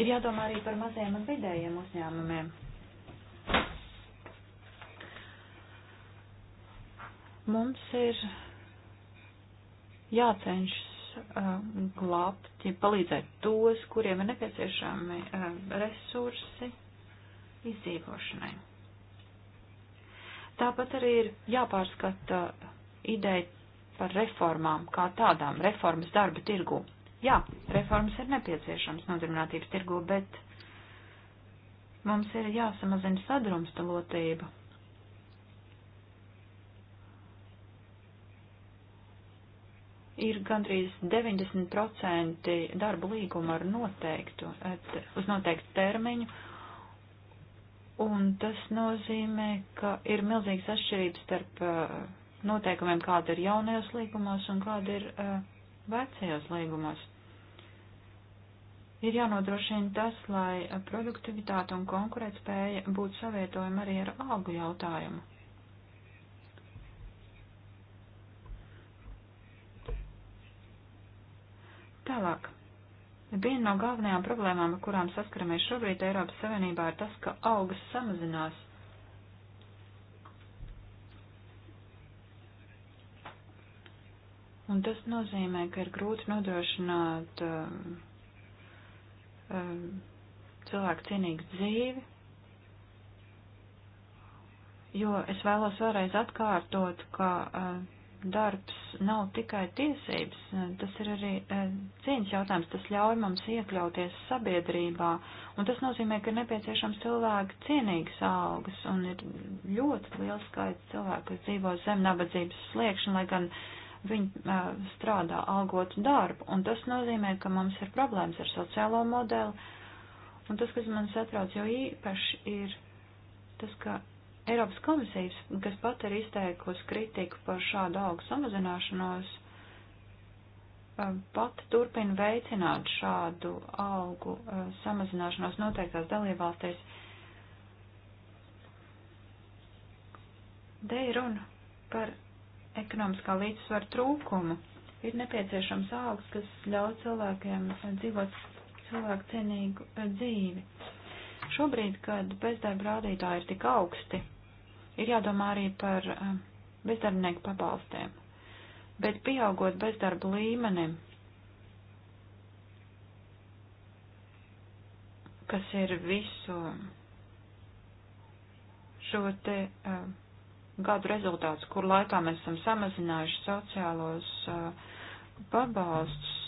Ir jādomā arī par mazajiem un vidējiem uzņēmumiem. Mums ir jācenšas uh, glābt, ja palīdzēt tos, kuriem ir nepieciešami uh, resursi izdzīvošanai. Tāpat arī ir jāpārskata ideja par reformām kā tādām reformas darba tirgū. Jā, reformas ir nepieciešams nodarbinātības tirgu, bet mums ir jāsamazina sadrumstalotība. Ir gandrīz 90% darba līguma ar noteiktu, et, uz noteiktu termiņu, un tas nozīmē, ka ir milzīgs atšķirības starp uh, noteikumiem, kāda ir jaunajos līgumos un kāda ir uh, vecajos līgumos. Ir jānodrošina tas, lai produktivitāte un konkurētspēja būtu savietojama arī ar algu jautājumu. Tālāk. Viena no galvenajām problēmām, ar kurām saskaramies šobrīd Eiropas Savienībā, ir tas, ka augas samazinās. Un tas nozīmē, ka ir grūti nodrošināt uh, Um, cilvēku cienīgu dzīvi, jo es vēlos vēlreiz atkārtot, ka uh, darbs nav tikai tiesības, tas ir arī uh, cīņas jautājums, tas ļauj mums iekļauties sabiedrībā, un tas nozīmē, ka ir nepieciešams cilvēku cienīgas algas, un ir ļoti liels skaits cilvēku, kas dzīvo zem nabadzības sliekšņa, lai gan uh, Viņi uh, strādā algotu darbu, un tas nozīmē, ka mums ir problēmas ar sociālo modeli. Un tas, kas man satrauc jau īpaši, ir tas, ka Eiropas komisijas, kas pat ir izteikusi kritiku par šādu augu samazināšanos, pat turpina veicināt šādu augu samazināšanos noteiktās dalībvalstīs. Te ir runa par ekonomiskā līdzsvara trūkumu. Ir nepieciešams augs, kas ļauj cilvēkiem dzīvot cilvēku cienīgu eh, dzīvi. Šobrīd, kad bezdarba rādītāji ir tik augsti, ir jādomā arī par eh, bezdarbnieku pabalstiem. Bet pieaugot bezdarba līmenim, kas ir visu šo te uh, gadu rezultāts, kur laikā mēs esam samazinājuši sociālos uh, pabalstus.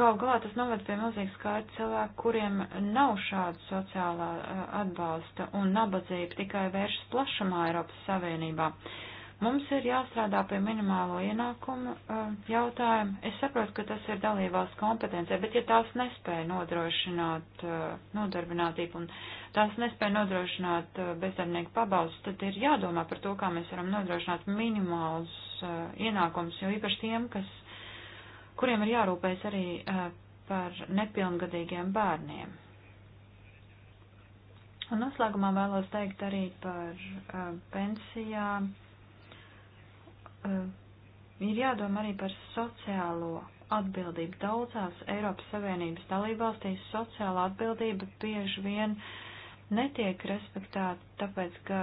Gal galā tas noved pie milzīgas skaita cilvēku, kuriem nav šāda sociālā uh, atbalsta, un nabadzība tikai vēršas plašumā Eiropas Savienībā. Uh, Mums ir jāstrādā pie minimālo ienākumu um, jautājumu. Es saprotu, ka tas ir dalībvalsts kompetencija, bet ja tās nespēja nodrošināt uh, nodarbinātību un tās nespēja nodrošināt uh, bezdarbnieku pabalstus, tad ir jādomā par to, kā mēs varam nodrošināt minimālus uh, ienākumus, jo īpaši tiem, kas, kuriem ir jārūpējas arī par nepilngadīgiem bērniem. Un noslēgumā vēlos teikt arī par uh, pensijām Eh, ir jādomā arī par sociālo atbildību. Daudzās Eiropas Savienības dalībvalstīs sociāla atbildība bieži vien netiek respektēta, tāpēc, ka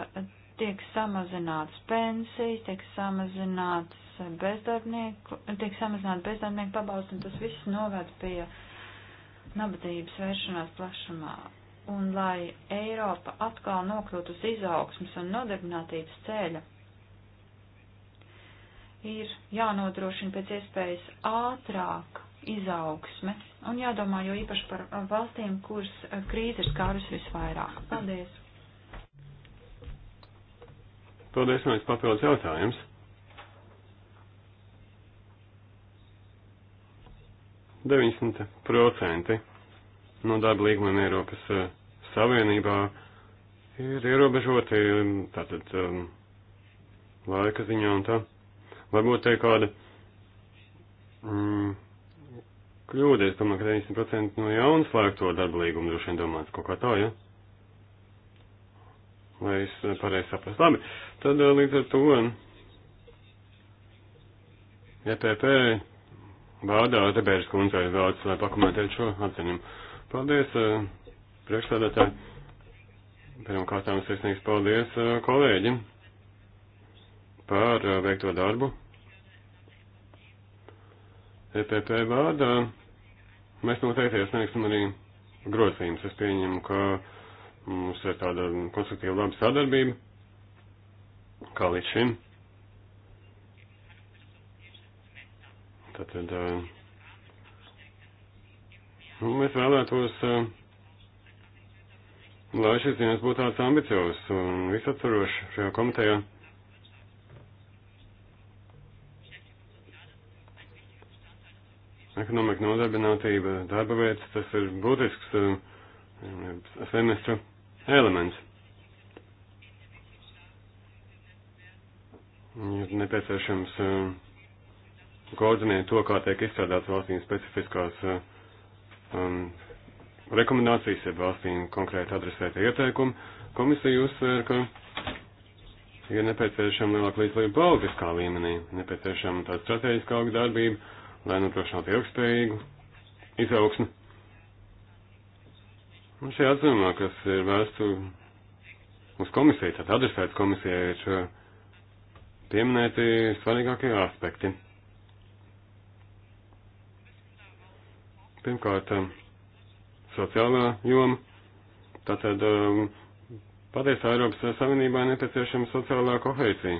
tiek samazināts pensijas, tiek samazināts bezdarbnieku, tiek samazināta bezdarbnieku pabalsti, un tas viss noved pie nabadzības vēršanās plašumā. Un lai Eiropa atkal nokļūtu uz izaugsmas un nodarbinātības ceļa, ir jānodrošina pēc iespējas ātrāk izaugsme un jādomā jo īpaši par uh, valstīm, kuras uh, krīze ir skārus visvairāk. Paldies! Paldies, mēs papildus jautājums. Deviņdesmit procenti no darba līgumiem Eiropas uh, Savienībā ir ierobežoti tātad um, laika ziņā un tā. Varbūt te kāda mm, kļūda, es domāju, ka 90% no jaunu slēgto darba līgumu droši vien domāts kaut kā tā, ja? Lai es pareizi saprastu. Labi, tad eh, līdz ar to EPP vārdā Tebēras kundzei vārds, lai pakomentētu šo atziņumu. Paldies, eh, priekšsēdētāji. Pirmkārtām sirsnīgs paldies eh, kolēģim par veikto darbu. EPP vārdā. Mēs noteikti iesniegsim arī grozījumus. Es pieņemu, ka mums ir tāda konstruktīva laba sadarbība, kā līdz šim. Tātad nu, mēs vēlētos, lai šis dienas būtu tāds ambiciozs un visaptvarošs šajā komitejā. ekonomika nodarbinātība, darba vietas, tas ir būtisks um, semestra elements. Ir nepieciešams um, koordinēt to, kā tiek izstrādāts valstīm specifiskās uh, um, rekomendācijas, ja valstīm konkrēti adresēta ieteikumi. Komisija uzsver, ka ir nepieciešama lielāka līdzlība politiskā līmenī, nepieciešama tāda strateģiskāka darbība lai nodrošinātu ilgspējīgu izaugsmi. Un šajā atzinumā, kas ir vērsts uz komisiju, tad adresēts komisijai ir pieminēti svarīgākie aspekti. Pirmkārt, um, sociālā joma. Tātad um, patiesā Eiropas Savienībā nepieciešama sociālā kohēzija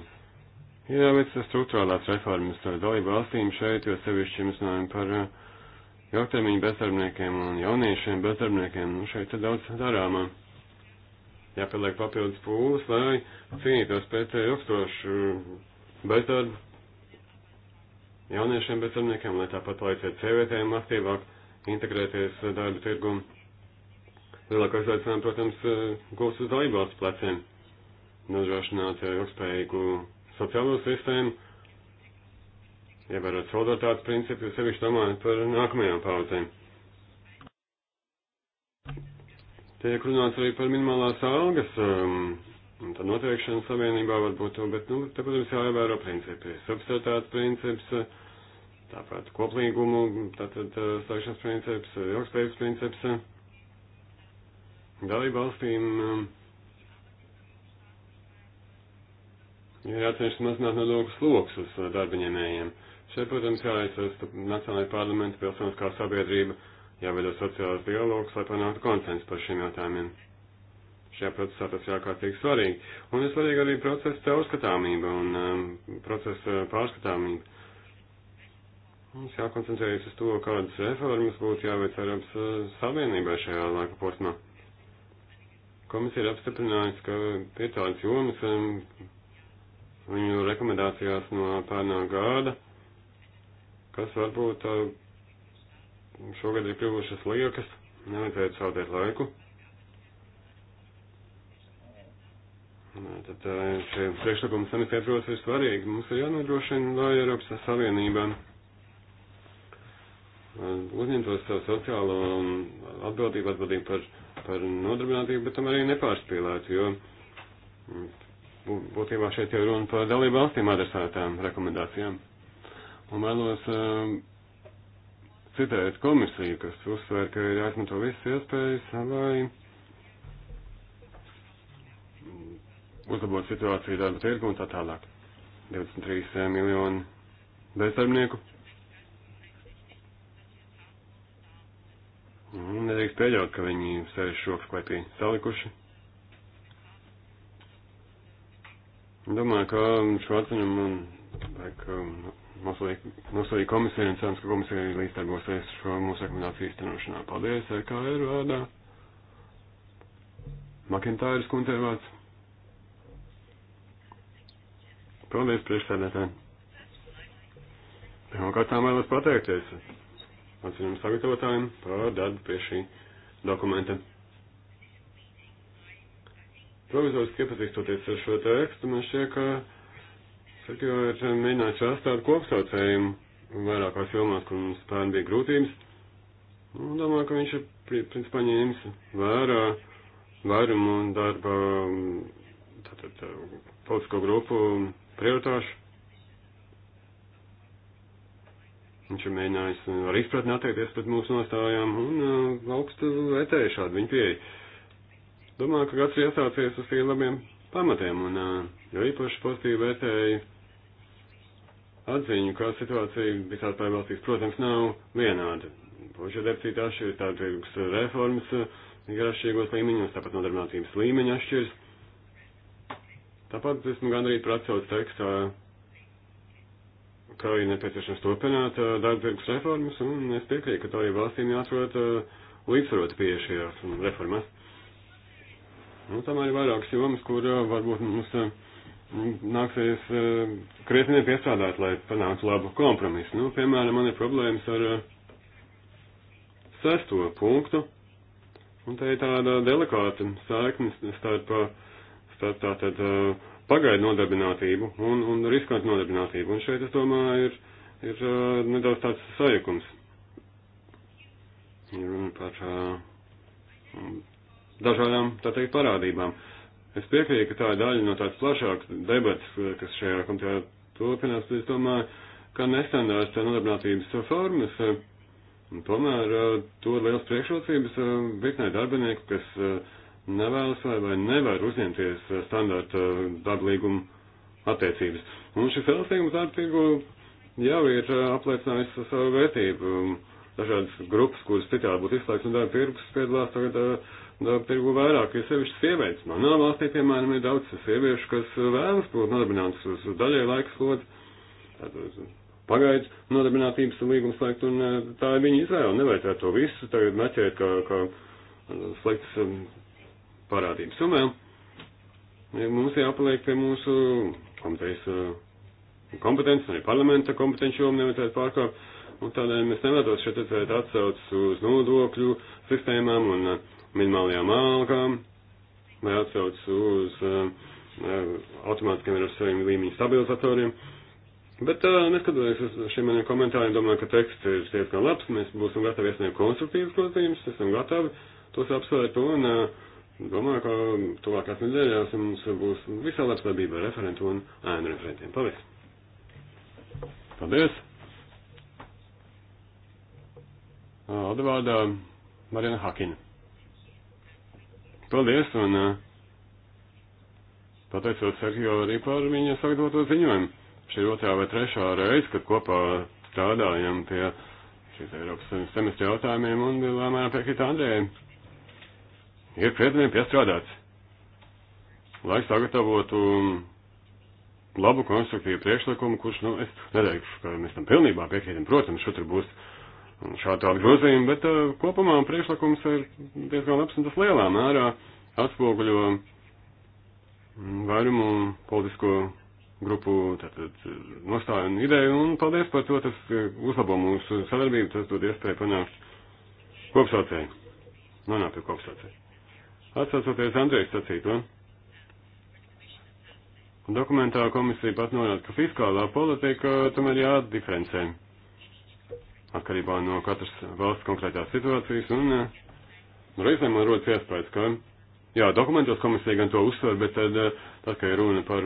jāveic struktūrālās reformas dalību valstīm šeit, jo sevišķi mēs runājam par uh, ilgtermiņu bezdarbniekiem un jauniešiem bezdarbniekiem. Nu, šeit ir daudz darāmā. Jāpieliek papildus pūles, lai cīnītos pret uh, ilgstošu bezdarbu jauniešiem bezdarbniekiem, lai tāpat palīdzētu sievietēm aktīvāk integrēties darba tirgumu. Lielākais aicinājums, protams, uh, gūs uz dalībvalsts pleciem, nodrošināt ilgspējīgu sociālo sistēmu, ievērot solidaritātes principu, jo sevišķi domājot par nākamajām paudzēm. Tiek runāts arī par minimālās algas, um, un tā noteikšana savienībā var būt, bet, nu, te, protams, jāievēro principi. Substatāts princips, tāpat koplīgumu, tātad uh, stāšanas princips, ilgspējas princips. Dalība valstīm um, ir atsevišķi mazināt nodokļu sloks uz darbaņēmējiem. Šeit, protams, jāiesaista Nacionālajā parlamenta pilsoniskā sabiedrība, jāveido sociālās dialogs, lai panāktu konsensu par šiem jautājumiem. Šajā procesā tas ir ārkārtīgi svarīgi. Un ir svarīgi arī procesa caurskatāmība un um, procesa pārskatāmība. Mums jākoncentrējas uz to, kādas reformas būtu jāveic Eiropas uh, Savienībai šajā laika posmā. Komisija ir apstiprinājusi, ka ir tādas jomas, um, viņu rekomendācijās no pērnā gada, kas varbūt šogad ir kļuvušas liekas, nevajadzētu šādēt laiku. Tad šie priekšlikumi sanitēt, protams, ir svarīgi. Mums ir jānodrošina, lai Eiropas Savienībā uzņemtos savu sociālo um, atbildību, atbildību par, par nodarbinātību, bet tam arī nepārspīlētu, jo būtībā šeit jau runa par dalību valstīm adresētām rekomendācijām. Un vēlos uh, citēt komisiju, kas uzsver, ka ir jāizmanto visas iespējas, lai uzlabotu situāciju darba tirgu un tā tālāk. 23 eh, miljoni bezdarbnieku. Un nedrīkst pieļaut, ka viņi sevi šoks klēpī salikuši. Domāju, ka šo atziņumu vajag nosūtīt komisijai un cerams, ka komisija līdzdarbosies šo mūsu rekomendāciju īstenošanā. Paldies, kā ir vārdā. Makintājas kundzei vārds. Paldies, priekšsēdētāji. Pirmkārt, vēlos pateikties atziņumu sagatavotājiem par darbu pie šī dokumenta provizoriski iepazīstoties ar šo tekstu, man šķiet, ka tad jau ir mēģināts rast tādu kopsaucējumu vairākās jomās, kur mums pērn bija grūtības. Nu, domāju, ka viņš ir principā ņēmis vērā vairumu un darba um, tātad, politisko grupu prioritāšu. Viņš ir mēģinājis ar izpratni attiekties pret mūsu nostājām un uh, augstu vērtēju šādu viņu pieeju. Domāju, ka gads ir iesācies uz tiem labiem pamatiem, un jo īpaši pozitīvi vērtēju atziņu, ka situācija visās pārvalstīs, protams, nav vienāda. Pušu deficīta atšķiras, tā tirgus reformas ir atšķirīgos līmeņos, tāpat nodarbinātības līmeņa atšķiras. Tāpat esmu gandrīz pracauts tekstā, ka ir nepieciešams turpināt darbības reformas, un es piekrītu, ka to arī valstīm jāatrod līdzsvarot pie šajās reformas. Nu, tomēr ir vairākas jomas, kur uh, varbūt mums uh, nāksies uh, krietni piestrādāt, lai panāktu labu kompromisu. Nu, piemēram, man ir problēmas ar sesto punktu, un te ir tāda delikāta saiknes starp, starp tātad pagaidu nodarbinātību un, un riskantu nodarbinātību. Un šeit, es domāju, ir, ir nedaudz tāds sajukums. Ir runa par dažādām, tā teikt, parādībām. Es piekrītu, ka tā ir daļa no tādas plašākas debatas, kas šajā komitejā turpinās, es domāju, ka nestandarta nodarbinātības formas, eh, tomēr eh, to liels priekšrocības eh, virknē darbinieku, kas nevēlas vai, vai nevar uzņemties standarta darba līguma attiecības. Un šis elastīgums darba tirgu jau ir apliecinājis savu vērtību. Dažādas grupas, kuras citādi būtu izslēgts no darba tirgus, piedalās tagad darba tirgu vairāk, jo sevišķi sievietes. Manā valstī, piemēram, ir daudz sieviešu, kas vēlas būt nodarbinātas uz daļai laikas slodzi, pagaidz nodarbinātības līgums slēgt, un eh, tā ir viņa izvēle. Nevajadzētu to visu tagad meķēt kā, kā eh, sliktas um, parādības. Un vēl mums jāpaliek pie mūsu komitejas eh, kompetences, arī parlamenta kompetenci jomu nevajadzētu pārkāpt. Un tādēļ mēs nevētos šeit redzēt atsaucas uz nodokļu sistēmām un uh, minimālajām algām, lai atsauc uz uh, automātiskiem ar saviem līmeņu stabilizatoriem. Bet uh, neskatoties uz šiem maniem komentāriem, domāju, ka teksts ir diezgan labs, mēs būsim gatavi iesniegt konstruktīvas grozījumus, esam gatavi tos apsvērt un uh, domāju, ka tuvākās nedēļās mums būs visā labs darbība ar referentu un ēnu referentiem. Paldies! Paldies! Aldevārdā uh, Marina Hakina. Paldies, un uh, pateicot Sergio arī par viņa sagatavoto ziņojumu. Šī ir otrā vai trešā reize, kad kopā strādājam pie šīs Eiropas semestra jautājumiem un lielā mērā piekrīt Andrējai. Ir krietni piestrādāts, lai sagatavotu labu konstruktīvu priekšlikumu, kurš, nu, es neteikšu, ka mēs tam pilnībā piekrītam. Protams, šur tur būs šādu tādu grozījumu, bet uh, kopumā priekšlikums ir diezgan labs un tas lielā mērā atspoguļo mm, vairumu politisko grupu tātad, uh, nostāju un ideju, un paldies par to, tas uh, uzlabo mūsu sadarbību, tas dod iespēju panākt kopsaucēju, nonākt pie kopsaucēju. Atsaucoties Andrejas sacīto, dokumentā komisija pat norāda, ka fiskālā politika tomēr jāatdiferencē atkarībā no katras valsts konkrētās situācijas, un uh, reizēm man rodas iespējas, ka, jā, dokumentos komisija gan to uzsver, bet tad, eh, tad, kad ir runa par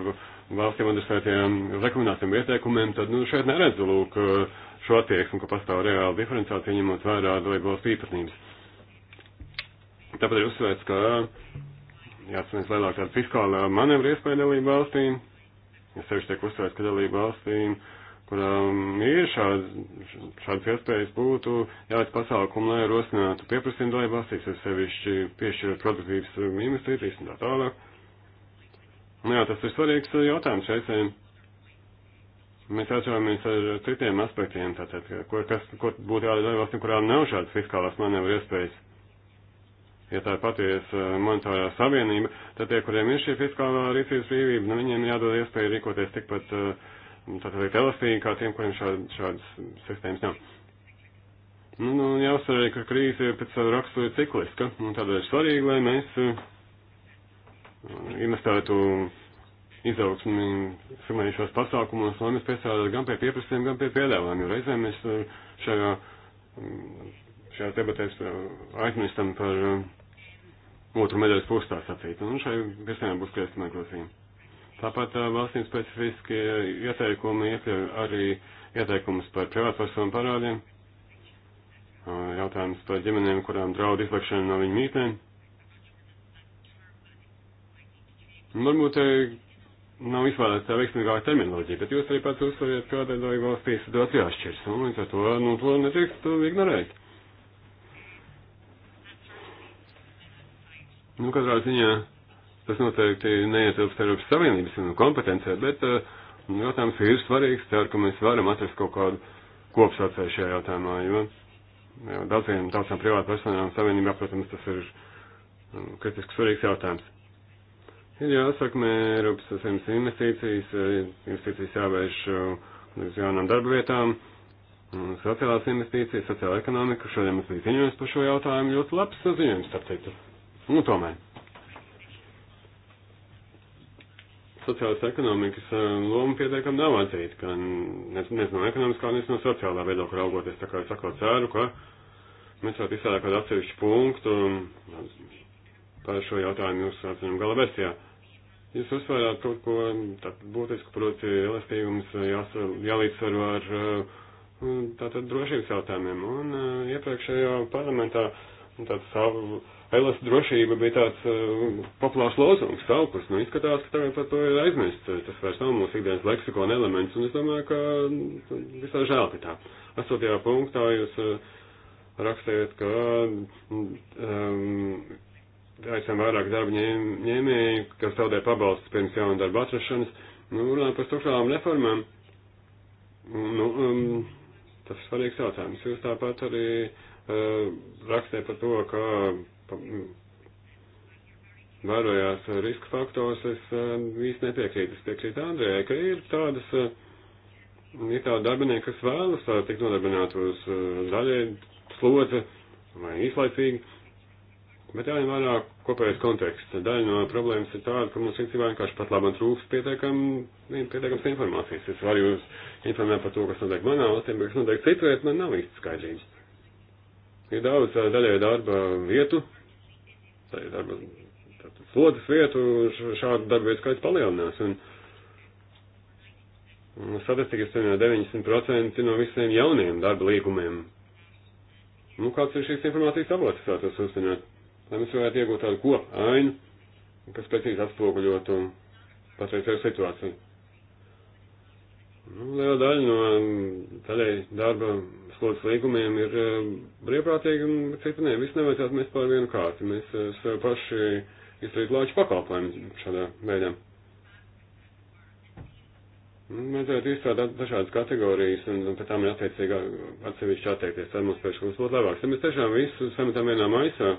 valstiem adresētajām rekomendācijām ieteikumiem, tad, nu, šeit neredzu, lūk, eh, šo attieksmi, ka pastāv reāla diferenciācija, ņemot vērā dalību valstu īpatnības. Tāpat ir uzsvērts, ka jāatcerās lielāk tāda fiskālā manevra iespēja dalību valstīm, ja sevišķi tiek uzsvērts, ka dalību valstīm uh, kurām ir šādas, šādas iespējas, būtu jāveic pasākumi, lai rosinātu pieprasījumu dalību valstīs, jo sevišķi piešķirot produktīvas investīcijas un tā tālāk. Nu, jā, tas ir svarīgs jautājums reizēm. Mēs atšķiramies ar citiem aspektiem, tātad, ko, kas, ko būtu jādara dalību valstīm, kurām nav šādas fiskālās manevru iespējas. Ja tā ir patiesa monetārā savienība, tad tie, kuriem ir šī fiskālā rīcības brīvība, nu, viņiem jādod iespēja rīkoties tikpat uh, tātad ir elastīga kā tiem, kuriem šād, šādas sistēmas nav. Nu, nu, jāsver arī, ka krīze pēc savu raksturu ir cikliska, un tādēļ ir svarīgi, lai mēs uh, investētu izaugsmi sumējušos pasākumos, lai mēs piestrādātu gan pie pieprasījuma, gan pie piedāvājuma, jo reizēm mēs uh, šajā, mm, šajā debatēs uh, aizmirstam par otru medaļas pusstā sacīt, un šai piestrādājumā būs kriestamē grozījumi. Tāpat uh, valstīm specifiski uh, ieteikumi iekļauj arī ieteikumus par privātpersonu parādiem, uh, jautājums par ģimenēm, kurām draud izlikšana no viņu mītnēm. Varbūt nav izvēlēta tā veiksmīgākā terminoloģija, bet jūs arī pats uzsveriet, kādai dalību valstīs situācija atšķiras, un līdz ar to, nu, to nedrīkst ignorēt. Nu, katrā ziņā Tas noteikti neietilpst Eiropas Savienības kompetencē, bet nu, jautājums ir svarīgs. Ceru, ka mēs varam atrast kaut kādu kopsaucēju šajā jautājumā, jo jā, daudziem, daudzām privātu personām Savienībā, protams, tas ir mm, kritiski svarīgs jautājums. Ir jāsakmē Eiropas Savienības investīcijas, eh, investīcijas jāvērš eh, uz jaunām darba vietām mm, sociālās investīcijas, sociāla ekonomika. Šodien mums bija ziņojums par šo jautājumu. Ļoti labs ziņojums, starp citu. Nu, tomēr. sociālās ekonomikas eh, loma pietiekami nav atzīta, gan nec, nec no ekonomiskā, nec no sociālā viedokļa raugoties. Tā kā es atkal ceru, ka mēs varētu izsākt kādu atsevišķu punktu par šo jautājumu jūsu atzinumu gala versijā. Jūs uzsvērāt kaut ko būtisku, proti, elastīgums eh, jālīdzsvaro ar eh, tātad drošības jautājumiem. Un iepriekšējā parlamentā tātad savu Elas drošība bija tāds uh, populārs lozungs, sauklis, nu izskatās, ka tagad par to ir aizmirst. Tas vairs nav mūsu ikdienas leksikona elements, un es domāju, ka nu, visā žēl, ka tā. Astotajā punktā jūs uh, rakstījāt, ka um, mm, ehm, aicam vairāk darba ņēm, ņēmēji, kas zaudē pabalstus pirms jauna darba atrašanas, nu, runājot par struktūrām reformām. Nu, um, tas ir svarīgs jautājums. Jūs tāpat arī uh, rakstījāt par to, ka Mm, vērojās eh, riska faktors, es eh, īsti nepiekrītu. Es piekrītu Andrejai, ka ir tādas, eh, ir tādi darbinieki, kas vēlas tikt nodarbināti uz daļai slodze vai īslaicīgi, bet jāņem vērā kopējais konteksts. Daļa no problēmas ir tāda, ka mums rīcībā vienkārši pat labam trūks pietiekam, pietiekams informācijas. Es varu jūs informēt par to, kas notiek manā valstī, bet kas notiek citviet, man nav īsti skaidrības. Ir daudz daļai darba vietu, arī darba, tātad slodzes vietu šādu darbu vietu skaits palielinās. Un, un statistikas cienījā 90% no visiem jauniem darba līgumiem. Nu, kāds ir šīs informācijas avots, es vēlētos uzzināt, lai mēs varētu iegūt tādu kopu ainu, kas precīzi atspoguļotu patreizēju situāciju. Nu, liela daļa no tādēļ darba slodzes līgumiem ir eh, brīvprātīgi un cita ne. Viss nevajadzētu mēs pār vienu kārti. Mēs eh, sev paši izdarīt lāču pakalpojumu šādā veidā. Mēs nu, varētu izstrādāt dažādas kategorijas un, un pēc tam ir attiecīgi atsevišķi atteikties. Tad mums priekšlikums būtu labāks. Ja mēs tiešām visu sametam vienā maisā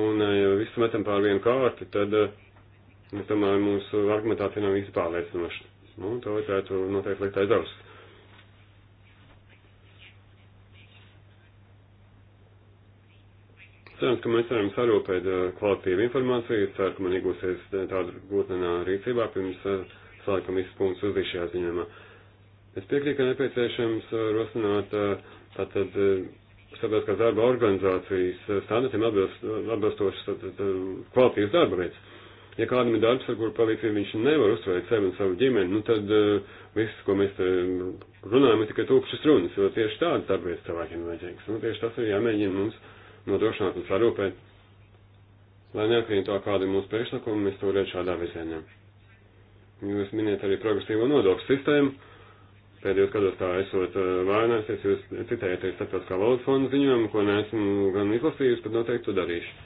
un eh, ja visu metam pār vienu kārti, tad, es domāju, mūsu argumentācija nav vispārliecinoša. Nu, to vajadzētu noteikti likt aiz auss. Cerams, ka mēs varam sarūpēt eh, kvalitīvu informāciju. Ceru, ka man iegūsies eh, tāda gūtnenā rīcībā pirms eh, saliekam visus punktus uz šajā ziņojumā. Es piekrītu, ka nepieciešams rosināt tātad sabiedriskās darba organizācijas standartiem atbilstošas kvalitīvas darba vietas. Ja kādam ir darbs, ar kuru palīdzību viņš nevar uzturēt sevi un savu ģimeni, nu tad uh, viss, ko mēs mm, runājam, ir tikai tūkstošas runas, jo tieši tādas darbvietas cilvēkiem vajadzīgas. Nu, tieši tas ir jāmēģina mums nodrošināt un sarūpēt, lai neatkarīgi no tā, kāda ir mūsu priekšlikuma, mēs to redz šādā virzienā. Jūs miniet arī progresīvo nodokļu sistēmu. Pēdējos gados tā esot uh, eh, vaināsies, jūs citējat arī starptautiskā valodas fonda ziņojumu, ko neesmu gan izlasījusi, tad noteikti to darīšu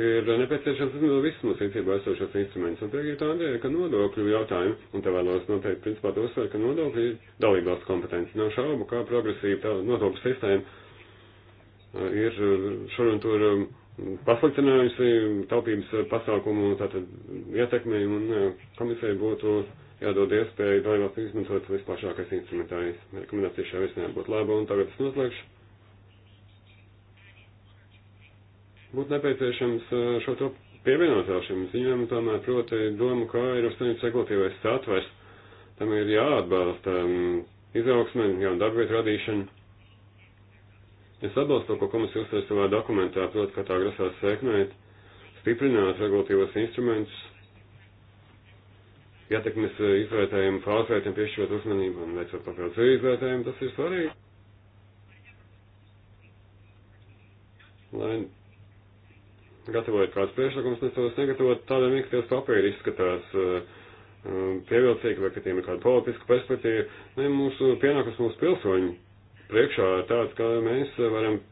ir nepieciešams izmantot visus mūsu rīcībā esošos instrumentus. Un priekš ir tā ideja, ka nodokļu jautājumi, un te vēlos noteikti principā to uzsver, ka nodokļi ir dalībvalsts kompetence. Nav šaubu, kā progresīva nodokļu sistēma uh, ir šur un tur um, pasliktinājusi taupības pasākumu tātad ietekmi, un uh, komisija būtu jādod iespēju dalībvalsts izmantot visplašākais instrumentārijs. Rekomendācija šajā virzienā būtu laba, un tagad es noslēgšu būtu nepieciešams eh, šo to pievienot vēl šim ziņām, tomēr proti domu, kā Eiropas Savienības regulatīvais satvers. Tam ir jāatbalsta um, izaugsme, jauna darbvietu radīšana. Es atbalstu to, ko komisija uzsver savā dokumentā, proti, ka tā grasās sekmēt, stiprināt regulatīvos instrumentus, ietekmes eh, izvērtējumu, fāzvērtējumu piešķirot uzmanību un veicot papildus izvērtējumu, tas ir svarīgi. Lai gatavojot kāds priekšlikums, mēs tos negatavot tādiem mikties papīri izskatās eh, eh, pievilcīgi, vai ka tiem ir kāda politiska perspektīva. Ne, nu, mūsu pienākums mūsu pilsoņu priekšā ir tāds, ka mēs varam eh,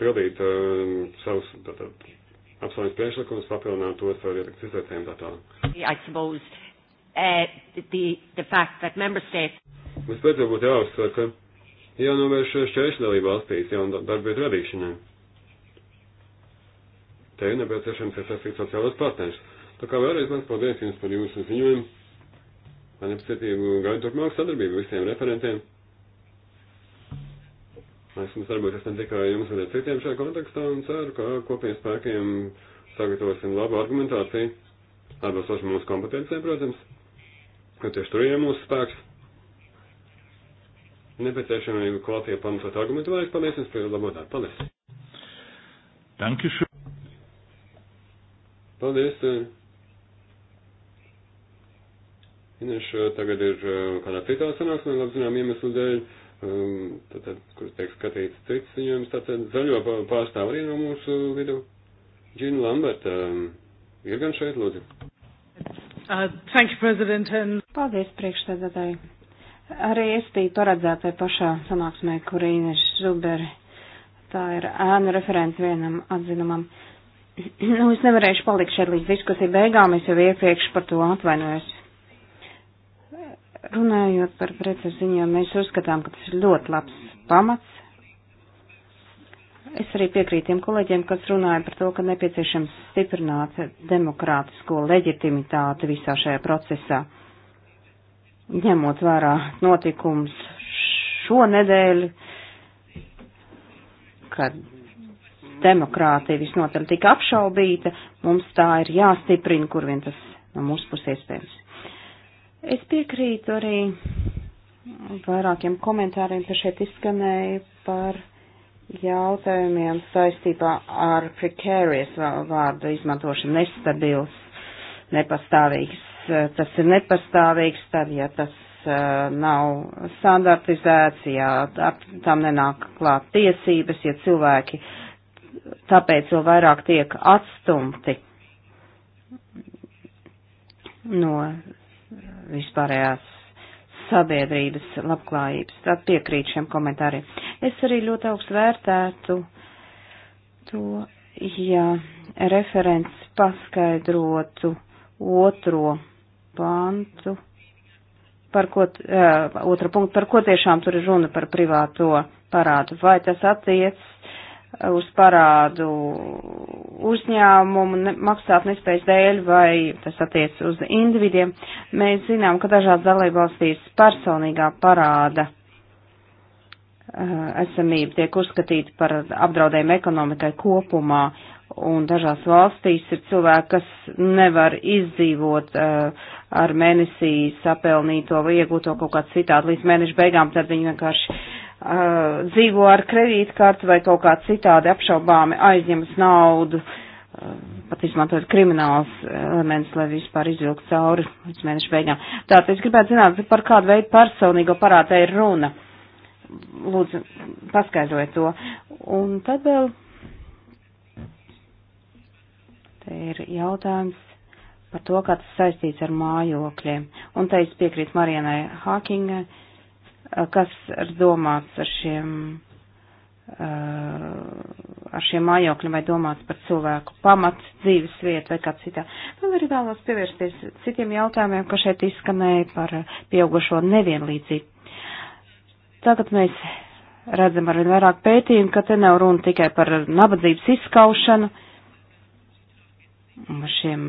pildīt savus apsaules priekšlikumus, papildināt tos ar ietekmes izvērtējumu tā tālāk. Vispēc jau būtu jāuzsver, ka jānovērš šķēršļi dalību valstīs jaunu darbu vietu radīšanai te ir nepieciešams iesaistīt sociālos partnerus. Tā kā vēlreiz mans paldies jums par jūsu ziņojumu. Man ir cietību gaidu turpmāk sadarbību visiem referentiem. Esmu darbojies ne tikai jums, bet arī citiem šajā kontekstā un ceru, ka kopiem spēkiem sagatavosim labu argumentāciju, atbilstoši mūsu kompetencijai, protams, ka tieši tur ir mūsu spēks nepieciešami kvalitātie pamatot argumentu, vai es paldies jums par labotāju. Paldies! Dankeschön. Paldies! Eh. Ineša eh, tagad ir eh, kādā citā sanāksmē, labi zinām, iemeslu dēļ, tātad, um, kur tiek skatīts cits ziņojums, tātad zaļo pārstāv arī no mūsu vidu. Džina Lamberta um, ir gan šeit, lūdzu. Uh, thank you, President. And... Paldies, priekšstādātāji. Arī es biju paredzēta pašā sanāksmē, kur Inês Zuberi, tā ir ēnu referents vienam atzinumam. Uh, Nu, es nevarēšu palikt šeit līdz diskusiju beigām, es jau iepriekš par to atvainojos. Runājot par preceziņām, mēs uzskatām, ka tas ir ļoti labs pamats. Es arī piekrītu tiem kolēģiem, kas runāja par to, ka nepieciešams stiprināt demokrātisko leģitimitāti visā šajā procesā, ņemot vērā notikums šonedēļ, kad demokrātija visnotaļ tika apšaubīta, mums tā ir jāstiprina, kur vien tas no mūsu puses iespējams. Es piekrītu arī vairākiem komentāriem, kas šeit izskanēja par jautājumiem saistībā ar precarious vārdu izmantošanu nestabils, nepastāvīgs. Tas ir nepastāvīgs, tad, ja tas nav standartizēts, ja tam nenāk klāt tiesības, ja cilvēki tāpēc vēl vairāk tiek atstumti no vispārējās sabiedrības labklājības. Tad piekrīt šiem komentāriem. Es arī ļoti augstu vērtētu to, ja referents paskaidrotu otro pantu, par ko, uh, eh, otru punktu, par ko tiešām tur ir runa par privāto parādu. Vai tas attiec uz parādu uzņēmumu maksāt nespējas dēļ vai tas attiec uz individiem. Mēs zinām, ka dažās dalībvalstīs personīgā parāda eh, esamība tiek uzskatīta par apdraudējumu ekonomikai kopumā, un dažās valstīs ir cilvēki, kas nevar izdzīvot uh, ar mēnesī sapelnīto vai iegūto kaut kādu citādu līdz mēneša beigām, tad viņi vienkārši uh, dzīvo ar kredītkarti vai kaut kā citādi apšaubāmi aizņemas naudu, uh, pat izmantojot krimināls elements, lai vispār izvilkt cauri līdz mēneša beigām. Tātad es gribētu zināt, par kādu veidu personīgo parādu ir runa. Lūdzu, paskaidrojiet to. Un tad vēl te ir jautājums par to, kā tas saistīts ar mājokļiem. Un te es piekrītu Marijanai Hākingai Eh, kas ir domāts ar šiem, eh, ar šiem mājokļiem, vai domāts par cilvēku pamat dzīves vietu vai kā citā. Vēl arī vēlos pievērsties citiem jautājumiem, kas šeit izskanēja par eh, pieaugušo nevienlīdzību. Tagad mēs redzam arvien vairāk pētījumu, ka te nav runa tikai par nabadzības izskaušanu, uh, šiem,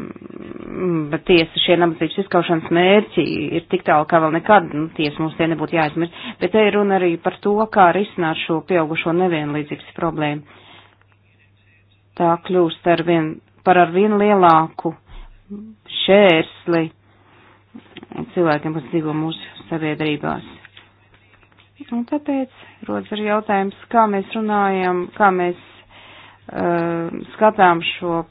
bet tiesa šie nabadzības izskaušanas mērķi ir tik tālu, kā vēl nekad, nu, tiesa mums tie nebūtu jāizmirst, bet te ir runa arī par to, kā risināt šo pieaugušo nevienlīdzības problēmu. Tā kļūst ar vien, par ar vien lielāku šērsli cilvēkiem, kas dzīvo mūsu sabiedrībās. Un tāpēc rodas arī jautājums, kā mēs runājam, kā mēs uh, skatām šo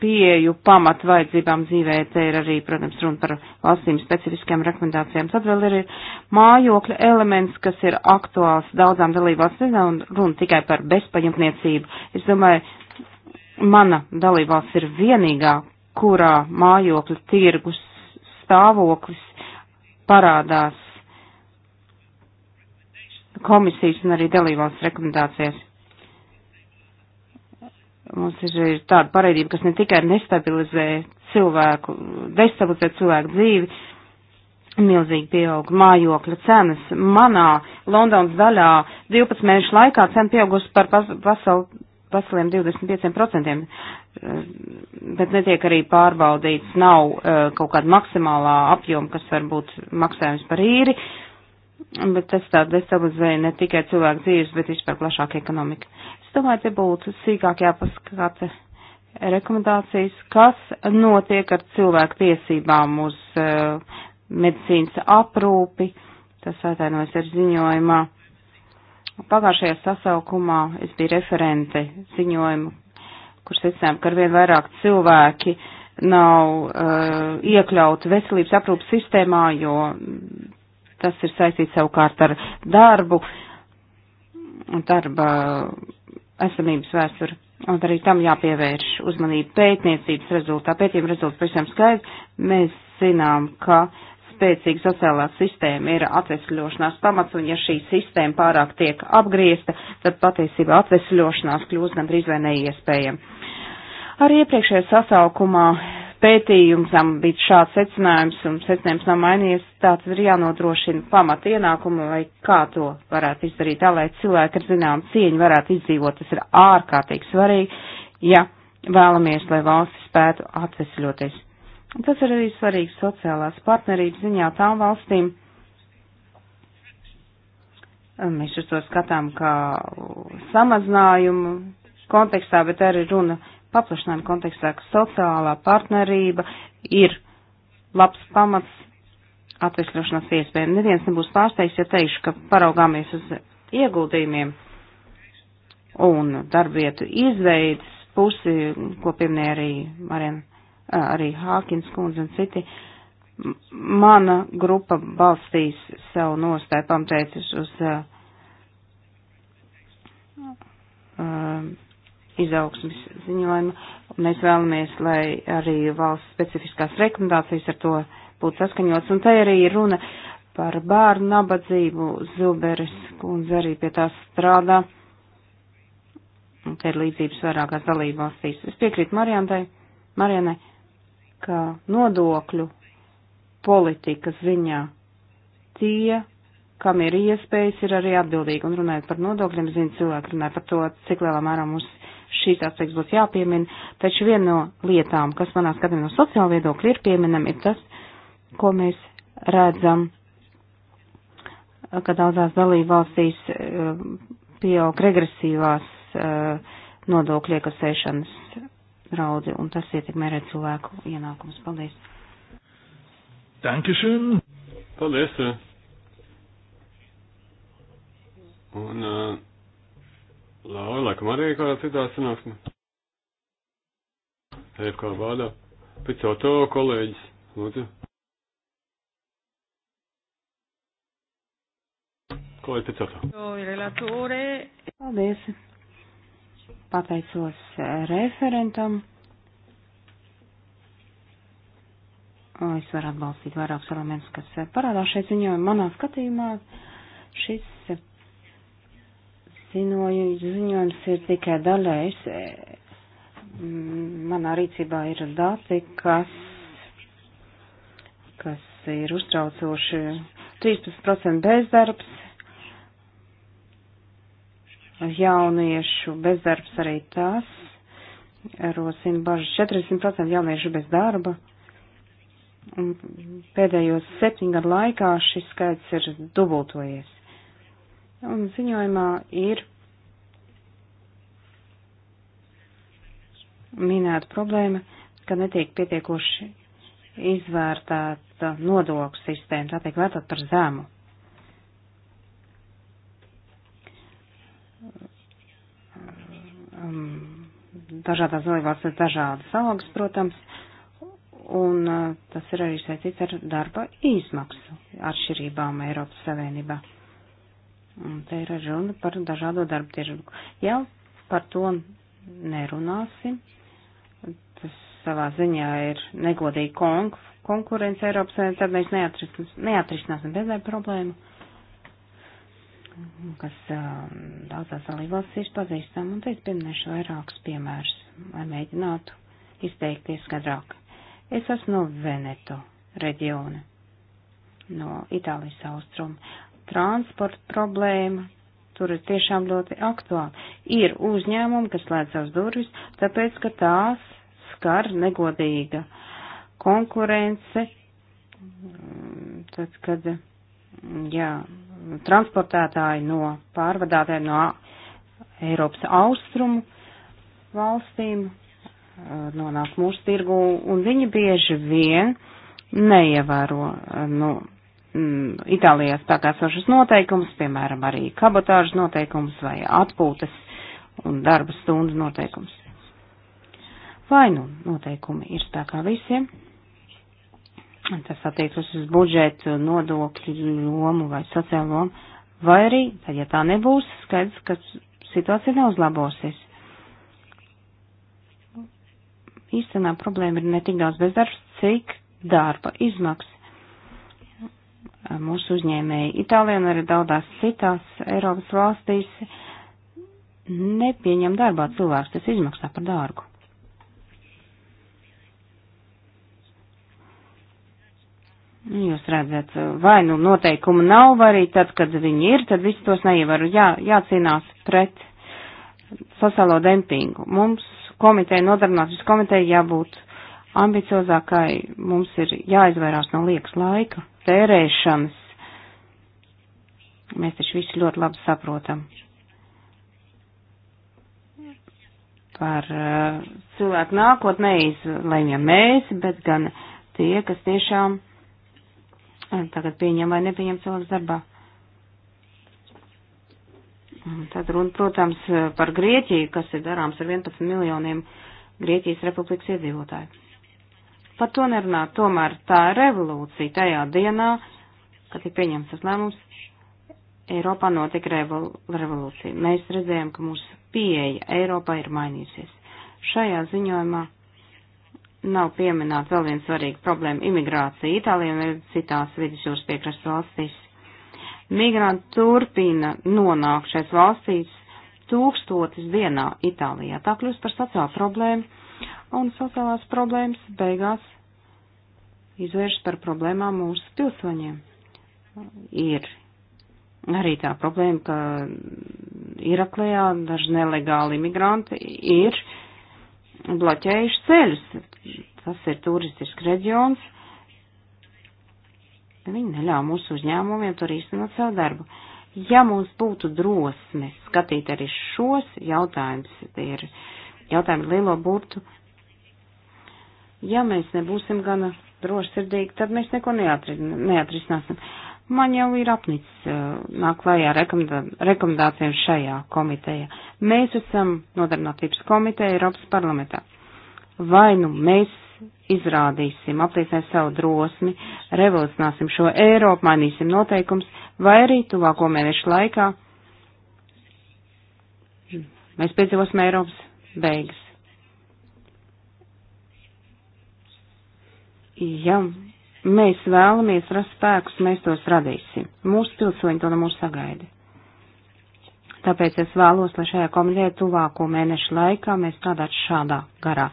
pieju pamat vajadzībām dzīvē, te ir arī, protams, runa par valstīm specifiskajām rekomendācijām. Tad vēl ir mājokļa elements, kas ir aktuāls daudzām dalībvalstīm, un runa tikai par bezpajumtniecību. Es domāju, mana dalībvalsts ir vienīgā, kurā mājokļa tirgus stāvoklis parādās komisijas un arī dalībvalsts rekomendācijas. Mums ir tāda pareidība, kas ne tikai nestabilizē cilvēku, destabilizē cilvēku dzīvi, milzīgi pieaug mājokļa cenas. Manā Londonas daļā 12 mēnešu laikā cena pieaugusi par pas, pasauli veseliem 25%, bet netiek arī pārbaudīts, nav eh, kaut kāda maksimālā apjoma, kas var būt maksājums par īri, bet tas tā destabilizē ne tikai cilvēku dzīves, bet vispār plašāk ekonomiku. Es domāju, te būtu sīkāk jāpaskata rekomendācijas, kas notiek ar cilvēku tiesībām uz uh, medicīnas aprūpi, tas atvainojas ar ziņojumā. Pagājušajā sasaukumā es biju referente ziņojumu, kur secinām, ka arvien vairāk cilvēki nav uh, iekļauti veselības aprūpas sistēmā, jo tas ir saistīts savukārt ar darbu, darba esamības vēsturi. Un arī tam jāpievērš uzmanība pētniecības rezultātā. Pētījuma rezultāts pavisam skaidrs. Mēs zinām, ka spēcīga sociālā sistēma ir atvesļošanās pamats, un ja šī sistēma pārāk tiek apgriezta, tad patiesībā atvesļošanās kļūst gandrīz vai neiespējama. Arī iepriekšējā sasaukumā pētījumam bija šāds secinājums, un secinājums nav mainījies, tāds ir jānodrošina pamat ienākumu, lai kā to varētu izdarīt, tā lai cilvēki ar zinām cieņu varētu izdzīvot, tas ir ārkārtīgi svarīgi, ja vēlamies, lai valsts spētu atvesļoties. Tas ir arī svarīgi sociālās partnerības ziņā tām valstīm. Mēs uz to skatām kā samazinājumu kontekstā, bet arī runa paplašinājuma kontekstā, ka sociālā partnerība ir labs pamats atvesļošanās iespējām. Neviens nebūs pārsteigts, ja teikšu, ka paraugāmies uz ieguldījumiem un darbvietu izveidas pusi, ko pieminēja arī Marina, arī Hākins kundze un citi. Mana grupa balstīs savu nostāju pamteicis uz uh, uh, izaugsmes ziņojumu. Mēs vēlamies, lai arī valsts specifiskās rekomendācijas ar to būtu saskaņots. Un te arī ir runa par bērnu nabadzību. Zuberis kundze arī pie tā strādā. Un te ir līdzības vairākās dalībvalstīs. Es piekrītu Marijantai, Marijanai, ka nodokļu politikas ziņā tie, kam ir iespējas, ir arī atbildīgi. Un runājot par nodokļiem, zina cilvēki runāja par to, cik lielā mērā mums šīs aspekts būtu jāpiemina, taču viena no lietām, kas manā skatījumā no sociāla viedokļa ir pieminama, ir tas, ko mēs redzam, ka daudzās dalība valstīs eh, pieaug regresīvās eh, nodokļu iekasēšanas draudi, un tas ietekmē arī cilvēku ienākumus. Paldies! Dankeschön! Paldies! Un uh, Laura, laikam arī kādā citā sanāksmē. Efkā vārdā. Picoto kolēģis, lūdzu. Kolēģi Picoto. Paldies. Pateicos eh, referentam. Es varu atbalstīt vairākus elementus, kas eh, parādās šeit ziņojumā. Manā skatījumā šis eh, Zinoju, ziņojums ir tikai daļais. Manā rīcībā ir dati, kas, kas ir uztraucoši 13% bezdarbs, jauniešu bezdarbs arī tas, rosina bažas 40% jauniešu bez darba. Un pēdējos septiņu gadu laikā šis skaits ir dubultojies. Un ziņojumā ir minēta problēma, ka netiek pietiekoši izvērtēta nodokļu sistēma, tā tiek vērtēta par zemu. Um, dažādās dalībās ir dažādas algas, protams, un uh, tas ir arī saistīts ar darba izmaksu atšķirībām Eiropas Savienībā. Un te ir runa par dažādo darbu tirgu. Jau par to nerunāsim. Tas savā ziņā ir negodīgi konk konkurence Eiropas Savienībā, tad mēs neatrisinās, neatrisināsim bezdarba problēmu, kas um, daudzās dalībvalstīs ir pazīstama. Un te es pieminēšu vairākus piemērus, lai mēģinātu izteikties skaidrāk. Es esmu no Veneto reģiona, no Itālijas austrumu transporta problēma, tur ir tiešām ļoti aktuāli. Ir uzņēmumi, kas slēdz savus durvis, tāpēc, ka tās skar negodīga konkurence, tad, kad, jā, transportētāji no pārvadātājiem no Eiropas austrumu valstīm eh, nonāk mūsu tirgu, un viņi bieži vien neievēro, eh, nu, no, mm, Itālijā spēkā sošas noteikumus, piemēram, arī kabotāžas noteikumus vai atpūtas un darba stundu noteikumus. Vai nu noteikumi ir spēkā visiem? Tas attiecas uz budžetu, nodokļu lomu vai sociālo lomu. Vai arī, tad, ja tā nebūs, skaidrs, ka situācija neuzlabosies. Īstenā problēma ir ne tik daudz bezdarbs, cik darba izmaksas mūsu uzņēmēji Itālijā un arī daudzās citās Eiropas valstīs nepieņem darbā cilvēks, tas izmaksā par dārgu. Jūs redzat, vai nu noteikumu nav, vai arī tad, kad viņi ir, tad visi tos neievaru. Jā, jācīnās pret sociālo dempingu. Mums komiteja, nodarbinātības komiteja jābūt ambiciozākai mums ir jāizvairās no liekas laika, tērēšanas. Mēs taču visi ļoti labi saprotam par uh, cilvēku nākotnē izlēmjam mēs, bet gan tie, kas tiešām eh, tagad pieņem vai nepieņem cilvēku darbā. Tad runa, protams, eh, par Grieķiju, kas ir darāms ar 11 miljoniem Grieķijas republikas iedzīvotāju par to nerunāt. Tomēr tā revolūcija tajā dienā, kad tika pieņemts tas lēmums, Eiropā notika revol revolūcija. Mēs redzējām, ka mūsu pieeja Eiropā ir mainījusies. Šajā ziņojumā nav pieminēta vēl viena svarīga problēma - imigrācija Itālijā un citās vidusjūras piekrastes valstīs. Migranti turpina nonākt šais valstīs tūkstotis dienā Itālijā. Tā kļūst par sociālu problēmu, un sociālās problēmas beigās izvēršas par problēmām mūsu pilsoņiem. Ir arī tā problēma, ka Iraklējā daži nelegāli imigranti ir bloķējuši ceļus. Tas ir turistisks reģions. Viņi neļāva mūsu uzņēmumiem tur īstenot savu darbu. Ja mums būtu drosme skatīt arī šos jautājumus, tie ir jautājumi lielo burtu, ja mēs nebūsim gana drošsirdīgi, tad mēs neko neatrisināsim. Man jau ir apnicis eh, nāk klājā rekomendā, rekomendācijām šajā komitejā. Mēs esam nodarbinātības komiteja Eiropas parlamentā. Vai nu mēs izrādīsim, apliecinās savu drosmi, revolucionāsim šo Eiropu, mainīsim noteikums, vai arī tuvāko mēnešu laikā mēs piedzīvosim Eiropas beigas. ja mēs vēlamies rast spēkus, mēs tos radīsim. Mūsu pilsoņi to no mūs sagaida. Tāpēc es vēlos, lai šajā komitē tuvāko mēnešu laikā mēs strādātu šādā garā.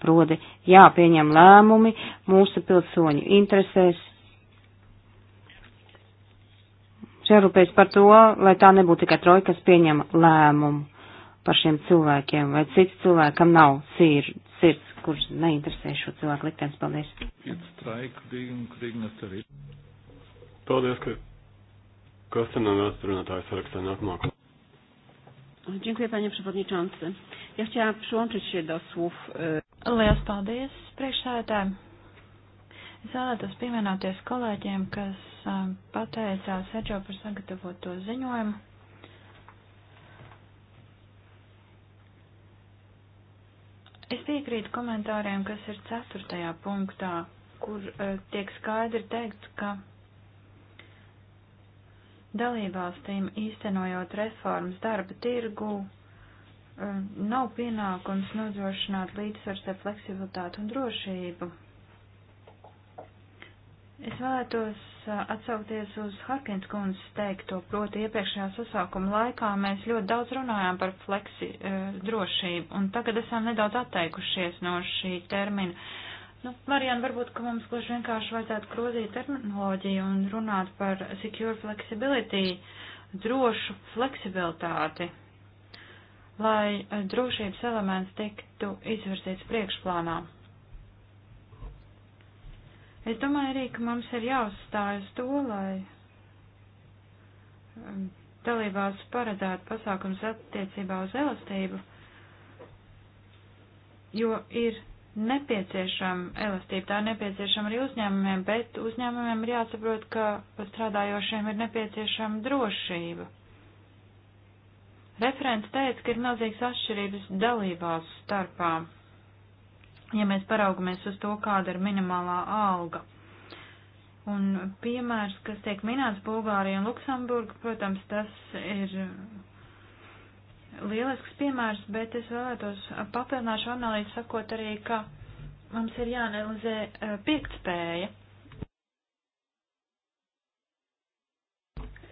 Prodi, jāpieņem lēmumi mūsu pilsoņu interesēs. Šerupēs par to, lai tā nebūtu tikai trojka, kas pieņem lēmumu par šiem cilvēkiem, vai cits cilvēkam nav sīr, sirds, kurš neinteresē šo cilvēku liktenis. Paldies! Paldies, ka konstatējāt runātāju sarakstā nākamā. Dziękuję panie przewodniczący. Ja chciałam przyłączyć się do słów. E, Lielas paldies priekšsēdētājiem. Es vēlētos pievienoties kolēģiem, kas e, pateicās Edžo par sagatavoto ziņojumu. Es piekrītu komentāriem, kas ir ceturtajā punktā, kur uh, tiek skaidri teikts, ka dalībvalstīm īstenojot reformas darba tirgu uh, nav pienākums nodrošināt līdzsvars ar fleksibilitāti un drošību. Es vēlētos atsaukties uz Harkins kundzes teikto, proti iepriekšējā sasākuma laikā mēs ļoti daudz runājām par fleksi uh, drošību, un tagad esam nedaudz atteikušies no šī termina. Nu, Marijan, varbūt, ka mums gluži vienkārši vajadzētu grozīt terminoloģiju un runāt par secure flexibility, drošu fleksibilitāti, lai drošības elements tiktu izvirzīts priekšplānā. Es domāju arī, ka mums ir jāuzstājas to, lai um, dalībās paredzētu pasākums attiecībā uz elastību, jo ir nepieciešama elastība, tā ir nepieciešama arī uzņēmumiem, bet uzņēmumiem ir jāsaprot, ka strādājošiem ir nepieciešama drošība. Referents teica, ka ir milzīgas atšķirības dalībās starpām ja mēs paraugamies uz to, kāda ir minimālā alga. Un piemērs, kas tiek minēts Bulgārija un Luksemburga, protams, tas ir lielisks piemērs, bet es vēlētos papildināt šo analīzi, sakot arī, ka mums ir jāanalizē e, piektspēja.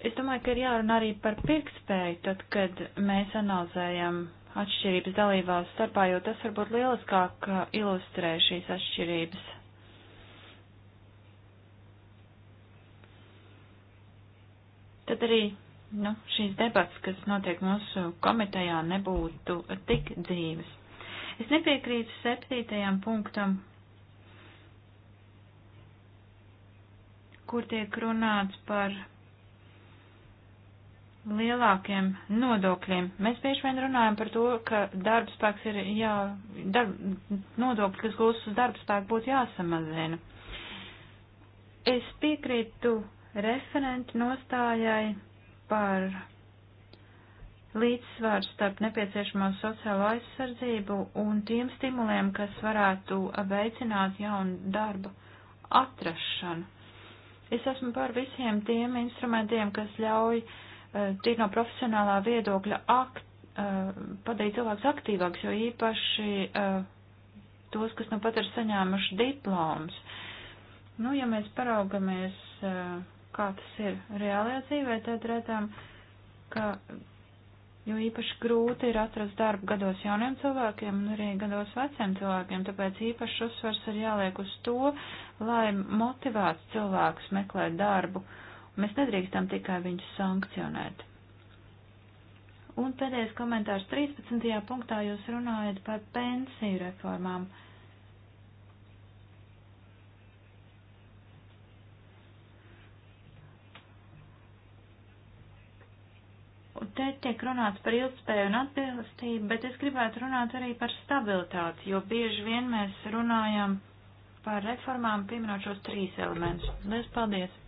Es domāju, ka ir jārunā arī par pirktspēju, tad, kad mēs analizējam atšķirības dalībās starpā, jo tas varbūt lieliskāk uh, ilustrē šīs atšķirības. Tad arī nu, šīs debats, kas notiek mūsu komitejā, nebūtu tik dzīves. Es nepiekrītu septītajam punktam, kur tiek runāts par lielākiem nodokļiem. Mēs bieži vien runājam par to, ka darba spēks ir jā, darb, nodokļi, kas gūst uz darba spēku, būtu jāsamazina. Es piekrītu referentu nostājai par līdzsvaru starp nepieciešamo sociālo aizsardzību un tiem stimuliem, kas varētu veicināt jaunu darbu atrašanu. Es esmu par visiem tiem instrumentiem, kas ļauj uh, Eh, tīri no profesionālā viedokļa akt, eh, padarīt cilvēkus aktīvākus, jo īpaši eh, tos, kas nu pat ir saņēmuši diploms. Nu, ja mēs paraugamies, kā tas ir reālajā dzīvē, tad redzam, ka jo īpaši grūti ir atrast darbu gados jauniem cilvēkiem un arī gados veciem cilvēkiem, tāpēc īpaši uzsvars ir jāliek uz to, lai motivēts cilvēks meklēt darbu. Uh, Mēs nedrīkstam tikai viņus sankcionēt. Un pēdējais komentārs 13. punktā jūs runājat par pensiju reformām. te tiek runāts par ilgspēju un atbilstību, bet es gribētu runāt arī par stabilitāti, jo bieži vien mēs runājam par reformām, pieminot šos trīs elementus. Liels paldies!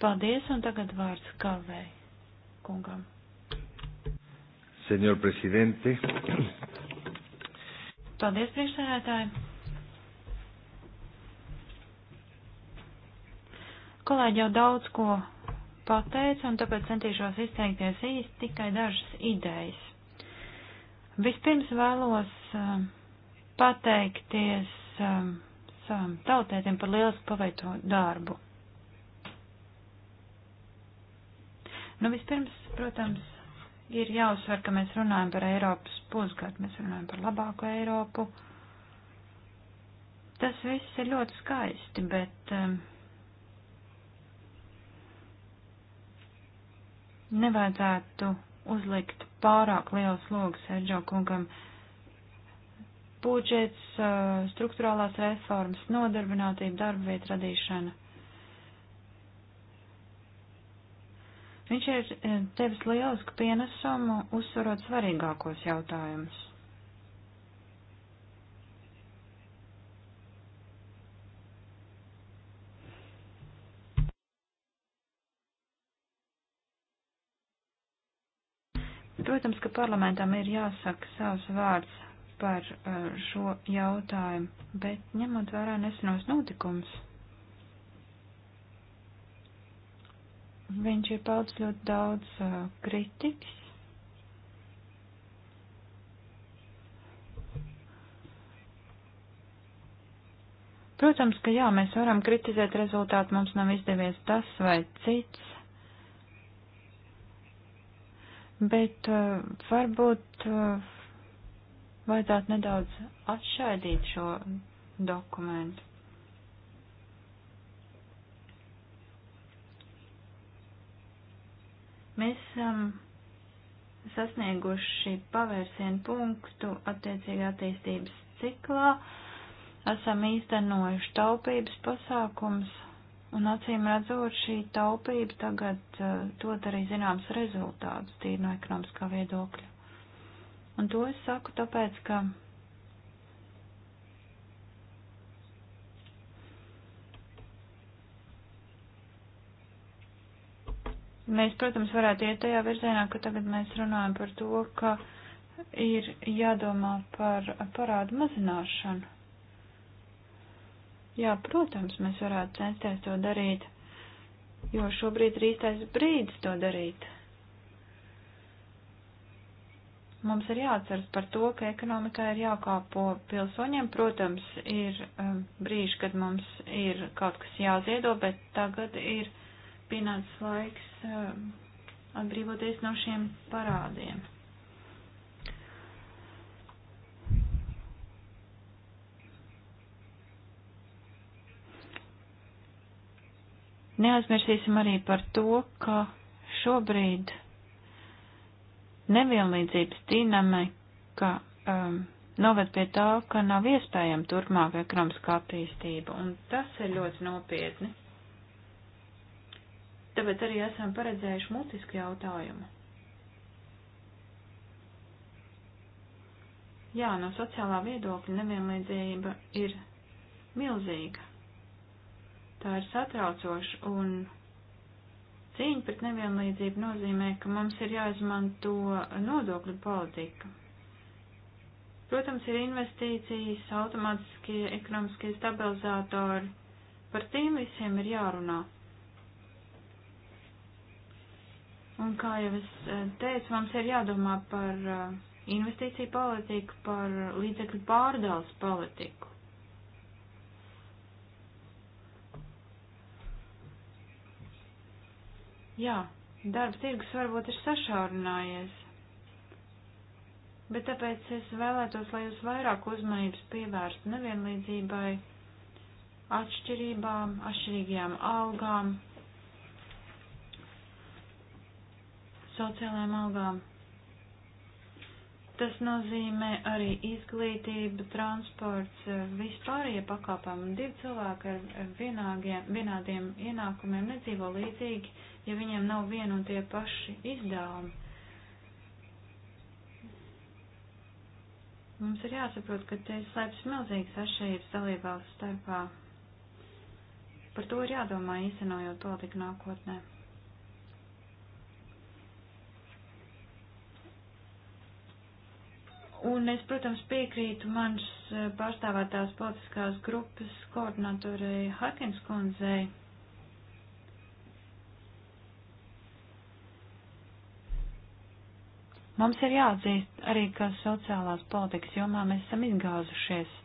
Paldies, un tagad vārds Kalvei kungam. Senjor prezidenti. Paldies, priekšsēdētāji. Kolēģi jau daudz ko pateica, un tāpēc centīšos izteikties īsti tikai dažas idejas. Vispirms vēlos um, pateikties um, savam tautētim par lielisku paveikto darbu. Nu, vispirms, protams, ir jāuzsver, ka mēs runājam par Eiropas pusgadu, mēs runājam par labāku Eiropu. Tas viss ir ļoti skaisti, bet um, nevajadzētu uzlikt pārāk liels logs Edžo kungam. Budžets, uh, struktūrālās reformas, nodarbinātība, darba vieta radīšana. Viņš ir tevis eh, lielisku pienesumu uzsvarot svarīgākos jautājumus. Protams, ka parlamentam ir jāsaka savs vārds par eh, šo jautājumu, bet ņemot vērā nesenos notikumus. Viņš ir paudz ļoti daudz uh, kritikas. Protams, ka jā, mēs varam kritizēt rezultātu, mums nav izdevies tas vai cits, bet uh, varbūt uh, vajadzētu nedaudz atšķaidīt šo dokumentu. Mēs esam um, sasnieguši pavērsienu punktu attiecīgi attīstības ciklā, esam īstenojuši taupības pasākums, un acīm redzot šī taupība tagad uh, dod arī zināms rezultātus tīri no ekonomiskā viedokļa. Un to es saku tāpēc, ka Mēs, protams, varētu iet tajā virzienā, ka tagad mēs runājam par to, ka ir jādomā par parādu mazināšanu. Jā, protams, mēs varētu censties to darīt, jo šobrīd ir īstais brīdis to darīt. Mums ir jāatceras par to, ka ekonomikā ir jākāpo pilsoņiem. Protams, ir um, brīži, kad mums ir kaut kas jāziedo, bet tagad ir pienācis laiks eh, atbrīvoties no šiem parādiem. Neaizmirsīsim arī par to, ka šobrīd nevienlīdzības dinamika um, noved pie tā, ka nav iespējama turpmāka ekonomiskā attīstība, un tas ir ļoti nopietni tāpēc arī esam paredzējuši mutisku jautājumu. Jā, no sociālā viedokļa nevienlīdzība ir milzīga. Tā ir satraucoša un cīņa pret nevienlīdzību nozīmē, ka mums ir jāizmanto nodokļu politika. Protams, ir investīcijas, automātiskie ekonomiskie stabilizatori. Par tiem visiem ir jārunā. Un kā jau es eh, teicu, mums ir jādomā par eh, investīciju politiku, par līdzekļu pārdales politiku. Jā, darba tirgus varbūt ir sašaurinājies, bet tāpēc es vēlētos, lai jūs vairāk uzmanības pievērstu nevienlīdzībai, atšķirībām, atšķirīgajām algām, sociālajām algām. Tas nozīmē arī izglītību, transports, vispārējie pakāpami. Divi cilvēki ar vienāgiem, vienādiem ienākumiem nedzīvo līdzīgi, ja viņiem nav vien un tie paši izdevumi. Mums ir jāsaprot, ka te slēpjas milzīgas atšķirības dalībvalstu starpā. Par to ir jādomā īstenojot politiku nākotnē. Un es, protams, piekrītu manas eh, pārstāvētās politiskās grupas koordinatorei Harkins kundzei. Mums ir jāatzīst arī, ka sociālās politikas jomā mēs esam izgāzušies.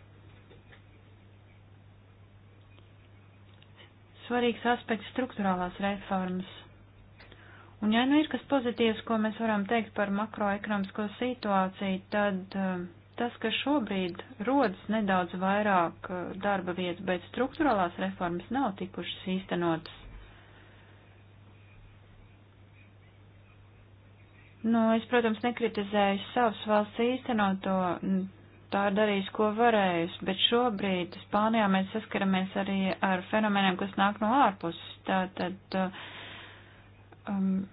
Svarīgs aspekts struktūrālās reformas Un ja nu ir kas pozitīvs, ko mēs varam teikt par makroekonomisko situāciju, tad eh, tas, ka šobrīd rodas nedaudz vairāk eh, darba vietas, bet struktūrālās reformas nav tikušas īstenotas. Nu, es, protams, nekritizēju savas valsts īstenoto, tā ir darījusi, ko varējusi, bet šobrīd Spānijā mēs saskaramies arī ar fenomeniem, kas nāk no ārpuses. Tātad, uh, um,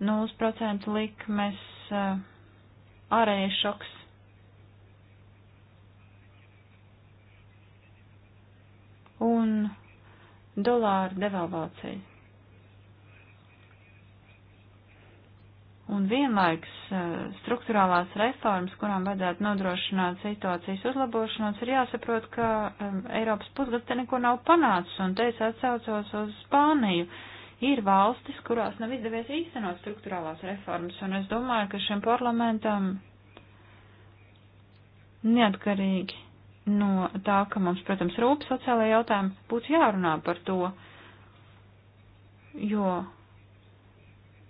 0% likmes uh, ārējais šoks. Un dolāra devalvācija. un vienlaiks eh, struktūrālās reformas, kurām vajadzētu nodrošināt situācijas uzlabošanos, ir jāsaprot, ka Eiropas pusgads te neko nav panācis, un te es atsaucos uz Spāniju. Ir valstis, kurās nav izdevies īstenot struktūrālās reformas, un es domāju, ka šim parlamentam neatkarīgi no tā, ka mums, protams, rūp sociālajie jautājumi, būtu jārunā par to, jo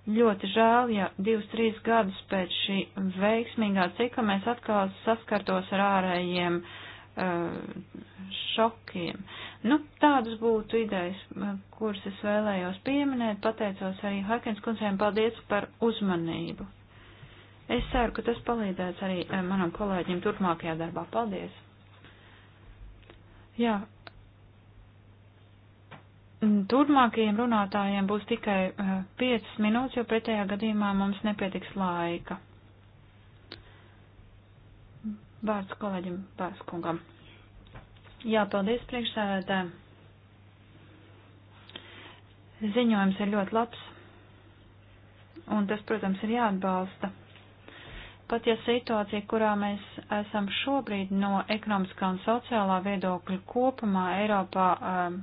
ļoti žēl, ja divus, trīs gadus pēc šī veiksmīgā cikla mēs atkal saskartos ar ārējiem uh, šokiem. Nu, tādas būtu idejas, eh, kuras es vēlējos pieminēt, pateicos arī Hakens kundzēm paldies par uzmanību. Es ceru, ka tas palīdzēs arī eh, manam kolēģim turpmākajā darbā. Paldies! Jā, Turmākajiem runātājiem būs tikai 5 eh, minūtes, jo pretējā gadījumā mums nepietiks laika. Vārds kolēģim Bārskungam. Jā, paldies priekšsēdētājiem. Ziņojums ir ļoti labs, un tas, protams, ir jāatbalsta. Pat ja situācija, kurā mēs esam šobrīd no ekonomiskā un sociālā viedokļa kopumā Eiropā um,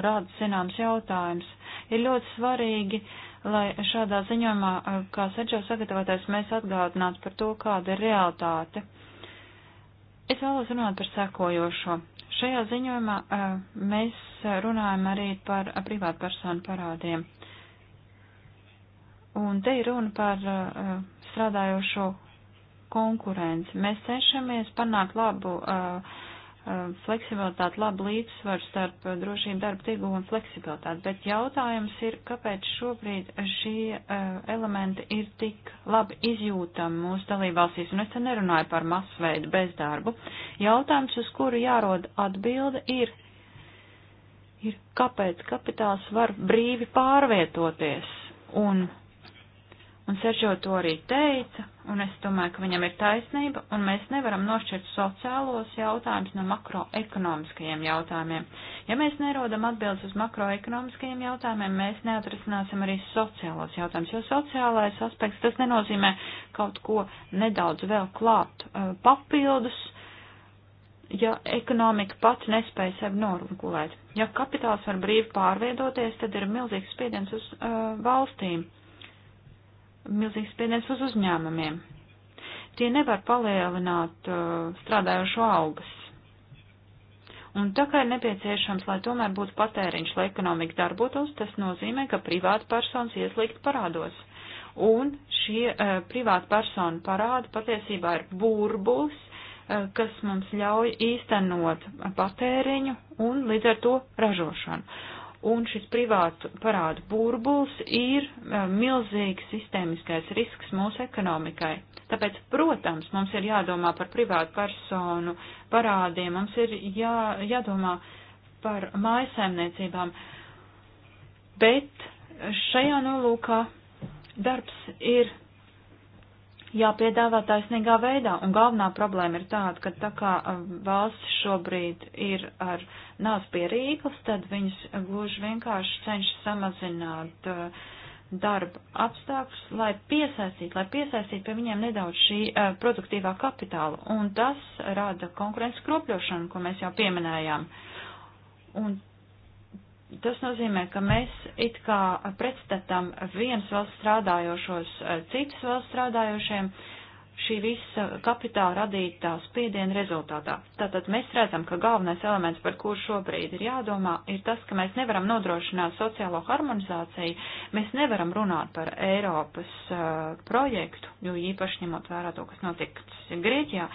rada zināms jautājums. Ir ļoti svarīgi, lai šādā ziņojumā, eh, kā Sergio sagatavotais, mēs atgādinātu par to, kāda ir realitāte. Es vēlos runāt par sekojošo. Šajā ziņojumā eh, mēs runājam arī par privātpersonu parādiem. Un te ir runa par eh, strādājošo konkurenci. Mēs cenšamies panākt labu uh, Uh, fleksibilitāti, labu līdzsvaru starp uh, drošību darba tirgu un fleksibilitāti, bet jautājums ir, kāpēc šobrīd šie uh, elementi ir tik labi izjūtami mūsu dalībvalstīs, un es te nerunāju par masveidu bezdarbu. Jautājums, uz kuru jārod atbilde, ir, ir kāpēc kapitāls var brīvi pārvietoties un Un Seržo to arī teica, un es domāju, ka viņam ir taisnība, un mēs nevaram nošķirt sociālos jautājumus no makroekonomiskajiem jautājumiem. Ja mēs nerodam atbildes uz makroekonomiskajiem jautājumiem, mēs neatrisināsim arī sociālos jautājumus, jo sociālais aspekts tas nenozīmē kaut ko nedaudz vēl klāt uh, papildus, ja ekonomika pati nespēja sevi noregulēt. Ja kapitāls var brīvi pārviedoties, tad ir milzīgs spiediens uz uh, valstīm milzīgs spiediens uz uzņēmumiem. Tie nevar palielināt uh, strādājošo algas. Un tā kā ir nepieciešams, lai tomēr būtu patēriņš, lai ekonomika darbotos, tas nozīmē, ka privāta personas ieslīgt parādos. Un šie uh, privāta persona parādi patiesībā ir burbulis, uh, kas mums ļauj īstenot patēriņu un līdz ar to ražošanu un šis privātu parādu burbuls ir e, milzīgs sistēmiskais risks mūsu ekonomikai. Tāpēc, protams, mums ir jādomā par privātu personu parādiem, mums ir jā, jādomā par mājasaimniecībām, bet šajā nolūkā darbs ir jāpiedāvā taisnīgā veidā. Un galvenā problēma ir tāda, ka tā kā uh, valsts šobrīd ir ar nāc pie rīklas, tad viņas gluži vienkārši cenšas samazināt uh, darba apstākļus, lai piesaistītu, lai piesaistītu pie viņiem nedaudz šī uh, produktīvā kapitāla. Un tas rada konkurences kropļošanu, ko mēs jau pieminējām. Un Tas nozīmē, ka mēs it kā pretstatam vienas valsts strādājošos eh, citas valsts strādājošiem šī visa kapitāla radītā spiediena rezultātā. Tātad mēs redzam, ka galvenais elements, par kuru šobrīd ir jādomā, ir tas, ka mēs nevaram nodrošināt sociālo harmonizāciju, mēs nevaram runāt par Eiropas uh, projektu, jo īpaši ņemot vērā to, kas notiks Grieķijā,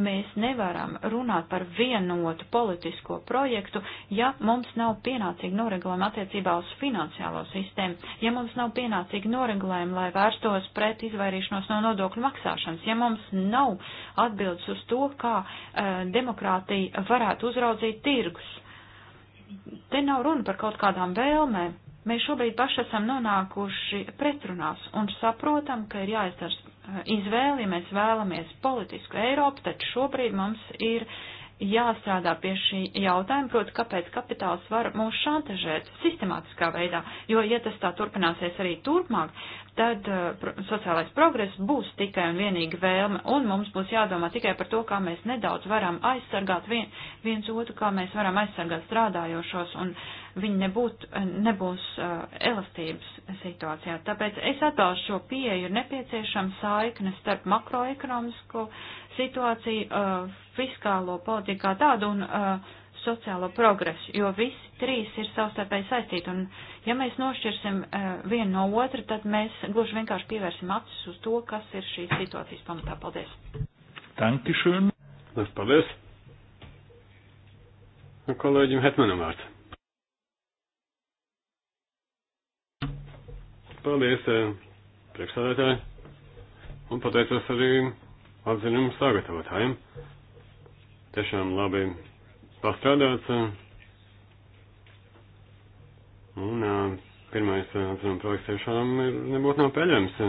Mēs nevaram runāt par vienotu politisko projektu, ja mums nav pienācīgi noregulējumi attiecībā uz finansiālo sistēmu, ja mums nav pienācīgi noregulējumi, lai vērstos pret izvairīšanos no nodokļu maksāšanas, ja mums nav atbildes uz to, kā uh, demokrātija varētu uzraudzīt tirgus. Te nav runa par kaut kādām vēlmēm, mēs šobrīd paši esam nonākuši pretrunās un saprotam, ka ir jāizdara izvēli, ja mēs vēlamies politisku Eiropu, tad šobrīd mums ir jāstrādā pie šī jautājuma, proti, kāpēc kapitāls var mūs šantažēt sistemātiskā veidā, jo, ja tas tā turpināsies arī turpmāk, tad uh, sociālais progress būs tikai un vienīgi vēlme, un mums būs jādomā tikai par to, kā mēs nedaudz varam aizsargāt vien, viens otru, kā mēs varam aizsargāt strādājošos un uh, viņi nebūt, nebūs eh, elastības situācijā. Tāpēc es atbalstu šo pieeju, ir nepieciešama saikne starp makroekonomisko situāciju, eh, fiskālo politiku kā tādu un eh, sociālo progresu, jo visi trīs ir savstarpēji saistīti. Un ja mēs nošķirsim vienu no otra, tad mēs gluži vienkārši pievērsim acis uz to, kas ir šīs situācijas pamatā. Paldies! Dankeschön! Paldies! Un nu, kolēģim Hetmanam vārds. Paldies, eh, priekšsādētāji, un pateicos arī atziņumu sagatavotājiem. Tiešām labi pastrādāts. Eh. Un eh, pirmais atziņuma projekts tiešām ir, nebūtu nav peļams.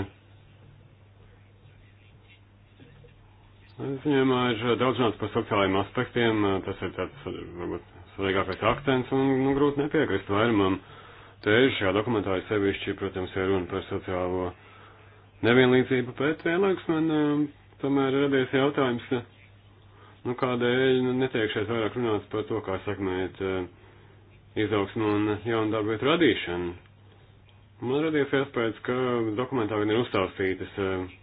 Viņiem ir daudz runāts par sociālajiem aspektiem, tas ir tāds, varbūt, svarīgākais akcents, un, nu, grūti nepiekrist vairumam. Um, Te šajā dokumentā ir sevišķi, protams, ir runa par sociālo nevienlīdzību, bet vienlaiks man um, tomēr radies jautājums, nu kādēļ nu, netiek šeit vairāk runāts par to, kā sakmēt uh, izaugsmu un jaunu darbu vietu radīšanu. Man radies iespējas, ka dokumentā vien ir uzstāstītas uh,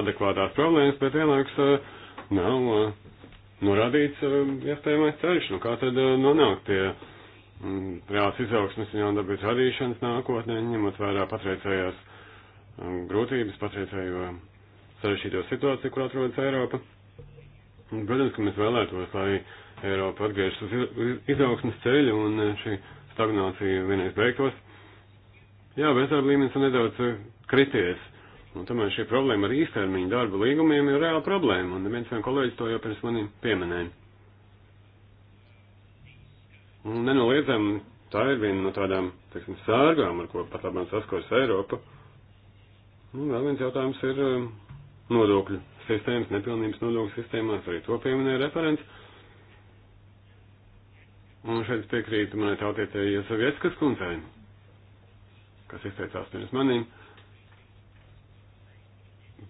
adekvātās problēmas, bet vienlaiks uh, nav norādīts iespējamais ceļš, nu kā tad nonākt pie. Ja Mm, reāls izaugsmes un jaundarbības radīšanas nākotnē, ņemot vērā patreizējās um, grūtības, patreizējo sarežģīto situāciju, kur atrodas Eiropa. Un, protams, ka mēs vēlētos, lai Eiropa atgriežas uz izaugsmes ceļu un uh, šī stagnācija vienreiz beigtos. Jā, bezdarba līmenis ir nedaudz uh, krities. Un tomēr šī problēma ar īstermiņu darba līgumiem ir reāla problēma, un neviens vien kolēģis to jau pirms manim pieminēja. Nenoliedzami tā ir viena no tādām, teiksim, sārgām, ar ko pat labam saskars Eiropa. Un nu, vēl viens jautājums ir um, nodokļu sistēmas, nepilnības nodokļu sistēmās, arī to pieminēja referents. Un šeit piekrītu manai tautietēji Iesavieckas kundzei, kas izteicās pirms manīm.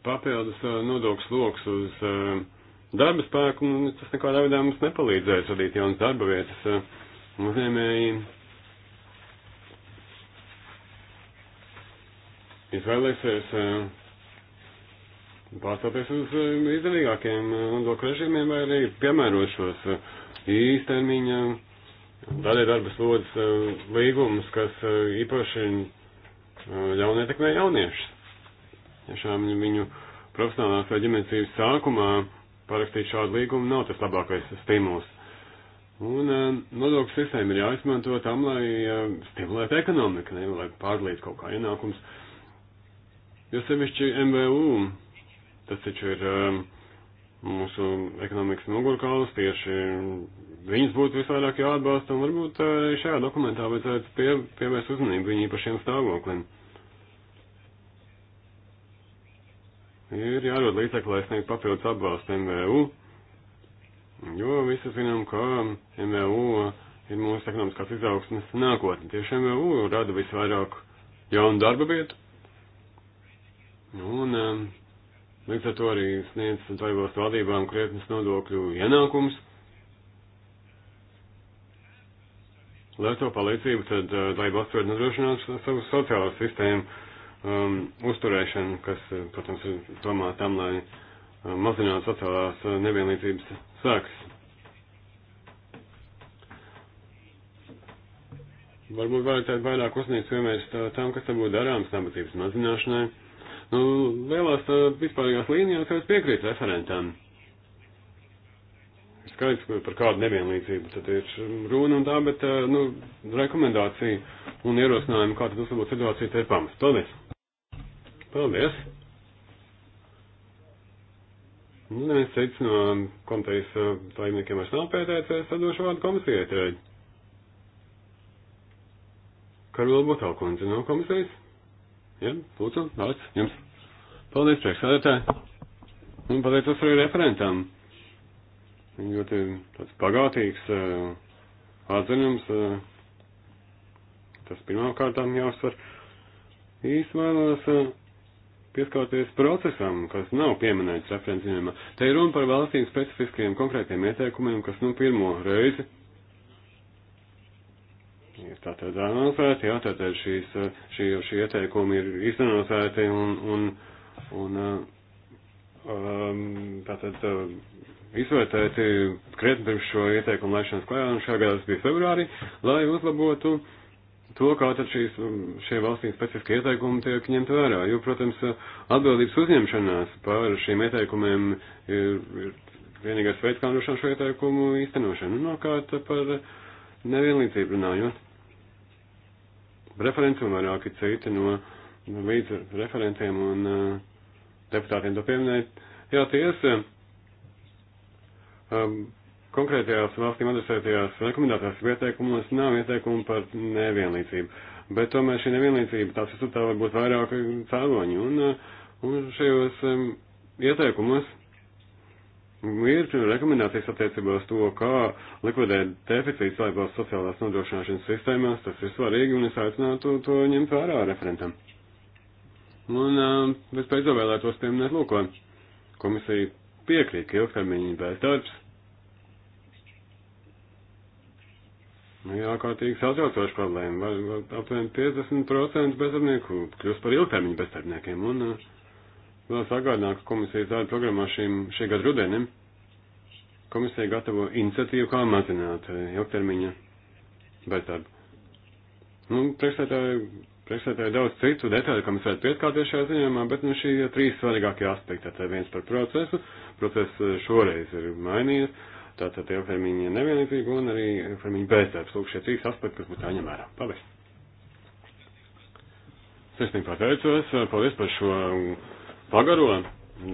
Papildus uh, nodokļu sloks uz uh, darba spēku, nu, tas nekādā veidā mums nepalīdzēs radīt jaunas darba vietas. Uh, uzņēmēji izvēlēsies pārstāties eh, uz eh, izdevīgākiem eh, nodokļu režīmiem vai arī piemērošos īstermiņa daļai darba slodzes līgumus, kas īpaši ļaun ietekmē jauniešus. Tiešām viņu profesionālās vai ģimenes dzīves sākumā parakstīt šādu līgumu nav tas labākais stimuls. Un eh, nodokļu sistēma ir jāizmanto tam, lai eh, stimulētu ekonomiku, ne lai pārlīdz kaut kā ienākums. Jo sevišķi MVU, tas taču ir eh, mūsu ekonomikas nogurkauls, tieši viņas būtu visvairāk jāatbalsta, un varbūt šajā dokumentā vajadzētu pie, pievērst uzmanību viņu īpašiem stāvoklim. Ir jārod līdzekļi, lai sniegtu papildus atbalstu MVU Jo visi zinām, ka MVU ir mūsu ekonomiskās izaugsmes nākotne. Tieši MVU rada visvairāk jaunu darba vietu. Un um, līdz ar to arī sniedz zaļos valdībām krietnes nodokļu ienākums. Lai to palīdzību, tad uh, zaļos var nodrošināt savu sociālo sistēmu um, uzturēšanu, kas, uh, protams, ir domā tam, lai mazināt sociālās eh, nevienlīdzības sēkas. Varbūt vajadzētu vairāk uzsniegt piemērus eh, tam, kas te būtu darāms nabadzības mazināšanai. Nu, lielās tā, eh, vispārīgās līnijās jau es piekrītu referentam. Skaidrs, par kādu nevienlīdzību tad ir runa un tā, bet, nu, rekomendācija un ierosinājumi, kā tad uzlabot situāciju, te ir pamats. Paldies! Paldies! Nu, neviens cits no komitejas saimniekiem eh, vairs nav pētējies, tad eh, došu vārdu komisijai tēļ. Karola Botākundze no komisijas. Jā, ja, lūdzu, vārds jums. Paldies, priekšsēdētāji. Un pateicos arī referentam. Ļoti tāds pagātīgs uh, eh, atzinums. Uh, tas pirmām kārtām jāuzsver. Īsti vēlos uh, pieskārties procesam, kas nav pieminēts referencijumā. Te ir runa par valstīm specifiskiem konkrētiem ieteikumiem, kas nu pirmo reizi ir tātad analizēti, jā, tātad šīs, šī, šī ieteikumi ir izanalizēti un, un, un um, tātad uh, izvērtēti krietni pirms šo ieteikumu laišanas klājā, un šajā gadā tas bija februārī, lai uzlabotu uh, to, kā tad šīs, um, šie valstīs specifiskie ieteikumi tiek ņemti vērā. Jo, protams, atbildības uzņemšanās par šiem ieteikumiem ir, ir vienīgais veids, kā nodrošināt šo ieteikumu īstenošanu. Nu, nokārt par nevienlīdzību runājot. Referents un vairāki citi no līdz referentiem un uh, deputātiem to pieminēt. Jā, tiesa. Um, konkrētajās valstīm adresētajās rekomendācijās ieteikumos nav ieteikumu par nevienlīdzību. Bet tomēr šī nevienlīdzība, tās ir tā varbūt vairāk cēloņi. Un, uh, un šajos um, ieteikumos ir rekomendācijas attiecībā uz to, kā likvidēt deficīts laibās sociālās nodrošināšanas sistēmās. Tas ir svarīgi un es aicinātu to, to ņemt vērā referentam. Un um, es pēc tam vēlētos pieminēt lūko. Komisija piekrīt, ka ilgtermiņa bez darbs Nu, jā, kārtīgi satraucoša problēma. Aptuveni 50% bezdarbnieku kļūst par ilgtermiņu bezdarbniekiem. Un uh, vēl sagādināt, ka komisija tāda programmā šim, šī gada rudenim. Komisija gatavo iniciatīvu, kā mazināt uh, ilgtermiņa bezdarbu. Nu, priekšsētāji daudz citu detaļu, kam es varētu pieskāties šajā ziņā, bet nu šī ir trīs svarīgākie aspekti. Tātad viens par procesu. Process uh, šoreiz ir mainījies tātad ilgtermiņa nevienlīdzība un arī ilgtermiņa bezdarbs. Lūk, šie trīs aspekti, kas būtu jāņem vērā. Paldies! Sirsnīgi pateicos, paldies par šo pagaro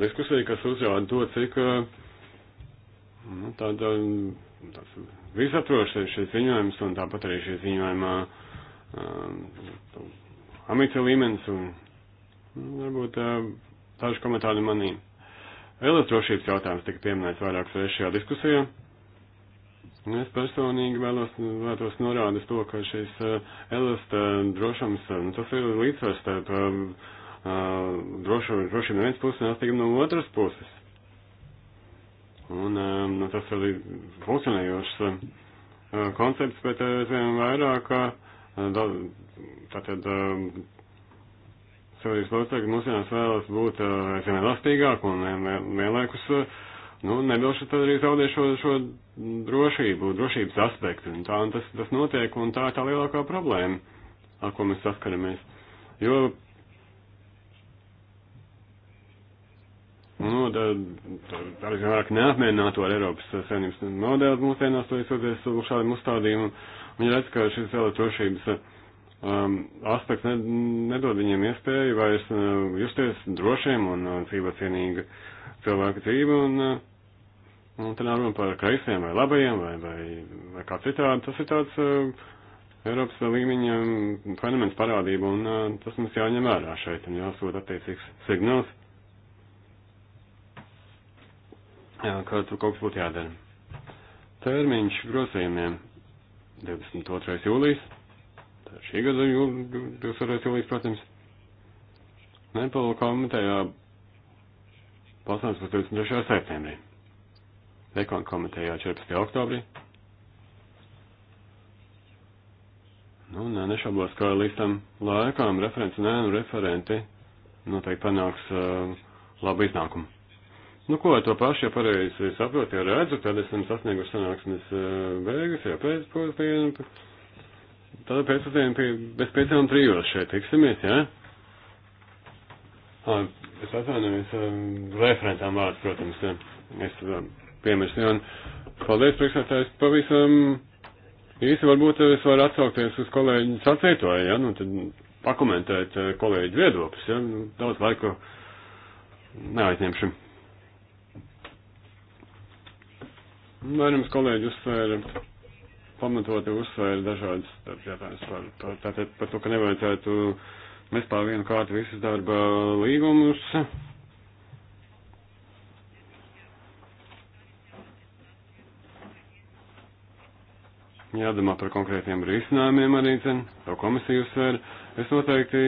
diskusiju, kas uzrāda to, cik nu, tāda tāds visaprošs ir šis ziņojums un tāpat arī šī ziņojuma um, ambīcija līmenis un nu, varbūt uh, tādu komentāru manīm. Elektrošības jautājums tika pieminēts vairākas reizes šajā diskusijā. Es personīgi vēlos, vēlos norādīt to, ka šis eh, elasta eh, drošums, tas ir līdzsvars starp eh, drošu, drošību no vienas puses un elastīgumu no otras puses. Un nu, tas arī funkcionējošs koncepts, bet es vien vairāk, tātad sabiedrības locekļi mūsdienās vēlas būt eh, aizvien elastīgāk un vienlaikus, eh, nu, nebilšu tad arī zaudē šo, šo drošību, drošības aspektu. Un tā un tas, tas notiek, un tā ir tā lielākā problēma, ar ko mēs saskaramies. Jo, nu, tā, tā ir vairāk neapmierināto ar Eiropas savienības modeli mūsdienās, to izsoties uz šādiem uzstādījumiem, un redz, ka šis elektrošības. Eh, drošības um, aspekts ne, nedod viņiem iespēju vairs uh, justies drošiem un uh, dzīvocienīga cilvēka dzīve. Un, uh, un tad nav runa par kreisiem vai labajiem vai, vai, vai kā citādi. Tas ir tāds uh, Eiropas līmeņa um, fenomens parādība, un uh, tas mums jāņem vērā šeit un jāsūt attiecīgs signāls, jā, ka tur kaut kas būtu jādara. Termiņš grozījumiem 22. jūlijas. Tātad šī gada jūs varat jūlīt, protams, Nepāla komitejā pasaules par 23. septembrī, Ekon komitejā 14. oktobrī. Nu, nē, nešaubos, ka līdz tam laikām referents, nē, nu, referenti noteikti panāks uh, labu iznākumu. Nu, ko to pašu, ja pareizi saprotu, ja redzu, tad esam sasnieguši sanāksmes uh, beigas, ja pēcpusdienu. Pēc, Tad pēcpusdienā pie, bez piecām trijos šeit tiksimies, jā? Ja? Es atvainojos, referentām vārds, protams, jā. Ja? Es piemirstu, un paldies, priekšsētājs, pavisam īsi varbūt es varu atsaukties uz kolēģi sacītoju, jā, ja? nu tad pakomentēt kolēģi viedokļus, jā, nu, daudz laiku neaizņemšu. Vairums kolēģi uzsvēra pamatoti uzsvēra dažādas jautājumas par, par, tātad, par to, ka nevajadzētu mest pār vienu kārtu visus darba līgumus. Jādomā par konkrētiem risinājumiem arī, cen, to komisiju uzsver. Es noteikti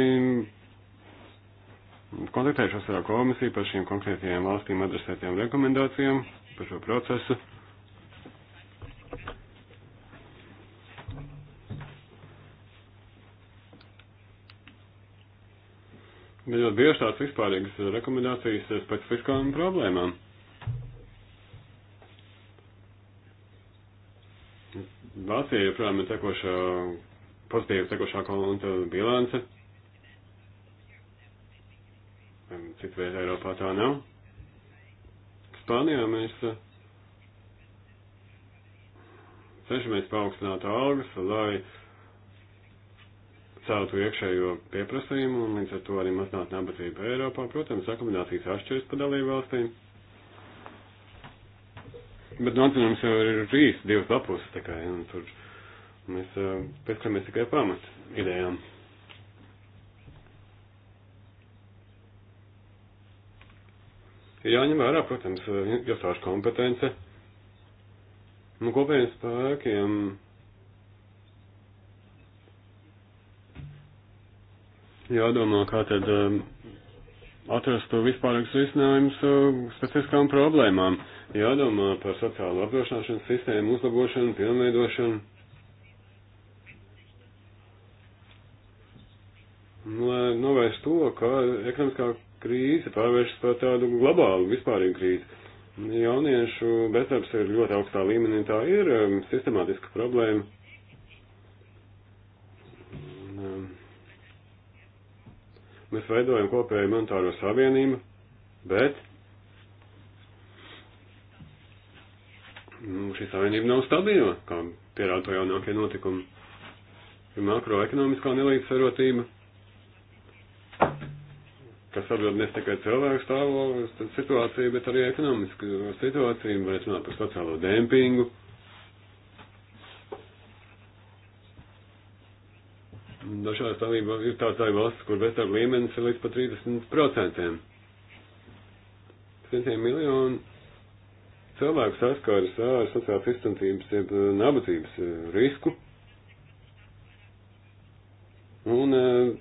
kontaktēšos ar komisiju par šīm konkrētajām valstīm adresētajām rekomendācijām, par šo procesu. Bet ļoti bieži tāds vispārīgas rekomendācijas specifiskām problēmām. Vācija joprojām ir tekošā, pozitīva tekošā konta bilance. Citu vietu Eiropā tā nav. Spānijā mēs eh, cenšamies paaugstināt algas, lai celtu iekšējo pieprasījumu un līdz ar to arī mazināt nabadzību Eiropā. Protams, akomodācijas atšķiras pa dalību valstīm. Bet no nu, atzinums jau ir trīs, divas lapuses tikai, un tur mēs pieskamies tikai pamat idejām. Jāņem vērā, protams, iestāžu kompetence. Nu, kopējiem spēkiem jādomā, kā tad um, atrast vispārīgs risinājums uh, um, specifiskām problēmām. Jādomā par sociālo apdrošināšanas sistēmu uzlabošanu, pilnveidošanu. Lai novērst to, ka ekonomiskā krīze pārvēršas par tādu globālu vispārīgu krīzi. Jauniešu bezdarbs ir ļoti augstā līmenī, tā ir um, sistemātiska problēma. Mēs veidojam kopēju monetāro savienību, bet nu, šī savienība nav stabila, kā pierāda to jaunākie notikumi. Ir makroekonomiskā nelīdzsvarotība, kas atbild ne tikai cilvēku stāvoklis, situācija, bet arī ekonomiska situācija, varētu runāt par sociālo dempingu. tās dalība, ir tās dalība valsts, kur bezdarba līmenis ir līdz pat 30%. Centiem miljonu cilvēku saskaras ar sociālās izcentības, jeb eh, nabadzības eh, risku. Un eh,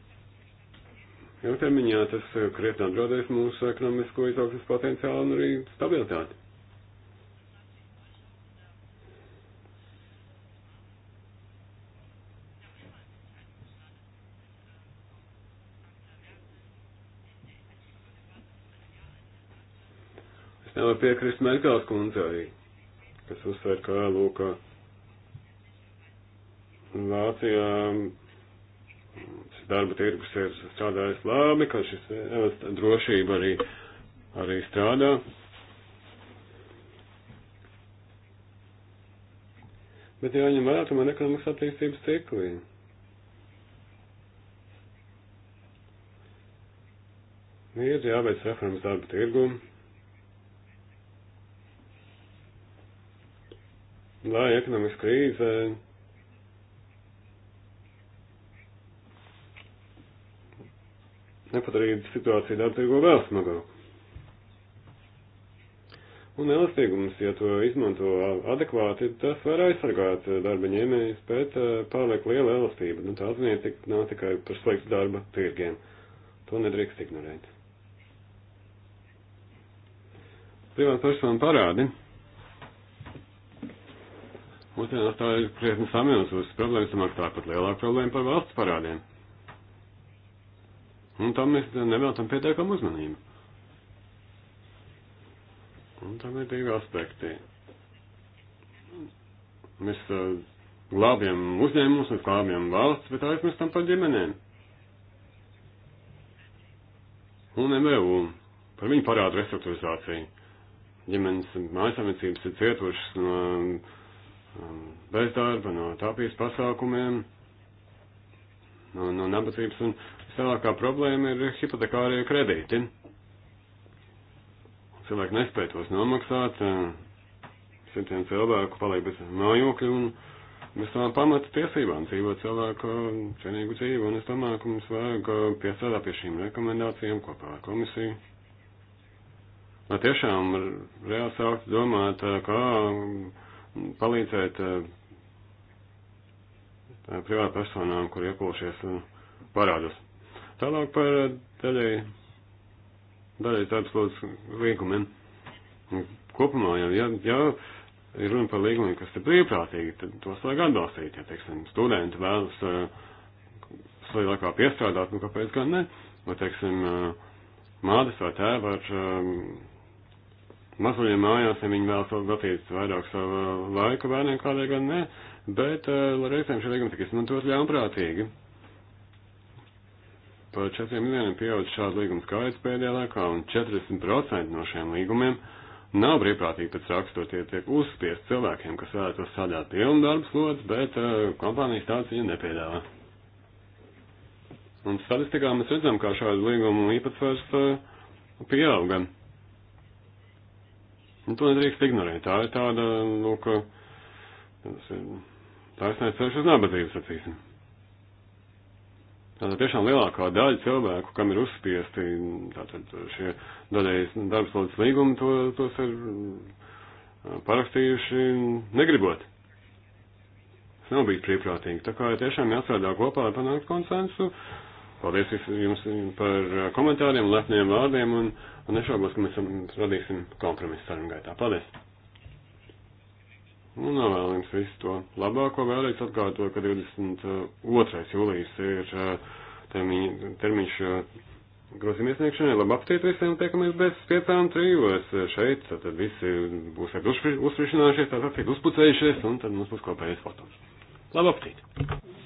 ilgtermiņā tas krietni apdraudēs mūsu ekonomisko izaugsmas potenciālu un arī stabilitāti. varu piekrist Merkels kundzei, kas uzsver, ka, lūk, Vācijā šis darba tirgus ir strādājis labi, ka šis drošība arī, arī strādā. Bet jāņem vērā tomēr ekonomikas attīstības ciklī. Ir jāveic reformas darba tirgumu. lai ekonomikas krīze nepadarītu situāciju darba tirgo vēl smagāku. Un elastīgums, ja to izmanto adekvāti, tas var aizsargāt darba ņēmējus, bet eh, pārliek liela elastība. Nu, tā ziņa tik, nav tikai par slēgtu darba tirgiem. To nedrīkst ignorēt. Privāt personu parādi Putina atstāja krietni samilzusi problēmas, tomēr tāpat lielāka problēma par valsts parādiem. Un tam mēs nevēltam pietiekam uzmanību. Un tam ir divi aspekti. Mēs uh, glābjam uzņēmumus, mēs glābjam valsts, bet aizmirstam par ģimenēm. Un MVU, par viņu parādu restruktūrizāciju. Ģimenes mājasamniecības ir cietušas no. Uh, bezdarba, no tāpijas pasākumiem, no, no nabadzības, un vislielākā problēma ir hipotekārie kredīti. Cilvēki nespēja tos nomaksāt, eh, simtiem cilvēku paliek bez mājokļu un bez tām pamata tiesībām dzīvot cilvēku cienīgu dzīvi, un es domāju, ka mums vajag eh, piesādāt pie šīm rekomendācijām kopā ar komisiju. Lai tiešām reāli sākt domāt, eh, kā palīdzēt eh, privātu personām, kur iekūšies eh, parādus. Tālāk par eh, daļai, daļai tādas lūdzu līgumiem. Kopumā, ja, ja, ja ir runa par līgumiem, kas ir brīvprātīgi, tad tos vajag atbalstīt. Ja, teiksim, studenti vēlas lielākā piestrādāt, nu kāpēc gan ne? Vai, teiksim, mādes vai tēvi var mazajiem mājās, ja viņi vēlas veltīt vairāk savu uh, laiku bērniem, kādēļ gan ne, bet uh, reizēm šie līgumi tiek izmantot ļaunprātīgi. Par 4 miljoniem pieaudz šādu līgumu skaits pēdējā laikā, un 40% no šiem līgumiem nav brīvprātīgi pēc rakstot, tie tiek uzspiest cilvēkiem, kas vēlētos strādāt pilnu darbu slodzi, bet uh, kompānijas tāds viņu nepiedāvā. Un statistikā mēs redzam, kā šādu līgumu īpatsvars uh, pieauga. Un nu, to nedrīkst ignorēt. Tā ir tāda, nu, ka tas ir taisnēs ceļš uz nabadzību, sacīsim. Tātad tiešām lielākā daļa cilvēku, kam ir uzspiesti tātad šie daļējas darbslodzes līgumi, to, tos ir parakstījuši negribot. Tas nav bijis brīvprātīgi. Tā kā ir tiešām jāstrādā kopā, lai panāktu konsensu, uh, Paldies jums par uh, komentāriem, lepniem vārdiem un, un nešaubos, ka mēs radīsim kompromisu sarunu gaitā. Paldies! Un nu, vēl jums visu to labāko vēlreiz atkārtoju, ka 22. jūlijas ir uh, termiņ, termiņš uh, grozījuma iesniegšanai. Labi aptiet visiem, tiekamies bez piecām trijos šeit, tad visi būs uzfrišinājušies, tātad uzpucējušies, un tad mums būs kopējais fotons. Labi aptiet!